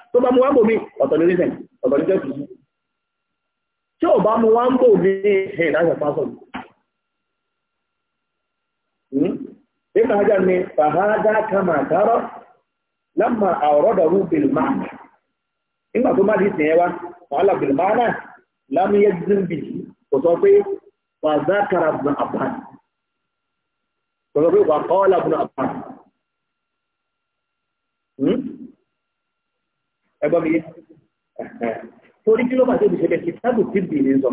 tó bá mú wá ń bò mí ọ̀tọ̀ ní reason ọ̀tọ̀ ní tẹ́sí tí ò bá mú wá ń bò ní ẹ̀ láti pásọ̀ Ibn Hajar ni fàhádá kama tààrọ̀ lámà àwọ̀rọ̀dọ̀rú bilmáàna. Nígbà tó má di sìn ẹwà, wàhálà bilmáàna lámúyé zimbi kò sọ pé wà zákàrà bùn àbáni. Kò sọ pé wà kọ́ọ́lá bùn àbáni ẹgbọ́n mi yé torí kí ló bá tóbi ṣẹlẹ̀ kìtàbù tí bì ní sọ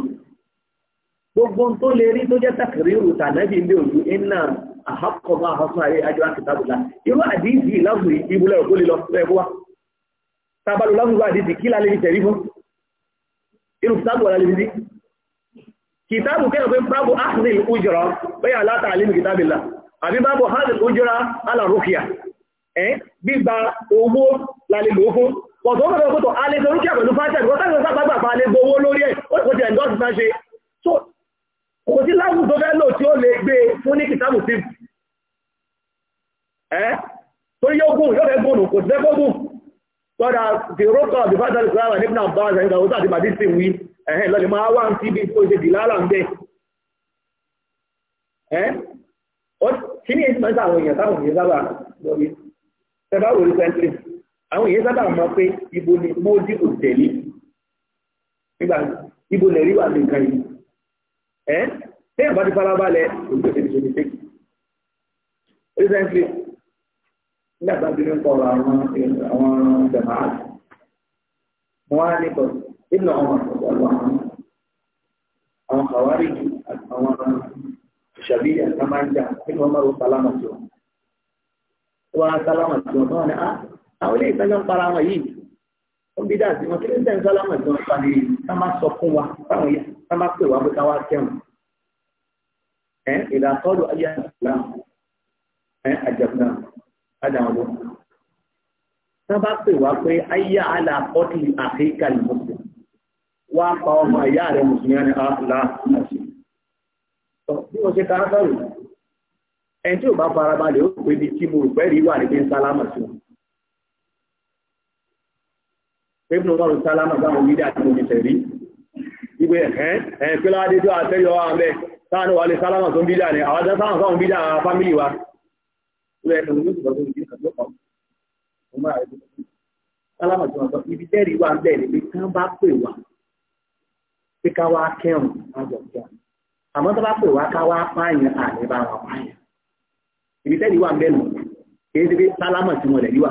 gbogbo tó lè rí tó jẹ́ sàkìrí rùtà náàbì ní òjú iná àhákọ̀ọ́mọ́ àhọ́sùn àrí ajọ́ra kìtàbù lá irú àdíjì láwùrí ibùlẹ̀ òkú lè lọ ẹ̀kọ́ wa tábàlù láwùrí àdíjì kí lálẹ́ ní tẹ̀rí fún irú kìtàbù wà lálẹ́ ní kìtàbù kẹ́rọ̀ pé bábù áhìnrìn ujọ́ra bẹ́yà látà àlímù kìtàbù lá àbí bábù áhìnrìn ujọ́ra alàrúkìá ẹ̀ gbígba owó lálẹ́ lò fún pọ̀tọ́ mẹ́rẹ̀ pọ̀tọ̀ alẹ́ tó rúkẹ́ pẹ̀lú fásitì wọ́n tàbí sábà gbàgbà alẹ́ gbowó lórí ẹ̀ ó ti ẹ̀dọ́ ti máa ṣe so kò sí láwùn tó fẹ́ lò tí ó lè gbé fún ní kìtàbù sí ẹ́ tó yóò gùn yóò fẹ́ gùn kò sí fẹ́ gùn lọ́dà ti rókọ̀ bí fásitì sọ́wà nípa bá ṣe ìgbà òótà àti bàbí sì wí ẹ̀hẹ́ lọ́lẹ̀ máa wá ń sí bí tó ṣe dì lára ń bẹ́ ẹ́ kí ni èyí ti máa ń sáwọn èèyàn táwọn èèyàn sábà lórí ẹ bá wò rí sẹ́ńtì àwọn èèyàn sábà mọ̀ pé ibo ni mọ́ọ́dí kò tẹ̀lé nígbà ibo lẹ̀rí wà ní nǹkan yìí ẹ́ tẹ́yàn bá ti farabalẹ̀ òjòjò ti ṣe recently nígbà tá a ti ní ń kọ̀ọ̀rọ̀ àwọn jama'a wọn á ní kọ̀ọ̀rọ̀ nínú àwọn àkọ́kọ́ àwọn kàwárí àwọn nínú ọmọ rò sálámà tí wọn wọn sálámà tí wọn náà ní á ah, àwọn ilé ìfẹ́ náà ń para wọn yìí wọ́n bí dáàbí wọn kílẹ̀ sẹ́yìn sálámà tí wọ́n parí ká má sọ fún wa táwọn yà ká má pè wá pé ká wá kẹ́wọ̀n ẹ̀ ìdàtọ́lù ayé àgbà ẹ̀ àjàgbà ádàwọn lọ. tá bá pè wá pé ayé àlà àkọ́tì àfíríkà lè mọ̀tò wá pa ọmọ ìyá rẹ̀ mùsùlùmí ni àlà ah, bí wọ́n ṣe ká sọ̀rọ̀ ẹ̀ tí ò bá farabalẹ̀ ó pè bí tí mo rò pẹ́ rí wà ní pé ń sálámà sí wọn. pẹ́bùn ọmọ ìsálámà báwọn wídà tí mo ti tẹ̀rí wípé ẹ̀hẹ́n ẹ̀hẹ́n pé láwádé tó àtẹ́yọ àmẹ́ sáàánú wà lè sálámà tó ń bídà ní àwọn sáàánú sáwọn bídà fámílì wa ibi tẹ́rì wà ń bẹ̀rẹ̀ pé kán bá pè wá pé ká wá kẹ́hùn àjọ̀jọ́ àmọ́ tó bá pè wá ká wá pààyàn àlẹ́ bá wà pààyàn ibi tẹ́rì wà ń bẹ̀rẹ̀ kì í ṣe pé sálámà tí wọ́n lẹ̀ yíwà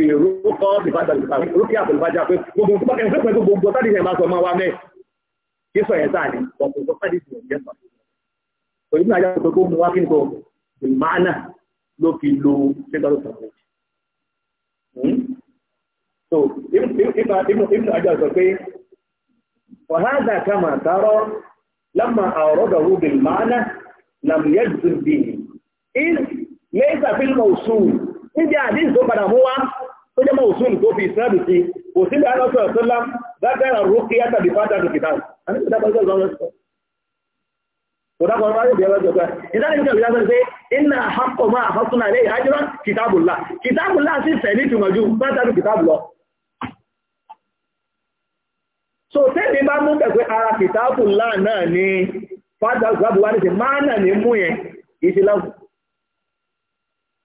ìrúkọ ìrúkẹ́ àtòlùbájá pé gbogbo tó bákẹ́ ìfẹ́ pẹ̀lú gbogbo tádì ìyẹn máa sọ máa wá mẹ́ jésù ẹ̀yẹ sáà ní ọ̀pọ̀ tó tádì ìyẹn jẹ́ sọ. òyìn náà yàtọ̀ pé kó mu wá kí n kọ ìmáànà ló fi lo ṣẹ́gbàlú sọ̀rọ̀. Hmm? so ibùdó àjọ sọ pé ọ̀hádà kama tààrọ̀ lámà àwọ̀rọ̀dọ̀ rúbìn máànà làmúyẹ́ níbi àdín tó padà mú wá tó jẹ́ mọ́ òṣùn tó fi ìsìnàdù sí kò sí ìdáná sọ ọ̀sọ́lá dákàrà rókè yàtàbí fátàdù kìtà Inna haqqo ma hasuna ilayhi ajran kitabullah. Kitabullah sì fẹ̀ ní tùmọ̀jú, bá tàbí kìtàbù lọ. So, tẹ́lẹ̀ bá mú pẹ̀pẹ́ ara kìtàbùlá náà ni, fádà ìgbàbùwá ní ti máa náà ní mú yẹn, ìṣẹ́lọ́gbù.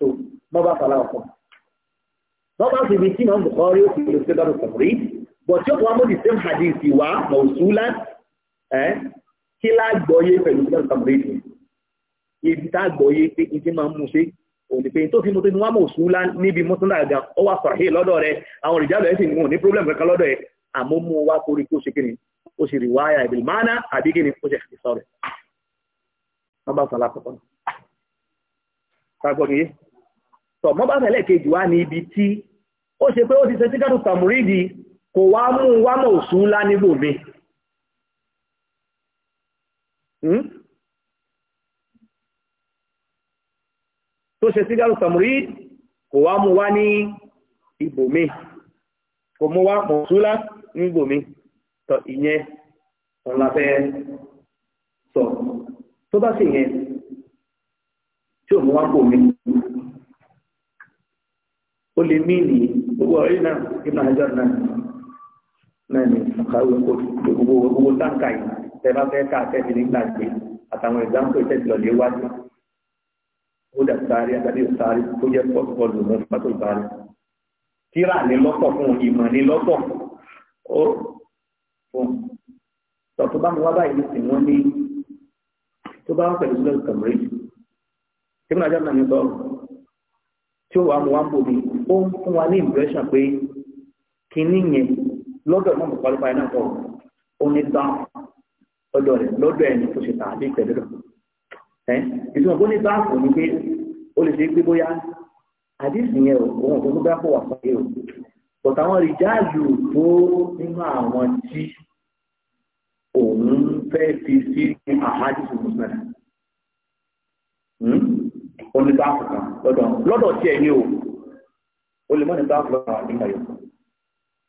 so bọ́bá fara ọ̀pọ̀ bọ́bá sì bí tí mọ́n bùkọ́rí ó fi lè di same hadith wá mọ̀ọ́sùlá ẹ́ kí lágbọ́yé pẹ̀lú ṣe dọ́rọ̀ sọ̀rí ibi tá gbọ́yé pé ibi máa ń mú ṣe òní pé tó fi mú tó ní wá mọ̀ọ́sùlá níbi mọ́túnlá àga problem kankan lọ́dọ̀ ẹ̀ àmọ́ mú wá torí kó ṣe kíni ó ṣe rìwáyà ìbìlì máná àbí kíni ó ṣe tọ̀ mọ́ bá tẹ̀lẹ̀ kejì wá ní ibi tí ó ṣe pé ó ti ṣe síkàtù tàmùrídì kò wá mú wá mọ̀ òṣù ńlá níbò mi hmm? tó ṣe síkàtù tàmùrídì kò wá mú wá ní ibò mi kò mú wá mọ̀ òṣù ńlá níbò mi tọ̀ ìyẹn ọ̀la fẹ́ sọ tó bá sì yẹn tí ò mú wá kò ó lè mí ní gbogbo ọ̀rẹ́ náà ibùdó àjọ náà náà ní àkàwé gbogbo gbogbo táǹkà yìí tẹ́lá fẹ́ ká àtẹ́sí nígbà gbé àtàwọn ìdáǹkò ìtẹ́sí lọ́lẹ́ wájú ó dà sáré àtàbí sáré tó jẹ́ pọ́ọ̀lù mọ́ pátó ìbára tíra ní lọ́pọ̀ fún ìmọ̀ ní lọ́pọ̀ ó fún tọ́tù bá mi wá báyìí ní sìn wọ́n ní tó bá wà pẹ̀lú sílẹ̀ kàmúrí tí mo náà jẹ́ mọ̀ ní sọ́ọ̀rọ̀ tí ó wà mú wá ń bò mí ó ń fún wa ní impression pé kínní yẹn lọ́dọ̀ náà mo pariwo ayé náà kọ́ ó ní dá ọ̀dọ̀ rẹ̀ lọ́dọ̀ ẹni tó ṣe tàbí pẹ̀lú rẹ̀ ẹ́ ìtumọ̀ bó ní báàfù ni pé ó lè ṣe pé bóyá àdìsí yẹn o òun ò tó gbáfọ̀ wà fún yẹn o but àwọn rìjáàjù tó nínú àwọn tí òun fẹ́ fi sí àhádìsí mùsùlùmí hmm? ó ní báàfù kan lọ́dọ̀ lọ́dọ̀ tiẹ̀ ni o o lè mọ́ ní báwọn fúlọ́ọ̀ àwọn nígbà yòókù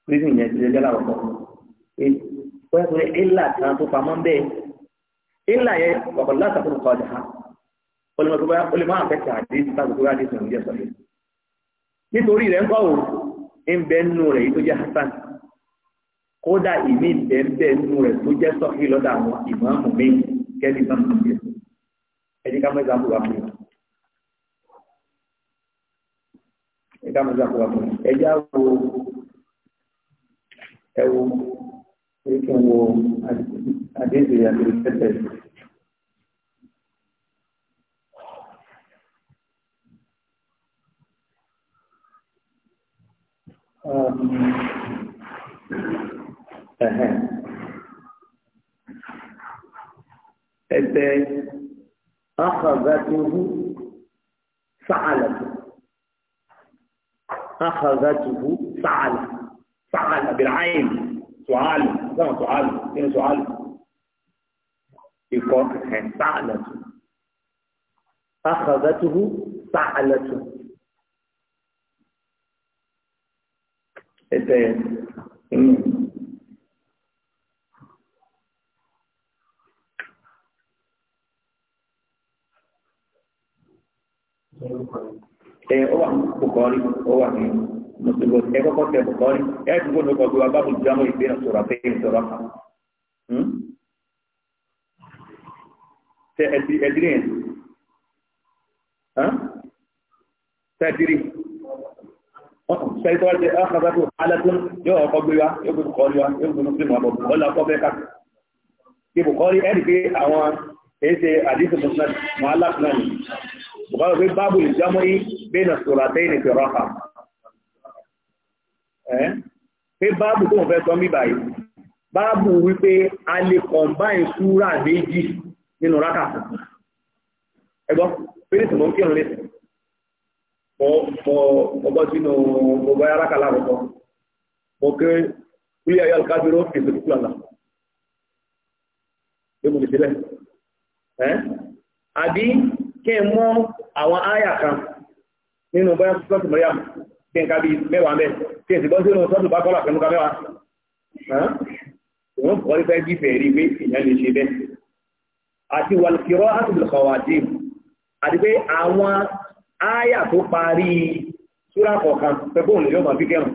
nínú ìyẹn ti jẹ́ láwọn kọ́ wọ́n yẹ kó ilà kan tó pamọ́ bẹ́ẹ̀ ilà yẹ ọ̀pọ̀ látàkùn kọ́ ọjà o lè mọ́ o lè mọ́ àfẹ́tì àdéhùn táwọn tó yà dé sọ̀rọ̀ ìjẹ́ sọ̀rọ̀ nítorí rẹ̀ ń kọ́ o ń bẹ́ nù rẹ̀ yìí tó jẹ́ hasan kódà ìmí ìbẹ́ ń bẹ́ nù rẹ̀ tó jẹ́ sọ́kì lọ́dọ̀ àwọn ìmọ̀ àmọ̀ mi kẹ́ni bá ń bẹ̀rẹ̀ ẹ̀jẹ̀ ká ẹ̀ka mọ̀já kó wà fún mi ẹ̀já wo ẹ wo ẹ kí n wo àdéhùn àti ìfẹ́fẹ́. Ẹ̀sẹ̀ akọ̀gbàtúhù fàálàtù. أخذته سعل سعل بالعين سعل زمان سعل فين سعل يقول فعلته أخذته فعلته Thank you. ẹ ó wà ní bùkọ́rí ó wà ní mùsùlùmí ẹ kọ́kọ́ tẹ bùkọ́rí ẹ dùgbò ní ọgbẹ́ wa bábù jámọ́ ìgbé náà sọ̀rọ̀ pé ìsọ̀rọ̀ kan. Hmm? tẹ ẹdí ẹdí yẹn tẹ ẹdí rí sẹ́yìntọ́ wá ṣe ọ́kàtàkùn ah, alẹ́tún yóò ọkọ̀ gbé wa yóò gbé bùkọ́rí wa yóò gbé mùsùlùmí àbọ̀ bọ́ọ̀lù akọ́ bẹ́ẹ̀ ká ti bùkọ́rí ẹ̀rí pé àwọn èyí ṣe àdíṣe mùsùlùmí mọ́ alákùnrin bùkọ́rí pé báàbù ìjámọ́ yìí bẹ́ẹ̀nà sọ̀rọ̀tẹ́ ìní fẹ̀rọ̀ ha ẹ́ pé báàbù tó ń fẹ́ sọ bíbà yìí báàbù wípé a lè kọ̀m̀báìn súrà méjì nínú rákà ẹgbọ́n pérìtì mọ́ kírun lẹ́sẹ̀ mọ́ ọgbọ́n sínú gbogbo ayára kà láàrọ̀kọ́ mo ké wíyá yọ kábíró fèsì kúkú àlà yóò mú sílẹ̀ ẹ́ àbí kí n mọ́ àwọn áyà kan nínú bọ́yá sọ́tù mọ́ríàm kí n ká bí mẹ́wàá mẹ́ kí èsì bọ́sí nínú sọ́tù bákọ́lá pẹ̀lú ká mẹ́wàá wọ́n kọ́ ní fẹ́ bí fẹ̀rí pé èèyàn lè ṣe bẹ́ẹ̀ àti wàlùkìrọ́ àtùbùlù kọ̀wàdì àti pé àwọn áyà tó parí súrà kọ̀ọ̀kan pẹ̀kọ́ òun lè yọ̀mọ̀ bí kẹrùn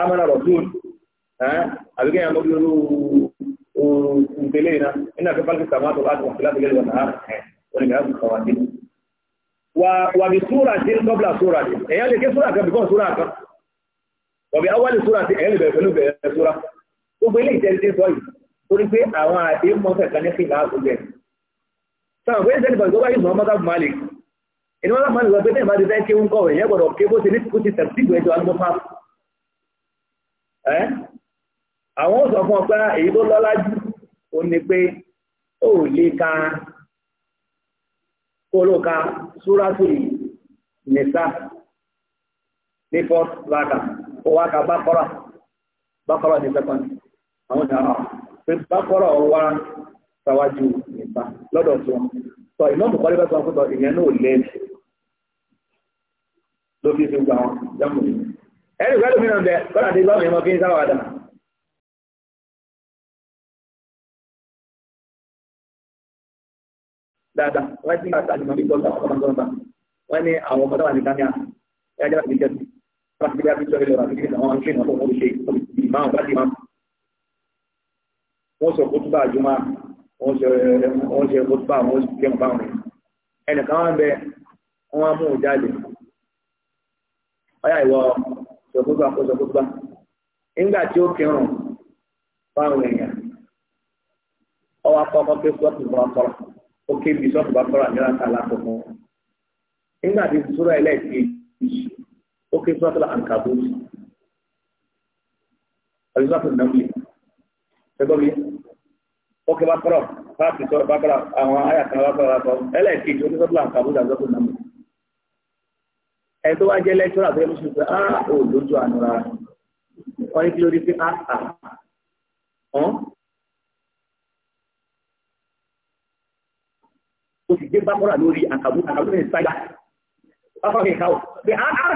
amana rasul àbí kẹyàn mọ́ bí olú òun tẹ́lẹ̀ iná iná fẹ́ fálkì sàmátò láti wà sí láti gẹ́lẹ̀ wà náà wàbí súra tí ń gọ́bla súra tí èyàn lè ké súra kan bíkọ́ súra kan wàbí awọ́lẹ̀ súra tí èyàn lè bẹ̀rẹ̀ pẹ̀lú bẹ̀rẹ̀ súra gbogbo ilé ìtẹ́lẹ̀ sọ yìí torí pé àwọn àdé mọ́fẹ̀ kan ní fìlà àgbẹ̀ sáwọn pé ìṣẹ́lẹ̀ bàtí ọba yìí mọ́ mọ́tà malik inú wọn máa ń lọ pé bẹ́ẹ̀ máa ti fẹ́ kéwú kọ̀wé yẹn gbọ́dọ̀ kólóka súrátù nìsá ní fọ́s láka ó wá ka bákọ́rà bákọ́rà ní sẹ́kọ̀n àwọn ìdára pé bákọ́rà wá sáwájú nìsá lọ́dọ̀ tí wọn sọ ìmọ̀ bùkọ́lé bẹ́ẹ̀ sọ fún sọ ìyẹn náà lẹ́nu ló fi fi gba wọn jámù ẹ̀rí ìwé lómìnà bẹ kọ́nà tí dáadáa wọ́n ti ń gbàtà àjùmọ̀ bíi tọ́lá ọ̀pọ̀ tọ́lá wọ́n ní àwọn ọmọdé wà ní kámíà ẹ̀jẹ̀ láti jẹ́ láti bí àwọn akéwìn ṣe ìmọ̀ àwọn sọ kótópà ó ké bíṣọ́ọ̀bù bá fọ́ra ní láti alákọ̀ọ́kọ́ nígbà tí sura ẹlẹ́ẹ̀kejì ó ké sọ́tọ̀ Ankabut àti sọ́tọ̀ Namli ṣẹ́gbọ́n mi ó ké bá fọ́rọ̀ láti sọ́rọ̀ bá fọ́ra àwọn àyà kan bá fọ́ra lọ́tọ̀ ẹlẹ́ẹ̀kejì ó ké sọ́tọ̀ Ankabut àti sọ́tọ̀ Namli ẹ̀ tó wá jẹ́ lẹ́tọ́rà tó yẹ kó ṣe pé ah, á ò ó sì gbé bákọ́rà lórí àkàbú àkàbú ní ìsáyà ọkọ̀ ìka ò pé áá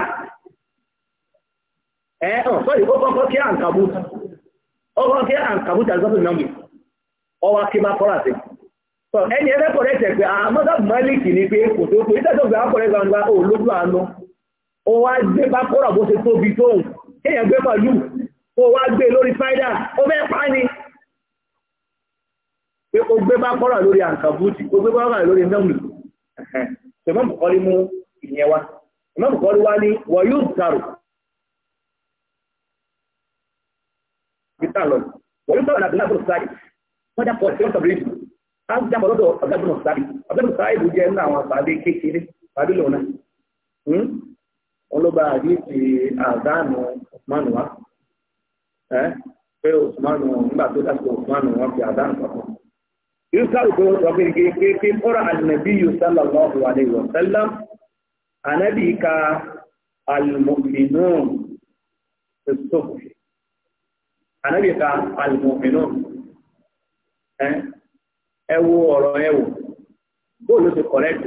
ẹ̀ ọ̀ sọ́yìn ó kọ́kọ́ kí àǹkàbú ọkọ̀ kí àǹkàbú tàbí sọ́fún náà ọwá kí bákọ́rà sí ẹni ẹgbẹ́ kọ̀rẹ́tẹ̀ pé àmọ́dá ah, mọ́lìkì ni pé kò tó kò ìtẹ́jọ́ gbé akọ̀rẹ́ gbangba ò lójú àánú ó wá gbé bákọ́rà bó ṣe tóbi tóun kéèyàn gbé pàlú ó wá gbé lórí fáídà ó fẹ́ ni pé ó gbé bá kọ́rọ̀ lórí àǹkàbútì ó gbé bá kọ́rọ̀ lórí nẹ́mùlù ṣùgbọ́n bùkọ́rí mú ìyẹn wá ìmọ̀ bùkọ́rí wá ní wọ́n yóò sàrò peter lọ wọ́n yóò sàrò ní abdullahi bùrù wọ́n pọ̀ sí ọ̀sán bíríjì á ń jábọ̀ lọ́dọ̀ ọ̀gá ọ̀gá àwọn àbáde kékeré àbí àdìsí àdánù wa pé yusaru ko to ke ke ke ke qura al nabiy sallallahu alaihi wasallam anabi ka al mu'minun as-subh anabi ka al mu'minun eh ẹ wo ọ̀rọ̀ ẹ wò bó ló ti correct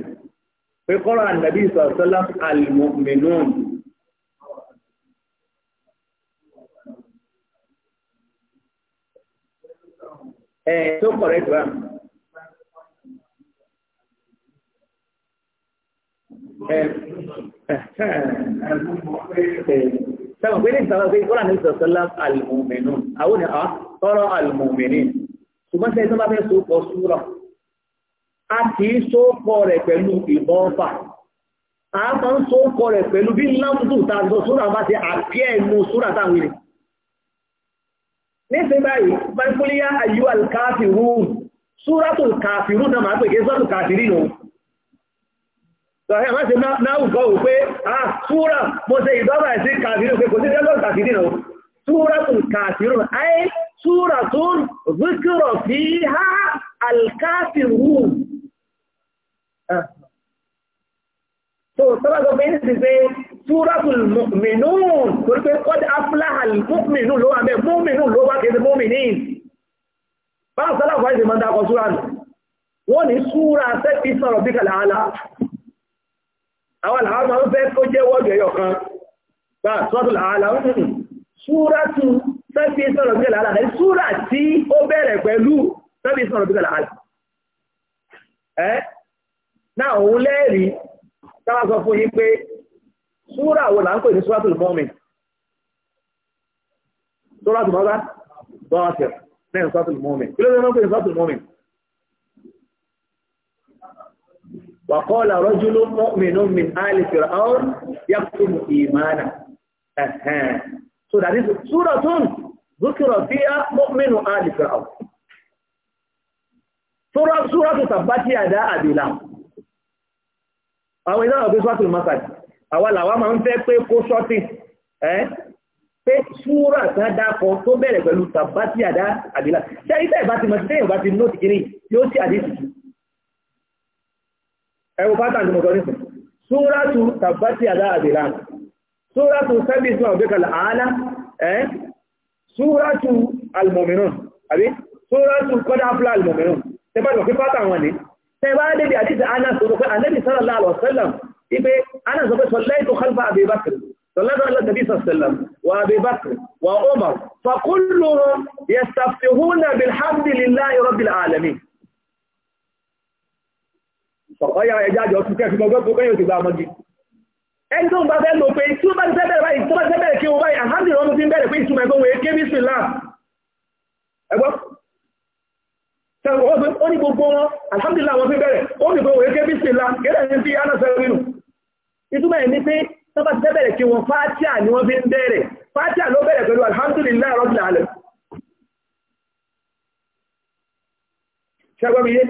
pé qura al nabiy sallallahu alaihi Eh, so correct, right? sẹ́wọ̀n pé ní ìsànlọ́ pé kọ́lá ní ìsọ̀sọ́lá alìmọ̀mìnú àwọn ni a tọ́rọ alìmọ̀mìnú ṣùgbọ́n sẹ́yìn tó bá fẹ́ sókọ súra a kì í sókọ rẹ̀ pẹ̀lú ìbọ́ọ̀fà a máa ń sókọ rẹ̀ pẹ̀lú bí lámùdù tàbí súra bá ti àpíẹ̀ inú súra táwọn ilẹ̀ nísìn báyìí báyìí kúlíyà Sọ̀rọ̀ máa ṣe náà gọ́ wò pé, ah, túra, mo ṣe ìdọ́bà sí kàfírù pé kò sí jẹ́lọ́ kàfírì náà. Túra tún kàfírù, ayé túra tún zíkírọ̀ fi ha alkáfírù. Ah. So, sọ́rọ̀ sọ pé ní ti pé túra tún mọ̀mìnú, torí pé kọ́ afláhà mọ̀mìnú ló àwọn àlàáwọ̀ ń fẹ́ kó jẹ́ wọ́dù ẹyọ kan bá sọ́tù àlàáwọ̀ ṣúra tún fẹ́fí sọ̀rọ̀ bí làálà rẹ̀ ṣúra tí ó bẹ̀rẹ̀ pẹ̀lú fẹ́fí sọ̀rọ̀ bí làálà ẹ́ náà òun lẹ́ẹ̀rí táwa sọ fún yín pé ṣúra wo là ń pè ní ṣúra tún mọ́mìn ṣúra tún mọ́mìn wàkọ́ọ̀lá rọ́júlú mọ́mìnú min áàlì fìràún yàkùn ìmánà so that is súratún zúkìrọ̀ bí á mọ́mìnú áàlì fìràún súratù tàbátí àdá àbìlà àwọn ìdára ọ̀gbẹ́ súratù masàdì àwọn làwá máa ń fẹ́ pé kó ṣọ́tì pé súra kan dákọ tó bẹ̀rẹ̀ pẹ̀lú tàbátí àdá àbìlà ṣe ìtẹ́ ìbá ti mọ̀ sí ẹwọ bá tàbí mọ̀tọ́ nísìn ṣúrátù tàbátì àdáàbìlán ṣúrátù sẹ́bìsì náà bí kàlà àálá ẹ́ ṣúrátù almọ̀mìnà àbí ṣúrátù kọ́dáflá almọ̀mìnà tẹbá lọ fífá tàwọn ní tẹbá débi àdíjẹ anásọ̀rọ̀ pé anẹ́bì sallallahu alaihi wasallam ipe anásọ̀ pé sọlẹ́tò khalfa Abi Bakr sọlẹ́tò alẹ́bì sallam wa Abi Bakr wa Umar fa kulluhum yastafihuna bilhamdillahi rabbil alamin ọ̀yà ẹja àjọ tún kẹ́ fi mọ́ gbọ́gbọ́ bẹ́yìn òṣèlú àmọ́gi ẹni tó ń bá fẹ́ lò pé tí ó bá ti fẹ́ bẹ̀rẹ̀ báyìí tó bá ti fẹ́ bẹ̀rẹ̀ kí wọ́n báyìí àhájì rọ́nù ti ń bẹ̀rẹ̀ pé ìtumọ̀ ẹ̀gbọ́n wòye kébí sí láà ẹgbọ́ ó ní gbogbo wọn alhamdulilá wọn fi bẹ̀rẹ̀ ó ní gbogbo wòye kébí sí láà kéré ní ti anasẹ́rẹ́ nínú ìtumọ̀ ẹ̀ ní pé tó bá ti fẹ́ bẹ̀rẹ̀ kí wọ́n fátíà ni wọ́n fi ń bẹ̀rẹ̀ fátíà ló bẹ̀rẹ̀ pẹ̀lú alhamdulilá rọ́bìlà alẹ́ ṣẹ́gbọ́n mi yé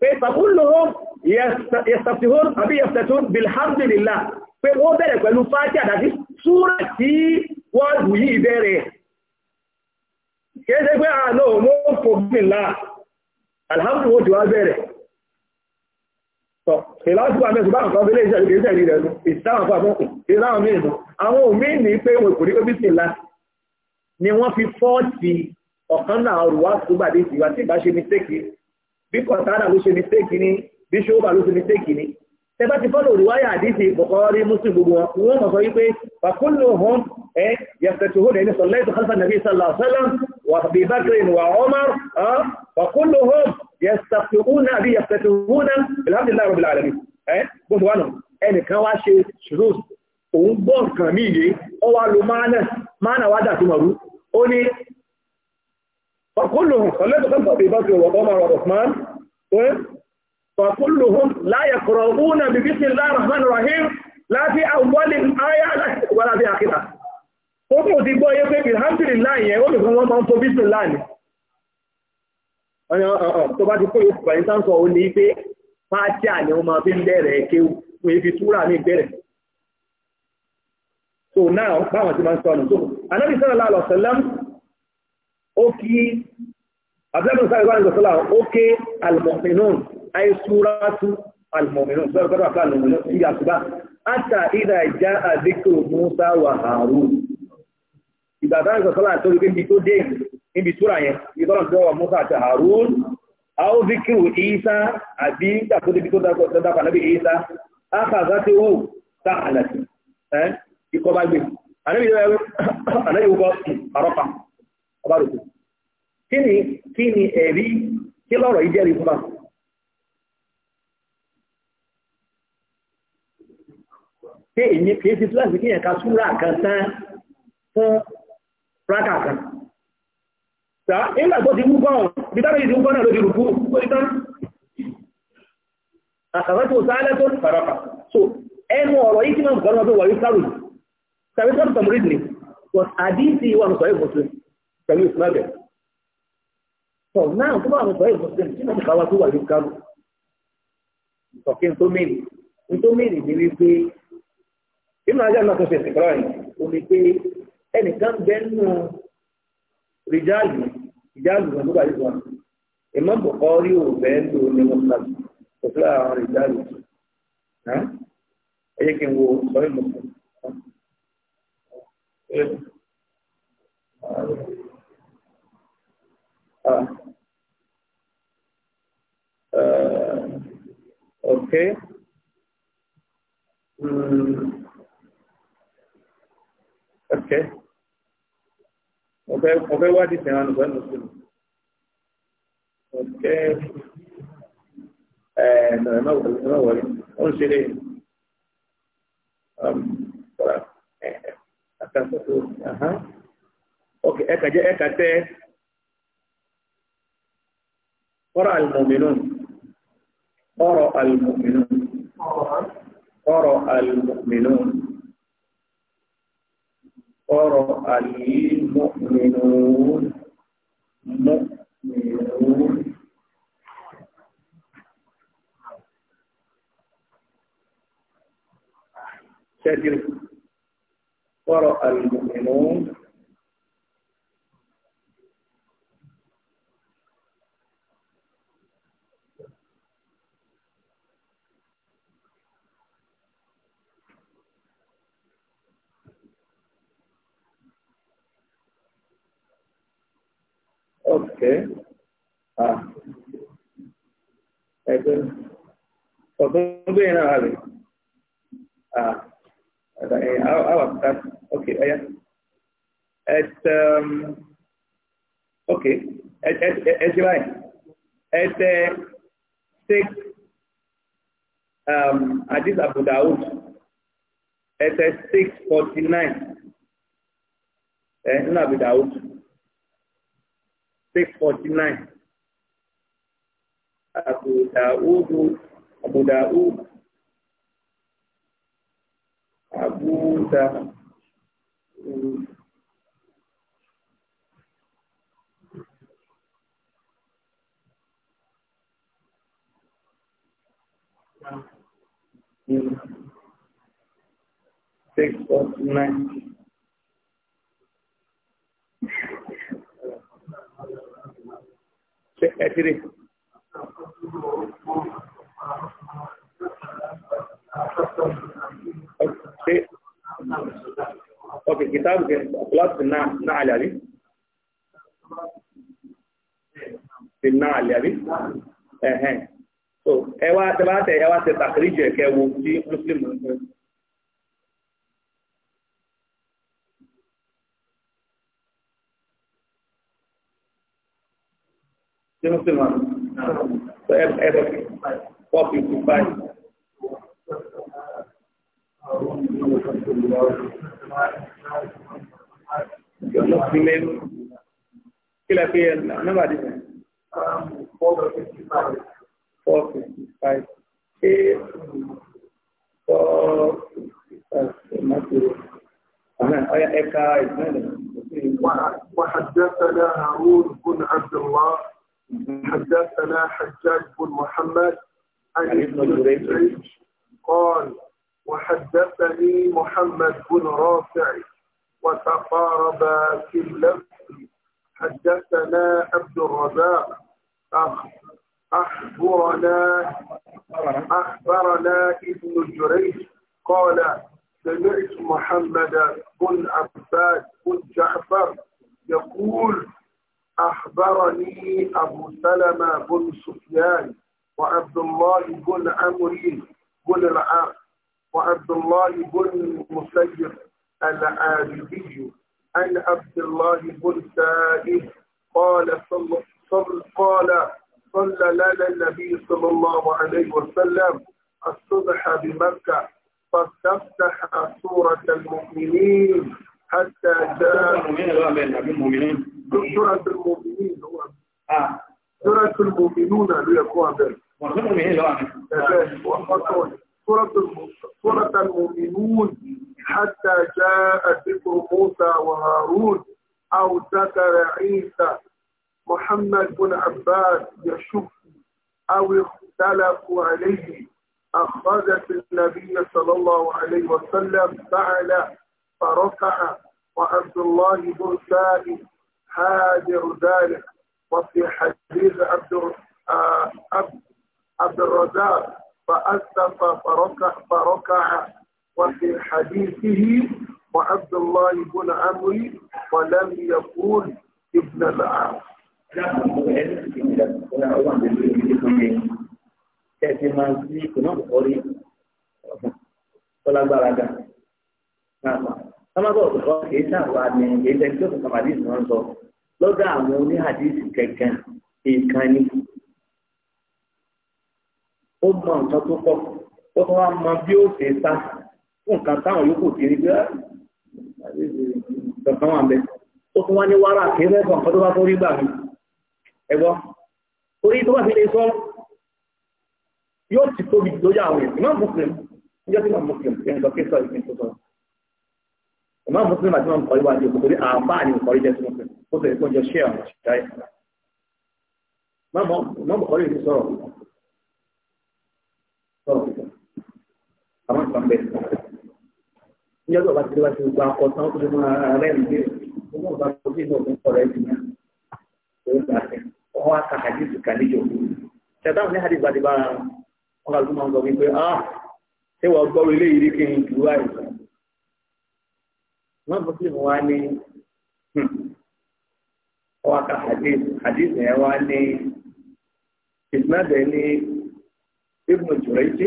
pé fàkúlòó yẹ̀sàfihún àbí yẹ̀sàtún bilhamdulilá pé ó bẹ̀rẹ̀ pẹ̀lú fàájì àdájí súrà tí wọ́ọ̀dù yìí bẹ̀rẹ̀ kéèsẹ́ pé àánà ah, mọ́ fòmìnlá alhamdulillah ti wá bẹ̀rẹ̀ ìlàásùpá mẹ́sùn bá nǹkan fẹ́lẹ́ ìṣẹ́lẹ̀ ìṣẹ́lẹ̀ ìrẹ̀ ẹ̀nu ìsáwọn fún àmọ́kù ìsáwọn mìíràn àwọn òmíì ní pé wọn kò ní pé bísí ńlá ni wọ́n fi fọ́ọ̀tì ọ̀kan náà rùwá tó gbàdé ìwà tí ìbá ṣe ní tẹ́kì bí kọ̀tàdà ló ṣe mistake ni bí ṣóbà ló ṣe mistake ni tẹ́bá ti fọ́lọ̀ òrùwáyà àdíṣe Bukhari Muslim gbogbo wọn wọ́n mọ̀ sọ wípé fàkúnlò hàn ẹ́ yàtẹ̀tù hó lẹ́ni sọ̀lẹ́tù khalfa nàbí sàlàsẹ́lẹ̀ wà bí bákìrín wà Umar fàkúnlò hàn yàtẹ̀tù hó nàbí yàtẹ̀tù hó nà alhamdulillahi rabbil alamin ẹ́ bó ti wà nù ẹnìkan wá ṣe ṣùrù òun gbọ́ nǹkan mí yé ọ wá lo máànà wá dà tó mọ̀rú ó ní فكلهم خلينا خمسة أبي بكر وعمر وعثمان فكلهم لا يقرؤون ببسم الله الرحمن الرحيم لا في أول آية ولا في آخرها fókò ti gbọ́ yé pé alhamdulillah yẹn ó lè fún wọn máa ń tó bismillah ni tó bá ti kó yóò pàdé sáńsọ ó ní pé fátíà ni wọ́n máa fi ń bẹ̀rẹ̀ kéwù fún ibi túra ní ìbẹ̀rẹ̀ so now báwọn ti máa ń sọ ọ̀nà tó anábì sallallahu alaihi wasallam ó kí abdullahi sáré wà ní sọ́lá ó ké almominun ayé súrátú almominun sọ́rọ̀ kọ́rọ̀ àfà almominun sí àtúbá àtà ìdá ìjà àdékò musa wà harun ìgbà sáré sọ́lá tó rí níbi tó dé níbi súra yẹn ìtọ́nà tó wà musa àti harun àwọn zikiru isa àbí ìgbàkó débi tó dákọ̀ nábì isa àkàzá tí ó ta àlàtì ikọ́ bá gbé àníbi ìwọ́ àrọ́pàá ọba rògbò kí ni kí ni ẹ̀rí kí lọ́rọ̀ yìí jẹ́rìí fún wa. pé èyí kìí ti túláàsì kí ẹ̀ka súra kan tán fún rákà kan. Nígbà tó ti mú gọ́ọ̀n, bí tábí ti mú gọ́ọ̀nà lórí rùkú, ó ti tán. tó sáálẹ́ tó fàrọ́kà. So, ẹnu ọ̀rọ̀ yìí kí máa gọ́ọ̀nà tó wà rí sáàrù. Sàrí ni, but àdíìsì wà nù sọ̀rọ̀ ìfòsùn pẹ̀lú ìsinadẹ̀. Sọ náà tó bá àwọn ìfọ̀ ìfọ̀ sílẹ̀ tí wọ́n káwá tó wà ló kárò. Ìsọ̀kí ń tó mèrè. Ń tó mèrè ni wípé inú ajá náà tó ṣe ìsìnkú rẹ̀ ó ní pé ẹnìkan bẹ nínú rìjáàlù rìjáàlù náà nígbà yìí wọn. Ìmọ̀ bùkọ́ rí òbẹ́ lò ní wọn kà kò sí àwọn rìjáàlù. Ẹ jẹ́ kí n wo sọ́yìn mọ̀kàn. Thank you. Uh, uh, okay. Mm. Okay. Okay, okay, what is the one Muslim? Okay. And uh, eh, no, no worry. Don't say Um, eh, eh, uh, huh Okay, I can, قرأ المؤمنون قرأ المؤمنون قرأ المؤمنون قرأ المؤمنون مؤمنون شاكر قرأ المؤمنون Okay. Ah. Ẹgbẹ́ ọ̀gbọ́nbẹ́yìn náà rẹ̀. Ah. Ẹ̀yìn àwà kúta. Okay, ẹ̀yà. Ẹ̀t um, okay. Ẹ̀t ṣe báyìí. Ẹ̀t take uh, um, Adis Abu Dawud. Ẹ̀t uh, six forty nine. Ẹ̀ nínú Abu Dawud. 649 Abu Dawud Abu Dawud Abu Dawud Six forty nine. ẹ̀tìrì. ok kìtàbù kẹ kíláàsì náà náà àlẹ́ àbí. ti náà àlẹ́ àbí. so ẹ wá tẹ bá tẹ ẹ wá tẹ tàkìrìjì wo ṣe mú sílùmọ̀ ẹ̀bọ̀ four fifty five. Ìjọba ti lé kí lè fi nọ́mbà dì sẹ́. Four fifty five. Four fifty five. Ṣé four fifty five ṣe máa ti rẹ̀? أيا إيكا إسماعيل وحدثنا هارون بن عبد الله حدثنا حجاج بن محمد عن ابن جريج قال وحدثني محمد بن رافع وتقارب في اللفظ حدثنا عبد الرزاق أخبرنا أخبرنا ابن جريج قال سمعت محمد بن عباد بن جعفر يقول أخبرني أبو سلمة بن سفيان وعبد الله بن عمري بن العاص وعبد الله بن مسيب العابدي عن عبد الله بن سائب قال صلى صل قال صلى لنا النبي صلى الله عليه وسلم الصبح بمكة فاستفتح سورة المؤمنين حتى جاء المؤمنين سورة المؤمنين هو اه سورة المؤمنون اللي يكون بين سورة المؤمنين اللي هو سورة المؤمنون حتى جاء ذكر موسى وهارون أو ذكر عيسى محمد بن عباس يشك أو اختلفوا عليه أخذت النبي صلى الله عليه وسلم فعل فركع وعبد الله بن سائب هادر ذلك وفي حديث عبد عبد الرزاق فأسف فركع فركع وفي حديثه وعبد الله بن عمري ولم يقول ابن العاص. Tẹ̀sí sí kùnà kọ́rí ọ̀gbọ̀n tó sábàbọ̀ ọ̀dọ́ kìí sàwà ní ilẹ̀ tí ó kọ̀ọ̀kan hadith náà sọ lọ́dọ̀ àwọn oní hadith kẹ̀kẹ́ nǹkan ni ó mọ nǹkan tó pọ̀ ó tún wá mọ bí ó ṣe sá fún nǹkan táwọn yòókù ti rí bí ah, kankan wà bẹ́ẹ̀ ó tún wá ní wàrà kéré kankan tó bá tó rí gbà mí ẹ̀gbọ́n orí tó bá fi lè sọ yóò ti tóbi lójú àwọn èèyàn mùsùlùmí ìjọba ìmọ̀ mùsùlùmí ìjọba kẹsàn-án ìpínlẹ̀ sọ̀rọ̀ Imam Muslim àti Imam Bukhari wà ní òkú ni Bukhari jẹ́ fún un ó sì rí kóńjọ ṣé àwọn òṣìṣẹ́ ẹ̀ Imam Bukhari ti sọ̀rọ̀ sọ̀rọ̀ àwọn ìtàn bẹ́ẹ̀ níjọ́ tó bá ti wá sí gbogbo akọ tán ó ti mú ara rẹ̀ ní bẹ́ẹ̀ gbogbo ìgbà tó ti náà fún ọ̀rẹ́ ti ní òun gbà tẹ̀ ọwọ́ aka hadith kan níjọ ṣẹ̀dáhùn ní hadith bá ti bá wọn wípé ah ṣé wọ́n gbọ́ ilé yìí rí kí wọ́n mú sí wa ní ọwọ́ hmm. ká hadith hadith yẹn wá ní ìsinadẹ̀ hmm. ní ibùn jùrẹ́jì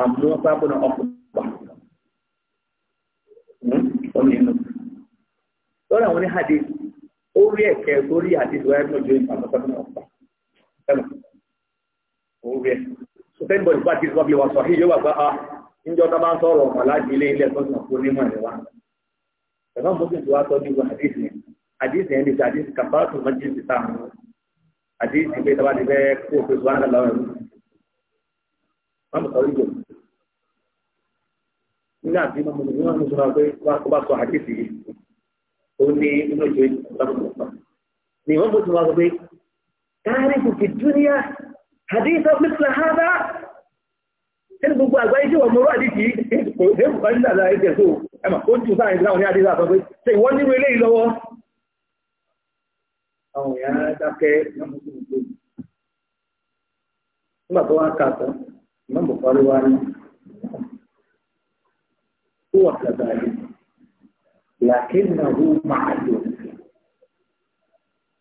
àmú sábùnà ọkùnrin ọmọ inú lọ́rọ̀ àwọn ní hadith ó rí ẹ̀kẹ́ tó rí hadith wáyé ní ojú ìpàdé sábùnà ọkùnrin ẹ̀mọ̀ ó rí ẹ̀ sọ́tẹ́nbọ̀dì bá ti sọ́bí wa sọ yóò wà gbá a ah, níjọ́ tó bá ń sọ̀rọ̀ ọ̀pàá láti ilé ilé ẹ̀kọ́ sọ̀kú onímọ̀ ẹ̀rẹ̀ wa ẹ̀rọ mọ́tò tó wá tọ́jú wọn àdéhì yẹn àdéhì yẹn lè ṣe àdéhì kàfàrà tó máa ń jíjìn sáà mú àdéhì pé tọ́ba ti fẹ́ kó o fèsì wọn lọ rẹ̀ wọ́n mú sọ́ọ́ ìjọ nígbà tí wọ́n mú wọn mú sọ́ọ́ pé wọ́n bá sọ àdéhì yìí ó ní inú ìjọ ìjọba ni wọ́n mú sọ́ọ́ pé káàrí kò fi dúníà àdéhì sọ́ọ́ nínú gbogbo àgbáyé tí wọ́n mú rọ́ àdìsí kò dé bùkọ́ nígbà lára ẹgbẹ́ tó ẹmà kó jù sáà ìdíláwọn ní àdìsí àtọ́ pé ṣe ìwọ́n nírú eléyìí lọ́wọ́. àwọn èèyàn dákẹ́ nígbà tó wá kà tán ìmọ̀ bùkọ́rí wá ní kó wà kàtà yìí làkín náà ó máa lò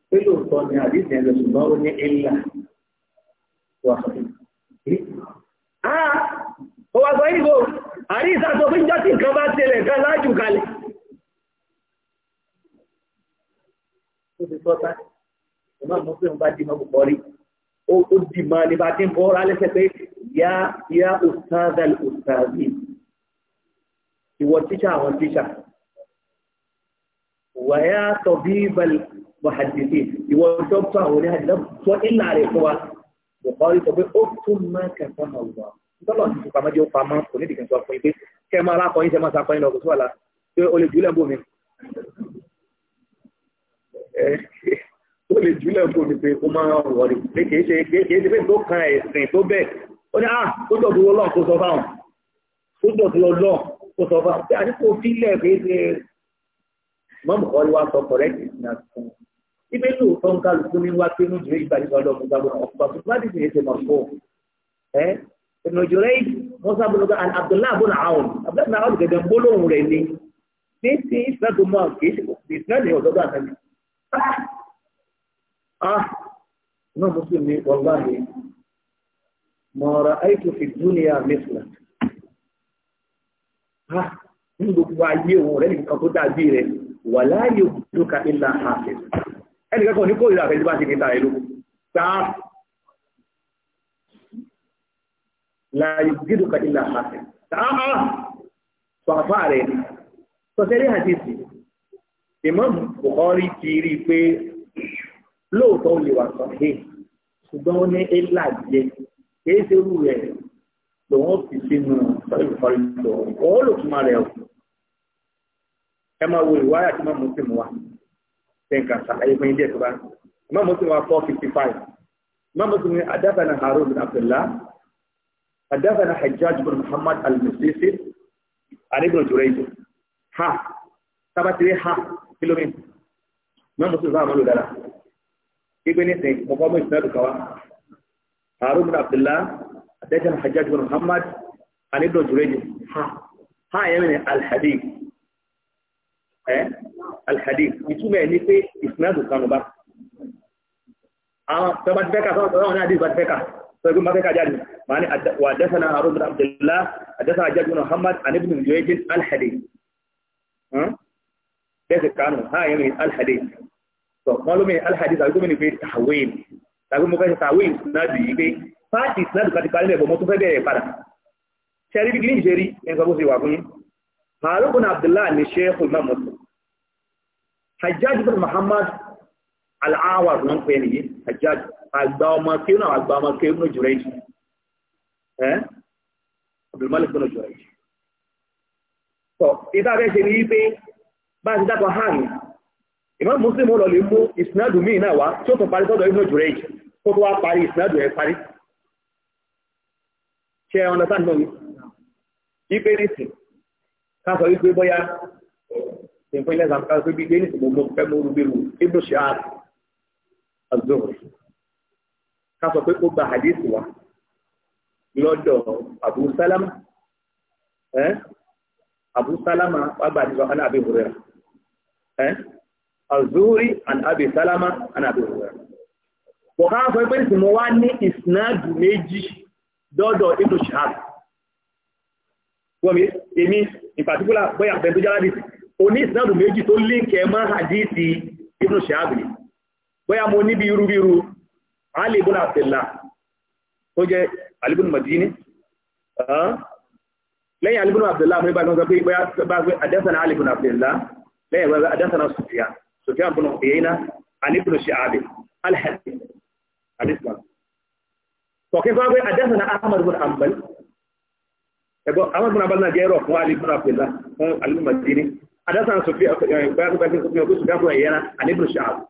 pé lóòótọ́ ni àdìsí lọ ṣùgbọ́n ó ní ìlà wà ọwàgbọ́ ìgbò àríṣà tó fi ń jọ́ tí nǹkan bá tẹ́lẹ̀ kan láàjù kalẹ̀ ó ti sọ́ta ọmọ àmọ́ pé wọ́n bá dì mọ́ púpọ̀ rí ó dì máa ní bá ti ń bọ́ ọ́rá lẹ́sẹ̀ pé yá yá ustazal Bukhari sọ pé ó tún máa kẹfọ́n náà wà. Tọ́lọ̀ ti fipamọ́ jẹ́ ó pamọ́ kò ní ìdìkan sọ fún yín pé kẹ́ ẹ máa rákọ yín ṣe máa sakọyín lọ kò sí wàhálà pé o lè jùlẹ̀ bò mí. O lè jùlẹ̀ bò mí pé kó máa wọ̀ ni pé kìí ṣe kìí ṣe pé tó kan ẹ̀sìn tó bẹ́ẹ̀. Ó ní ah tó dọ̀ dúró lọ́ọ̀ kó sọ fáwọn. Tó dọ̀ dúró lọ́ọ̀ kó sọ fáwọn. Bí àdínkù fílẹ̀ kìí ṣe mọ́mù ibi lóòótọ́ ń kálukú ní wá pé nùjọ́ yìí gbàdúrà lọ́mú gbàgbọ́ ọ̀pọ̀ tó bá dìbò yẹn ti mọ̀ fún ẹ ìnàjò rẹ yìí mọ́sá bọ́lọ́gà abdullahi abdullahi àwọn abdullahi àwọn gẹ̀gẹ̀ gbólóhùn rẹ̀ ni ní ti ìfẹ́gun mọ́ kìí ṣe ìfẹ́ ní ọ̀dọ́dọ́ àtàlẹ́ ah náà mùsùlùmí wọ́gbà mi mọ̀ọ́ra àìkú fi dúnìyà mẹ́sìlá ah ní gbogbo ayé òun rẹ̀ nìkan tó dàbí rẹ̀ wà láàyè òkú ilà àfẹ́sẹ̀ ẹni kẹ́kọ̀ọ́ ní kòrìlà àfẹ́ bá ti ní tààrẹ lókù sáà láàrín gídùkà ilẹ̀ àfẹ́ sáà pàfà rẹ̀ ni sọ́sẹ́rí àdìsí Imam Bukhari ti rí pé lóòótọ́ olè wà sọ hé ṣùgbọ́n ó ní ilà jẹ kìí ṣe irú rẹ̀ lòun fi sínú sọ́rí Bukhari tó rẹ̀ o ẹ máa wo ìwáyà tí wọ́n sí mu wa nǹkan ṣàlàyé fún ilé ẹ̀kọ́ bá imam muslim wa four fifty five imam muslim ni adafana harun bin abdullah adafana hajjaj bin muhammad al-musisi arébìnrin tó rẹ̀ ha tabatiri ha kilomi imam muslim bá àmàlò dára ibi ní sìn mọ̀kọ́ mú ìsinmi àdùkọ́ wa harun bin abdullah adafana hajjaj bin muhammad arébìnrin tó ha ha yẹn ni alhadith ẹ́ eh? alhadith ìtumọ̀ ẹ̀ ní pé ìsinádùn kanu bá àwọn tọba ti fẹ́ka sọ́wọ́n náà àdìs bá ti fẹ́ka sọ́gbọ́n bá fẹ́ka jáde máa ní wàdásánà àrùn bin abdullah àdásánà àjájú náà hamad anibin joyejin alhadith tẹ́sẹ̀ kanu ha yẹn mi alhadith sọ wọn ló mi alhadith àgbẹ̀mí ni pé tàwín tàbí mo fẹ́ ṣe tàwín náà bì í pé fáàtì ìsinádùn kàti parí lẹ́bọ̀ mo tún fẹ́ bẹ̀rẹ̀ padà ṣe bí kìlíǹ ṣe rí bó ṣe wà fún yín Harun bin Abdullah ni Sheikh Imam Muslim Hajjaj bin Muhammad al-Awaz ló ń pè ní Hajjaj àgbà ọmọ kí náà àgbà ọmọ kí ní Jurayj ẹ́ Abdulmalik bin Jurayj sọ ìta fẹ́ ṣe ní wípé bá ti dákọ̀ hàn Imam Muslim ó lọ lè mú ìsinádù míì náà wá tí ó tún parí sọ́dọ̀ ibn Jurayj tó tó wá parí ìsinádù ẹ̀ parí ṣe ọ̀nà sáà nínú wípé nìsín ká sọ wípé bóyá Simple example, kalau pergi dia ni sebelum muka mulu biru, ibnu syiar, az-zuhur. Kalau pergi ubah hadis wah, lọ́dọ̀ Abu Salama, eh? Abu Salama, apa hadis wah anak Abi Hurairah, eh? Az-Zuhri an Abi Salama an Abi Hurairah. Bukan saya pergi semua wah ni isnad méjì dọ́dọ̀ ibnu syiar. Wọ́n mi, èmi, in particular, bóyá bẹ́ẹ̀ tó jára dìtì oní ìsìnàdù méjì tó líǹkì ẹ̀mọ́ hadithi ibn shahabi bóyá mo níbi irúbirú Ali ibn Abdullah tó jẹ́ Ali ibn Madini lẹ́yìn Ali ibn Abdullah mú ibà lọ́sọ pé bá gbé adẹ́sàn Ali ibn Abdullah lẹ́yìn wẹ́wẹ́ adẹ́sàn sùfíà sùfíà ibn Uyayna Ali ibn shahabi alhassan alislam tọ̀kí fún wa pé adẹ́sàn Ahmad ibn Hanbal ẹgbọ́n Ahmad ibn Hanbal náà jẹ́ ẹ̀rọ Abdullah fún Ali ibn حدثنا سفيان بن بن سفيان بن سفيان بن عيينة عن ابن شهاب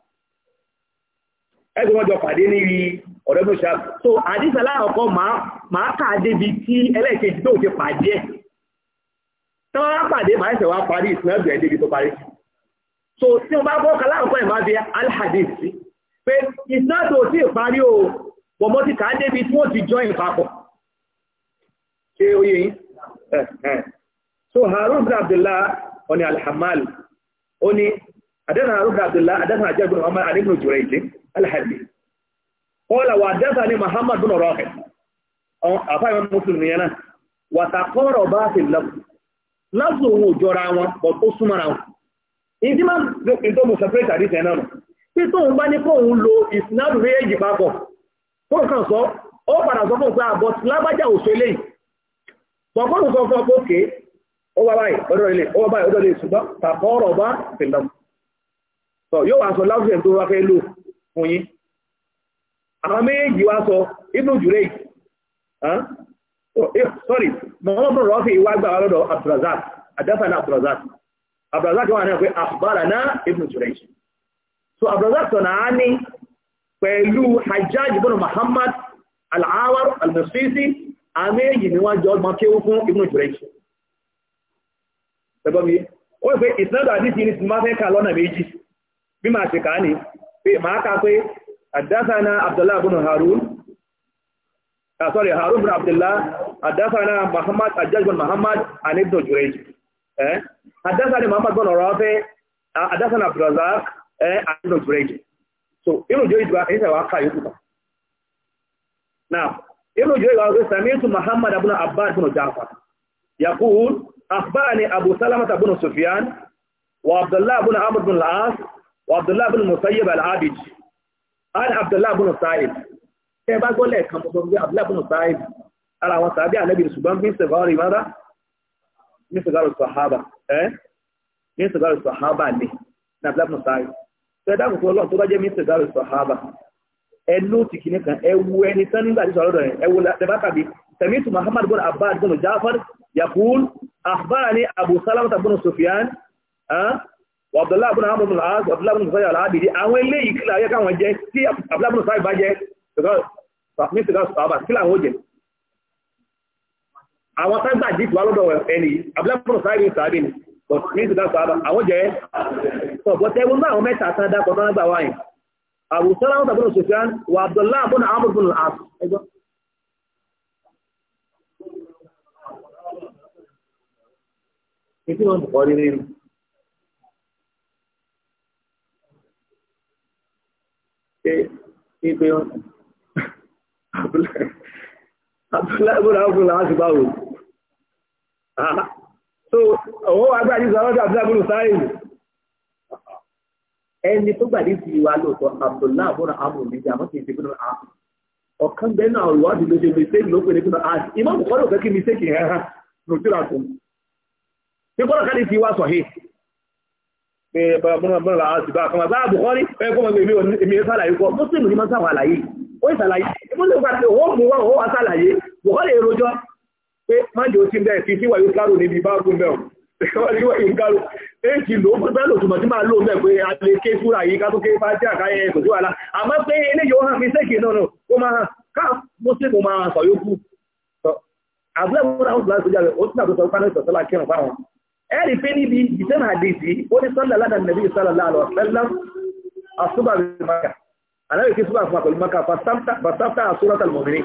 ẹgbẹ́ wọn jọ pàdé níbi ọ̀rọ̀ ابن شهاب so àdìsí aláàkọ́ máa kà débi tí ẹlẹ́ẹ̀kejì tó ti pàdé ẹ̀ tọ́wọ́ á pàdé máa ṣẹ̀wá parí ìsinmi ẹ̀ débi tó parí so tí wọ́n bá bọ́ kà láàkọ́ ẹ̀ máa fi alhadith pé ìsinmi tó join papọ̀ ṣe oyè yín eh, eh. so Harun oni alhamal oni adana ruka abdullah adana ajab bin umar ali ibn jurayj alhadi qala wa adana muhammad bin raqib afa imam muslim yana wa taqarraba fil lafz lafz wo jọra wọn but ó súnmọ́ra wọn idi ma do mo separate adi tena no pé tó ń bá ní kó ń lo isnad reji papọ̀ tó kàn sọ ó padà sọ fún pé abot ah, labaja o so eléyìí bo ko sọ fún pé okay ó wá báyìí ọdọ́ ilé ó wá báyìí ọdọ́ ilé ṣùgbọ́n tàbọ́rọ̀ bá fìlọ́m sọ yóò wá sọ láwùjẹ́ tó wá fẹ́ lò fún yín àwọn méjì wá sọ inú jùlẹ̀ eh, sorry mohamed rafi wá gbà lọ́dọ̀ abdulrazak adafana abdulrazak abdulrazak wà náà pé àbára náà ibn jùlẹ̀ so abdulrazak sọ náà ní pẹ̀lú hajjaj bin muhammad al-awar al-musisi àmì èyí ni wọ́n jọ mọ́ kéwú fún ibn jùlẹ̀ ẹgbọ́mí ó pé ìsinádà àdíjì ní sinimá fẹ́ ká lọ́nà méjì bí máa ṣe ká ní pé máa ká pé àdásánà abdullá bin harun ah, sorry harun bin abdullá àdásánà muhammad ajajun muhammad anibdo jurej àdásánà eh? muhammad bin ọ̀rọ̀fẹ́ àdásánà ah, abdulrazak eh, anibdo jurej so inú jẹ́ ìjọba ẹ̀yẹ́sẹ̀ wá ká yóò kúta now inú jẹ́ ìjọba ẹ̀yẹ́sẹ̀ muhammad abdullá abbas bin jafar yaqul أخبرني أبو سلمة بن سفيان وعبد الله بن عمرو بن العاص وعبد الله بن المسيب العابد عن عبد الله بن سعيد ẹ bá gbọ́ lẹ́ẹ̀kan mọ́ bí abúlábùnù sáàìd ara wọn sàábí àlẹ́bì ṣùgbọ́n bí ṣẹ̀gọ́rì mọ́ra ní ṣẹ̀gọ́rì sàhábà ẹ́ ní ṣẹ̀gọ́rì sàhábà ní abúlábùnù sáàìd ṣe dákùn tó lọ́n tó bá jẹ́ ní ṣẹ̀gọ́rì sàhábà ẹ ló ti kìíní kan ẹ wu ẹni tán nígbà tí sọ̀rọ̀ rẹ̀ ẹ wu lẹ́bàkàbí sẹ̀mítù muhammad bin abbas bin jafar yakul أخبرني أبو سلمة بن سفيان أه؟ وعبد الله بن عمرو بن العاص وعبد الله بن مسعود العابدي àwọn eléyìí kí làwọn yẹ káwọn jẹ tí Abdullah bin Sa'id bá jẹ ní sìgá sàbà kí làwọn ó jẹ àwọn sábà dìtì wà lọ́dọ̀ ẹni Abdullah bin Sa'id bin sàbì ni ní sìgá sàbà àwọn jẹ sọ̀bọ̀ tẹ́gbọ́n náà àwọn mẹ́ta tán dákọ̀ tán gbà wáyìn Abu Salamah bin Sufyan wà Abdullah bin Amr bin al-As ẹgbọ́n Itu yang Bukhari ini. Itu yang Abdullah ibn Abdul Aziz báwo. So, owó agbáyé Zalọ́dọ̀ Abdullah ibn Sáyìn. Ẹni tó gbàdí sí wa lóòótọ́ Abdullah ibn Amr níbi àmọ́ kìí ṣe gbọ́dọ̀ àmọ́. Ọ̀kan bẹ́ẹ̀ náà ìwádìí ló ṣe mistake ló pè ní gbọ́dọ̀ àti ìmọ̀ Bukhari ò fẹ́ kí mistake yẹn hàn lójú àtúntò tí kọ́rọ̀ káàdì ti wá sọ̀hí pé bọ́nà la ti bá kọmọ̀ sáà Bukhari ẹkọ́ mọ̀ èmi sàlàyé kọ́ Muslim ní máa sáwà àlàyé ó sàlàyé Muslim padà pé òun mú wọn wá sàlàyé Bukhari èròjọ pé má jẹ́ òsì bẹ́ẹ̀ fi síwáyé kárò níbi bá gùn bẹ́ẹ̀ èjì ló mọ́ bẹ́ẹ̀ lòtùmọ̀ tí máa lò mẹ́ pé a lè ké fúra yìí ká tó ké bá jẹ́ àkáyẹ ẹ̀ tòjú àlá àmọ́ pé eléyìí ó hàn fi séèkì náà náà ó máa hàn ká Muslim máa sọ yókù àbúrẹ́ mú ra ó sì láti sọ jáde ó sì láti sọ pánẹ́sì ọ̀sọ́lá kírun fáwọn ẹ̀rì pé níbi ìtẹ́nà àdìsí ó ní sọ́lá ládà nàbí sallallahu alaihi wasallam àsúbà rẹ̀ maka aláwẹ̀ kí súbà fún àpẹ̀lú maka bàtàfà àsúrọ̀tà mọ̀mìnì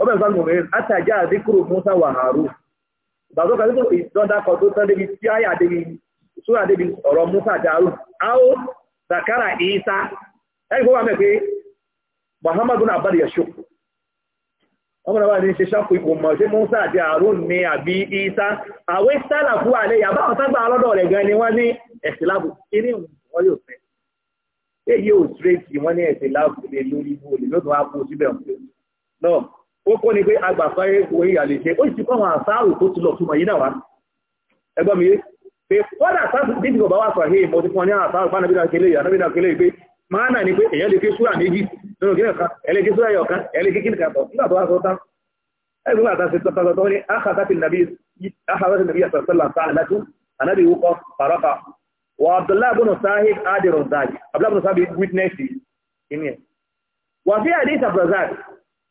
ọbẹ̀ ìfà mọ̀mìnì àtàjà àdíkùrù musa wà hàrù bàtọ́ kan nínú ìdọ́dakọ̀ tó tán débi tí àyà débi súrà débi ọ̀rọ̀ musa dàrú áó zakara ìsa ẹ̀rì ọmọ náà wà ní ṣe ṣọ́pù ipò mọ̀ sí Musa àti Àrùn ní àbí Isa àwẹ́ sálà fún àlẹ́ yàbá àwọn sábà lọ́dọ̀ rẹ̀ gan ni wọ́n ní ẹ̀sìláàbù kíní wọn yóò fẹ́ èyí ò sírètì wọ́n ní ẹ̀sìláàbù lè lórí ibú olè lọ́dọ̀ wá kó síbẹ̀ ọ̀hún náà ó kọ́ ni pé agbàfẹ́ orí ìyàlẹ̀ ṣe ó sì kọ́ àwọn àsáàrù tó ti lọ túmọ̀ yìí náà wá ẹgbọ́n mi pé kọ́dà sáàtù bí máa nà ní pé èyàn lè ké súrà méjì nínú kí nìkan ẹlẹ́ ké súrà yọ̀kan ẹlẹ́ ké kí nìkan tọ̀ nígbà tó wá sọ tán ẹgbẹ́ bàtà ṣe tọ́tọ́ tọ́ ní àkàtàtì nàbí àṣàṣàlà sáàlátú ànábì wúkọ farafa wa abdullahi bin sahib adirun zaji abdullahi bin sahib witness kini ẹ wà fi hadith abdulrazak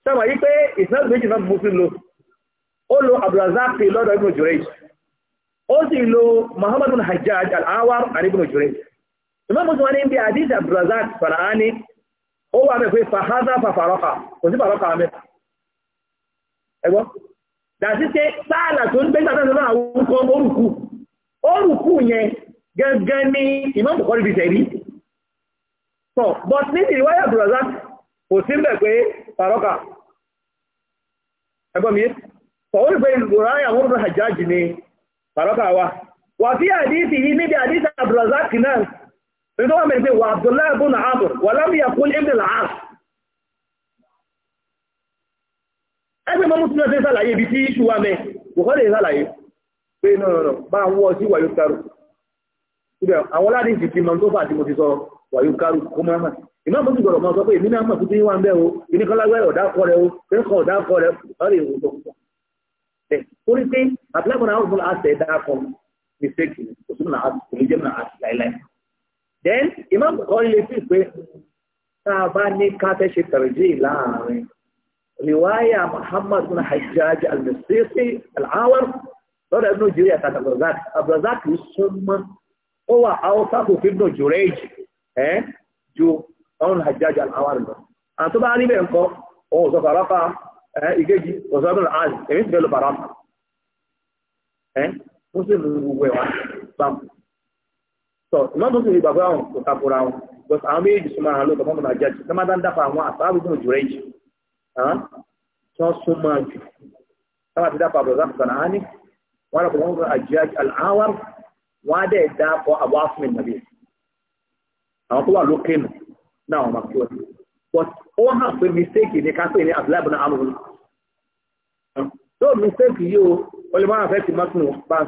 sábà yí pé ìsinmi méjì náà muslim lo ó lo abdulrazak lọ́dọ̀ ibn ìmọ́mù tí wọ́n ní bí àdíjà abdulrazak faraani ó wà mẹ́ pé fahaza fafarọ́ka kò sí farọ́ka mẹ́ ẹgbọ́ dàtí pé sáàlà tó ń gbẹ́gbà tẹ́lẹ̀ náà wúkọ orùkú orùkú yẹn gẹ́gẹ́ ní ìmọ́mù kọ́rí fi tẹ̀rí tọ́ but ní ti ìwáyà abdulrazak kò sí mẹ́ pé farọ́ka ẹgbọ́ mi tọ́ ó rí pé wà sí àdíjì yìí níbi àdíjà abdulrazak náà nítorí wọ́n mẹ́rin pé wà Abdullahi ibn Amr wà lábí àkún ibn al-As ẹgbẹ́ mọ́ mùsùlùmí ọ̀sẹ̀ sàlàyé ibi tí ìṣù wa mẹ́ bùkọ́lẹ̀ sàlàyé pé nọ́nà bá wọ́ sí wàyó kárù síbẹ̀ àwọn láti ti ti mọ́n tó fà tí mo ti sọ wàyó kárù kó mọ́ mà ìmọ̀ bó ti gbọ́dọ̀ mọ́ sọ pé èmi náà mọ̀ tuntun wà ń bẹ́ o ìní kọ́lágbẹ́ ọ̀dà kọ́ rẹ o pé àtìlẹ́kùnrin then Imam Bukhari lè fi pé tá a bá ní ká fẹ́ ṣe tẹ̀rẹ̀jì riwaya Muhammad bin Hajjaj al-Misisi al-Awar lọ́dọ̀ Ibn Jurayj àti Abdulrazak Abdulrazak súnmọ́ ó wà áwọ́sá kò fi Ibn Jurayj ẹ́ ju ọ̀hún Hajjaj al-Awar lọ àti bá níbẹ̀ ńkọ́ òun sọ fàràfà ìgéjì ọ̀sọ́dún ààrẹ èmi ti fẹ́ lọ fàràfà ẹ́ muslim gbogbo ẹ̀wà So, ìmọ̀tò sì ní ìgbàgbọ́ àwọn kò takora wọn but àwọn méjì súnmọ́ àwọn lọ́dọ̀ mọ́tò náà jẹ́jì lọ́mọ dáńdá pa àwọn àtàwọn ìgbìmọ̀ jù rẹ̀ jù tí wọ́n súnmọ́ jù sábà ti dápa àbọ̀dá kan náà ní wọn lọ́kọ̀ wọn kan àjẹ́ àláwọ̀n wọn á dẹ̀ dá pọ̀ ni ká pè ní abdullahi bin amr tó mistake yìí o olùmọ̀ràn fẹ́ ti mọ́tò bá ń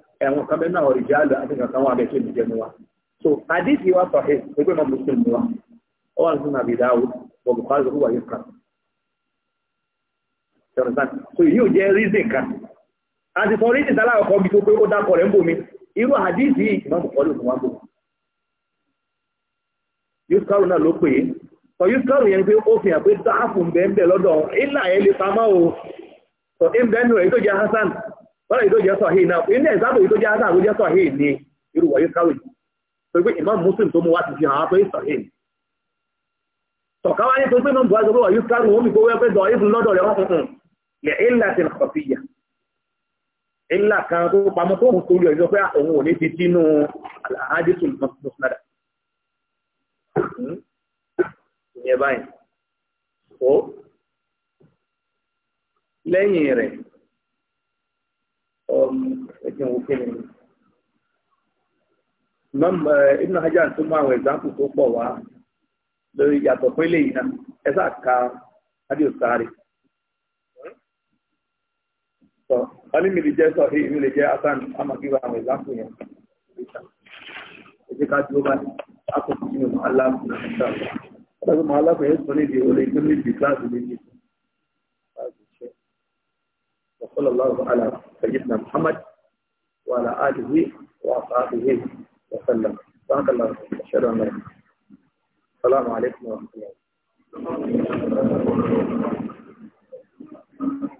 ẹ̀wọ̀n kan mẹ́nu àwọn ìjà àlọ́ àti kankan wọn àgẹ́kẹ́ ìjẹ́ mu wa. so hadith yìí wá sọ ẹ pé máa muslim mu wa ó wà nínú àbí ìdáwó wọ bùkárì ó wà yín kan. so yìí ò jẹ́ reason kan àti sọ reason bí tó pé ó dákọ̀ rẹ̀ ń irú ìmọ̀ yusuf náà ló pè yusuf yẹn pé ó fi hàn pé dáàfù ń bẹ́ẹ̀ lọ́dọ̀ lọ́nà ìdó jẹ́ sọ̀hí náà ilé ìzábò ìdó jẹ́ àzáàrò jẹ́ sọ̀hí ní irú wọ̀nyí káwé tó gbé Imam Muslim tó mú wá ti fi hàn ápẹ́ sọ̀hí tọ̀káwá ní tó gbé mọ́ buhari wọ̀nyí káwé wọ́n mi kó wẹ́ pé dọ̀ ìfún lọ́dọ̀ rẹ̀ wọ́n fún lẹ̀ ilà ti nà kọ̀sí yà ilà kan tó pamọ́ tó hùn sórí ọjọ́ pé òun ò ní ti dínú àhádìsù mọ́sánadà ìyẹn báyìí lẹ́yìn rẹ̀ Um, ẹ̀jẹ̀ wò kí na eh, Ibn Hajar tó mú àwọn ẹ̀gbáǹpù tó pọ̀ wá lórí yàtọ̀ pé léyìí náà ẹ sáà ka adéòsáré. Sọ wọ́n ní mi lè sọ èyí mi lè Asan àwọn yẹn. aláàbò náà. aláàbò yẹn sọ olè tó kíláàsì méjì. وصلى الله على سيدنا محمد وعلى آله وأصحابه وسلم بارك الله فيكم أشهد أن لا السلام عليكم ورحمة الله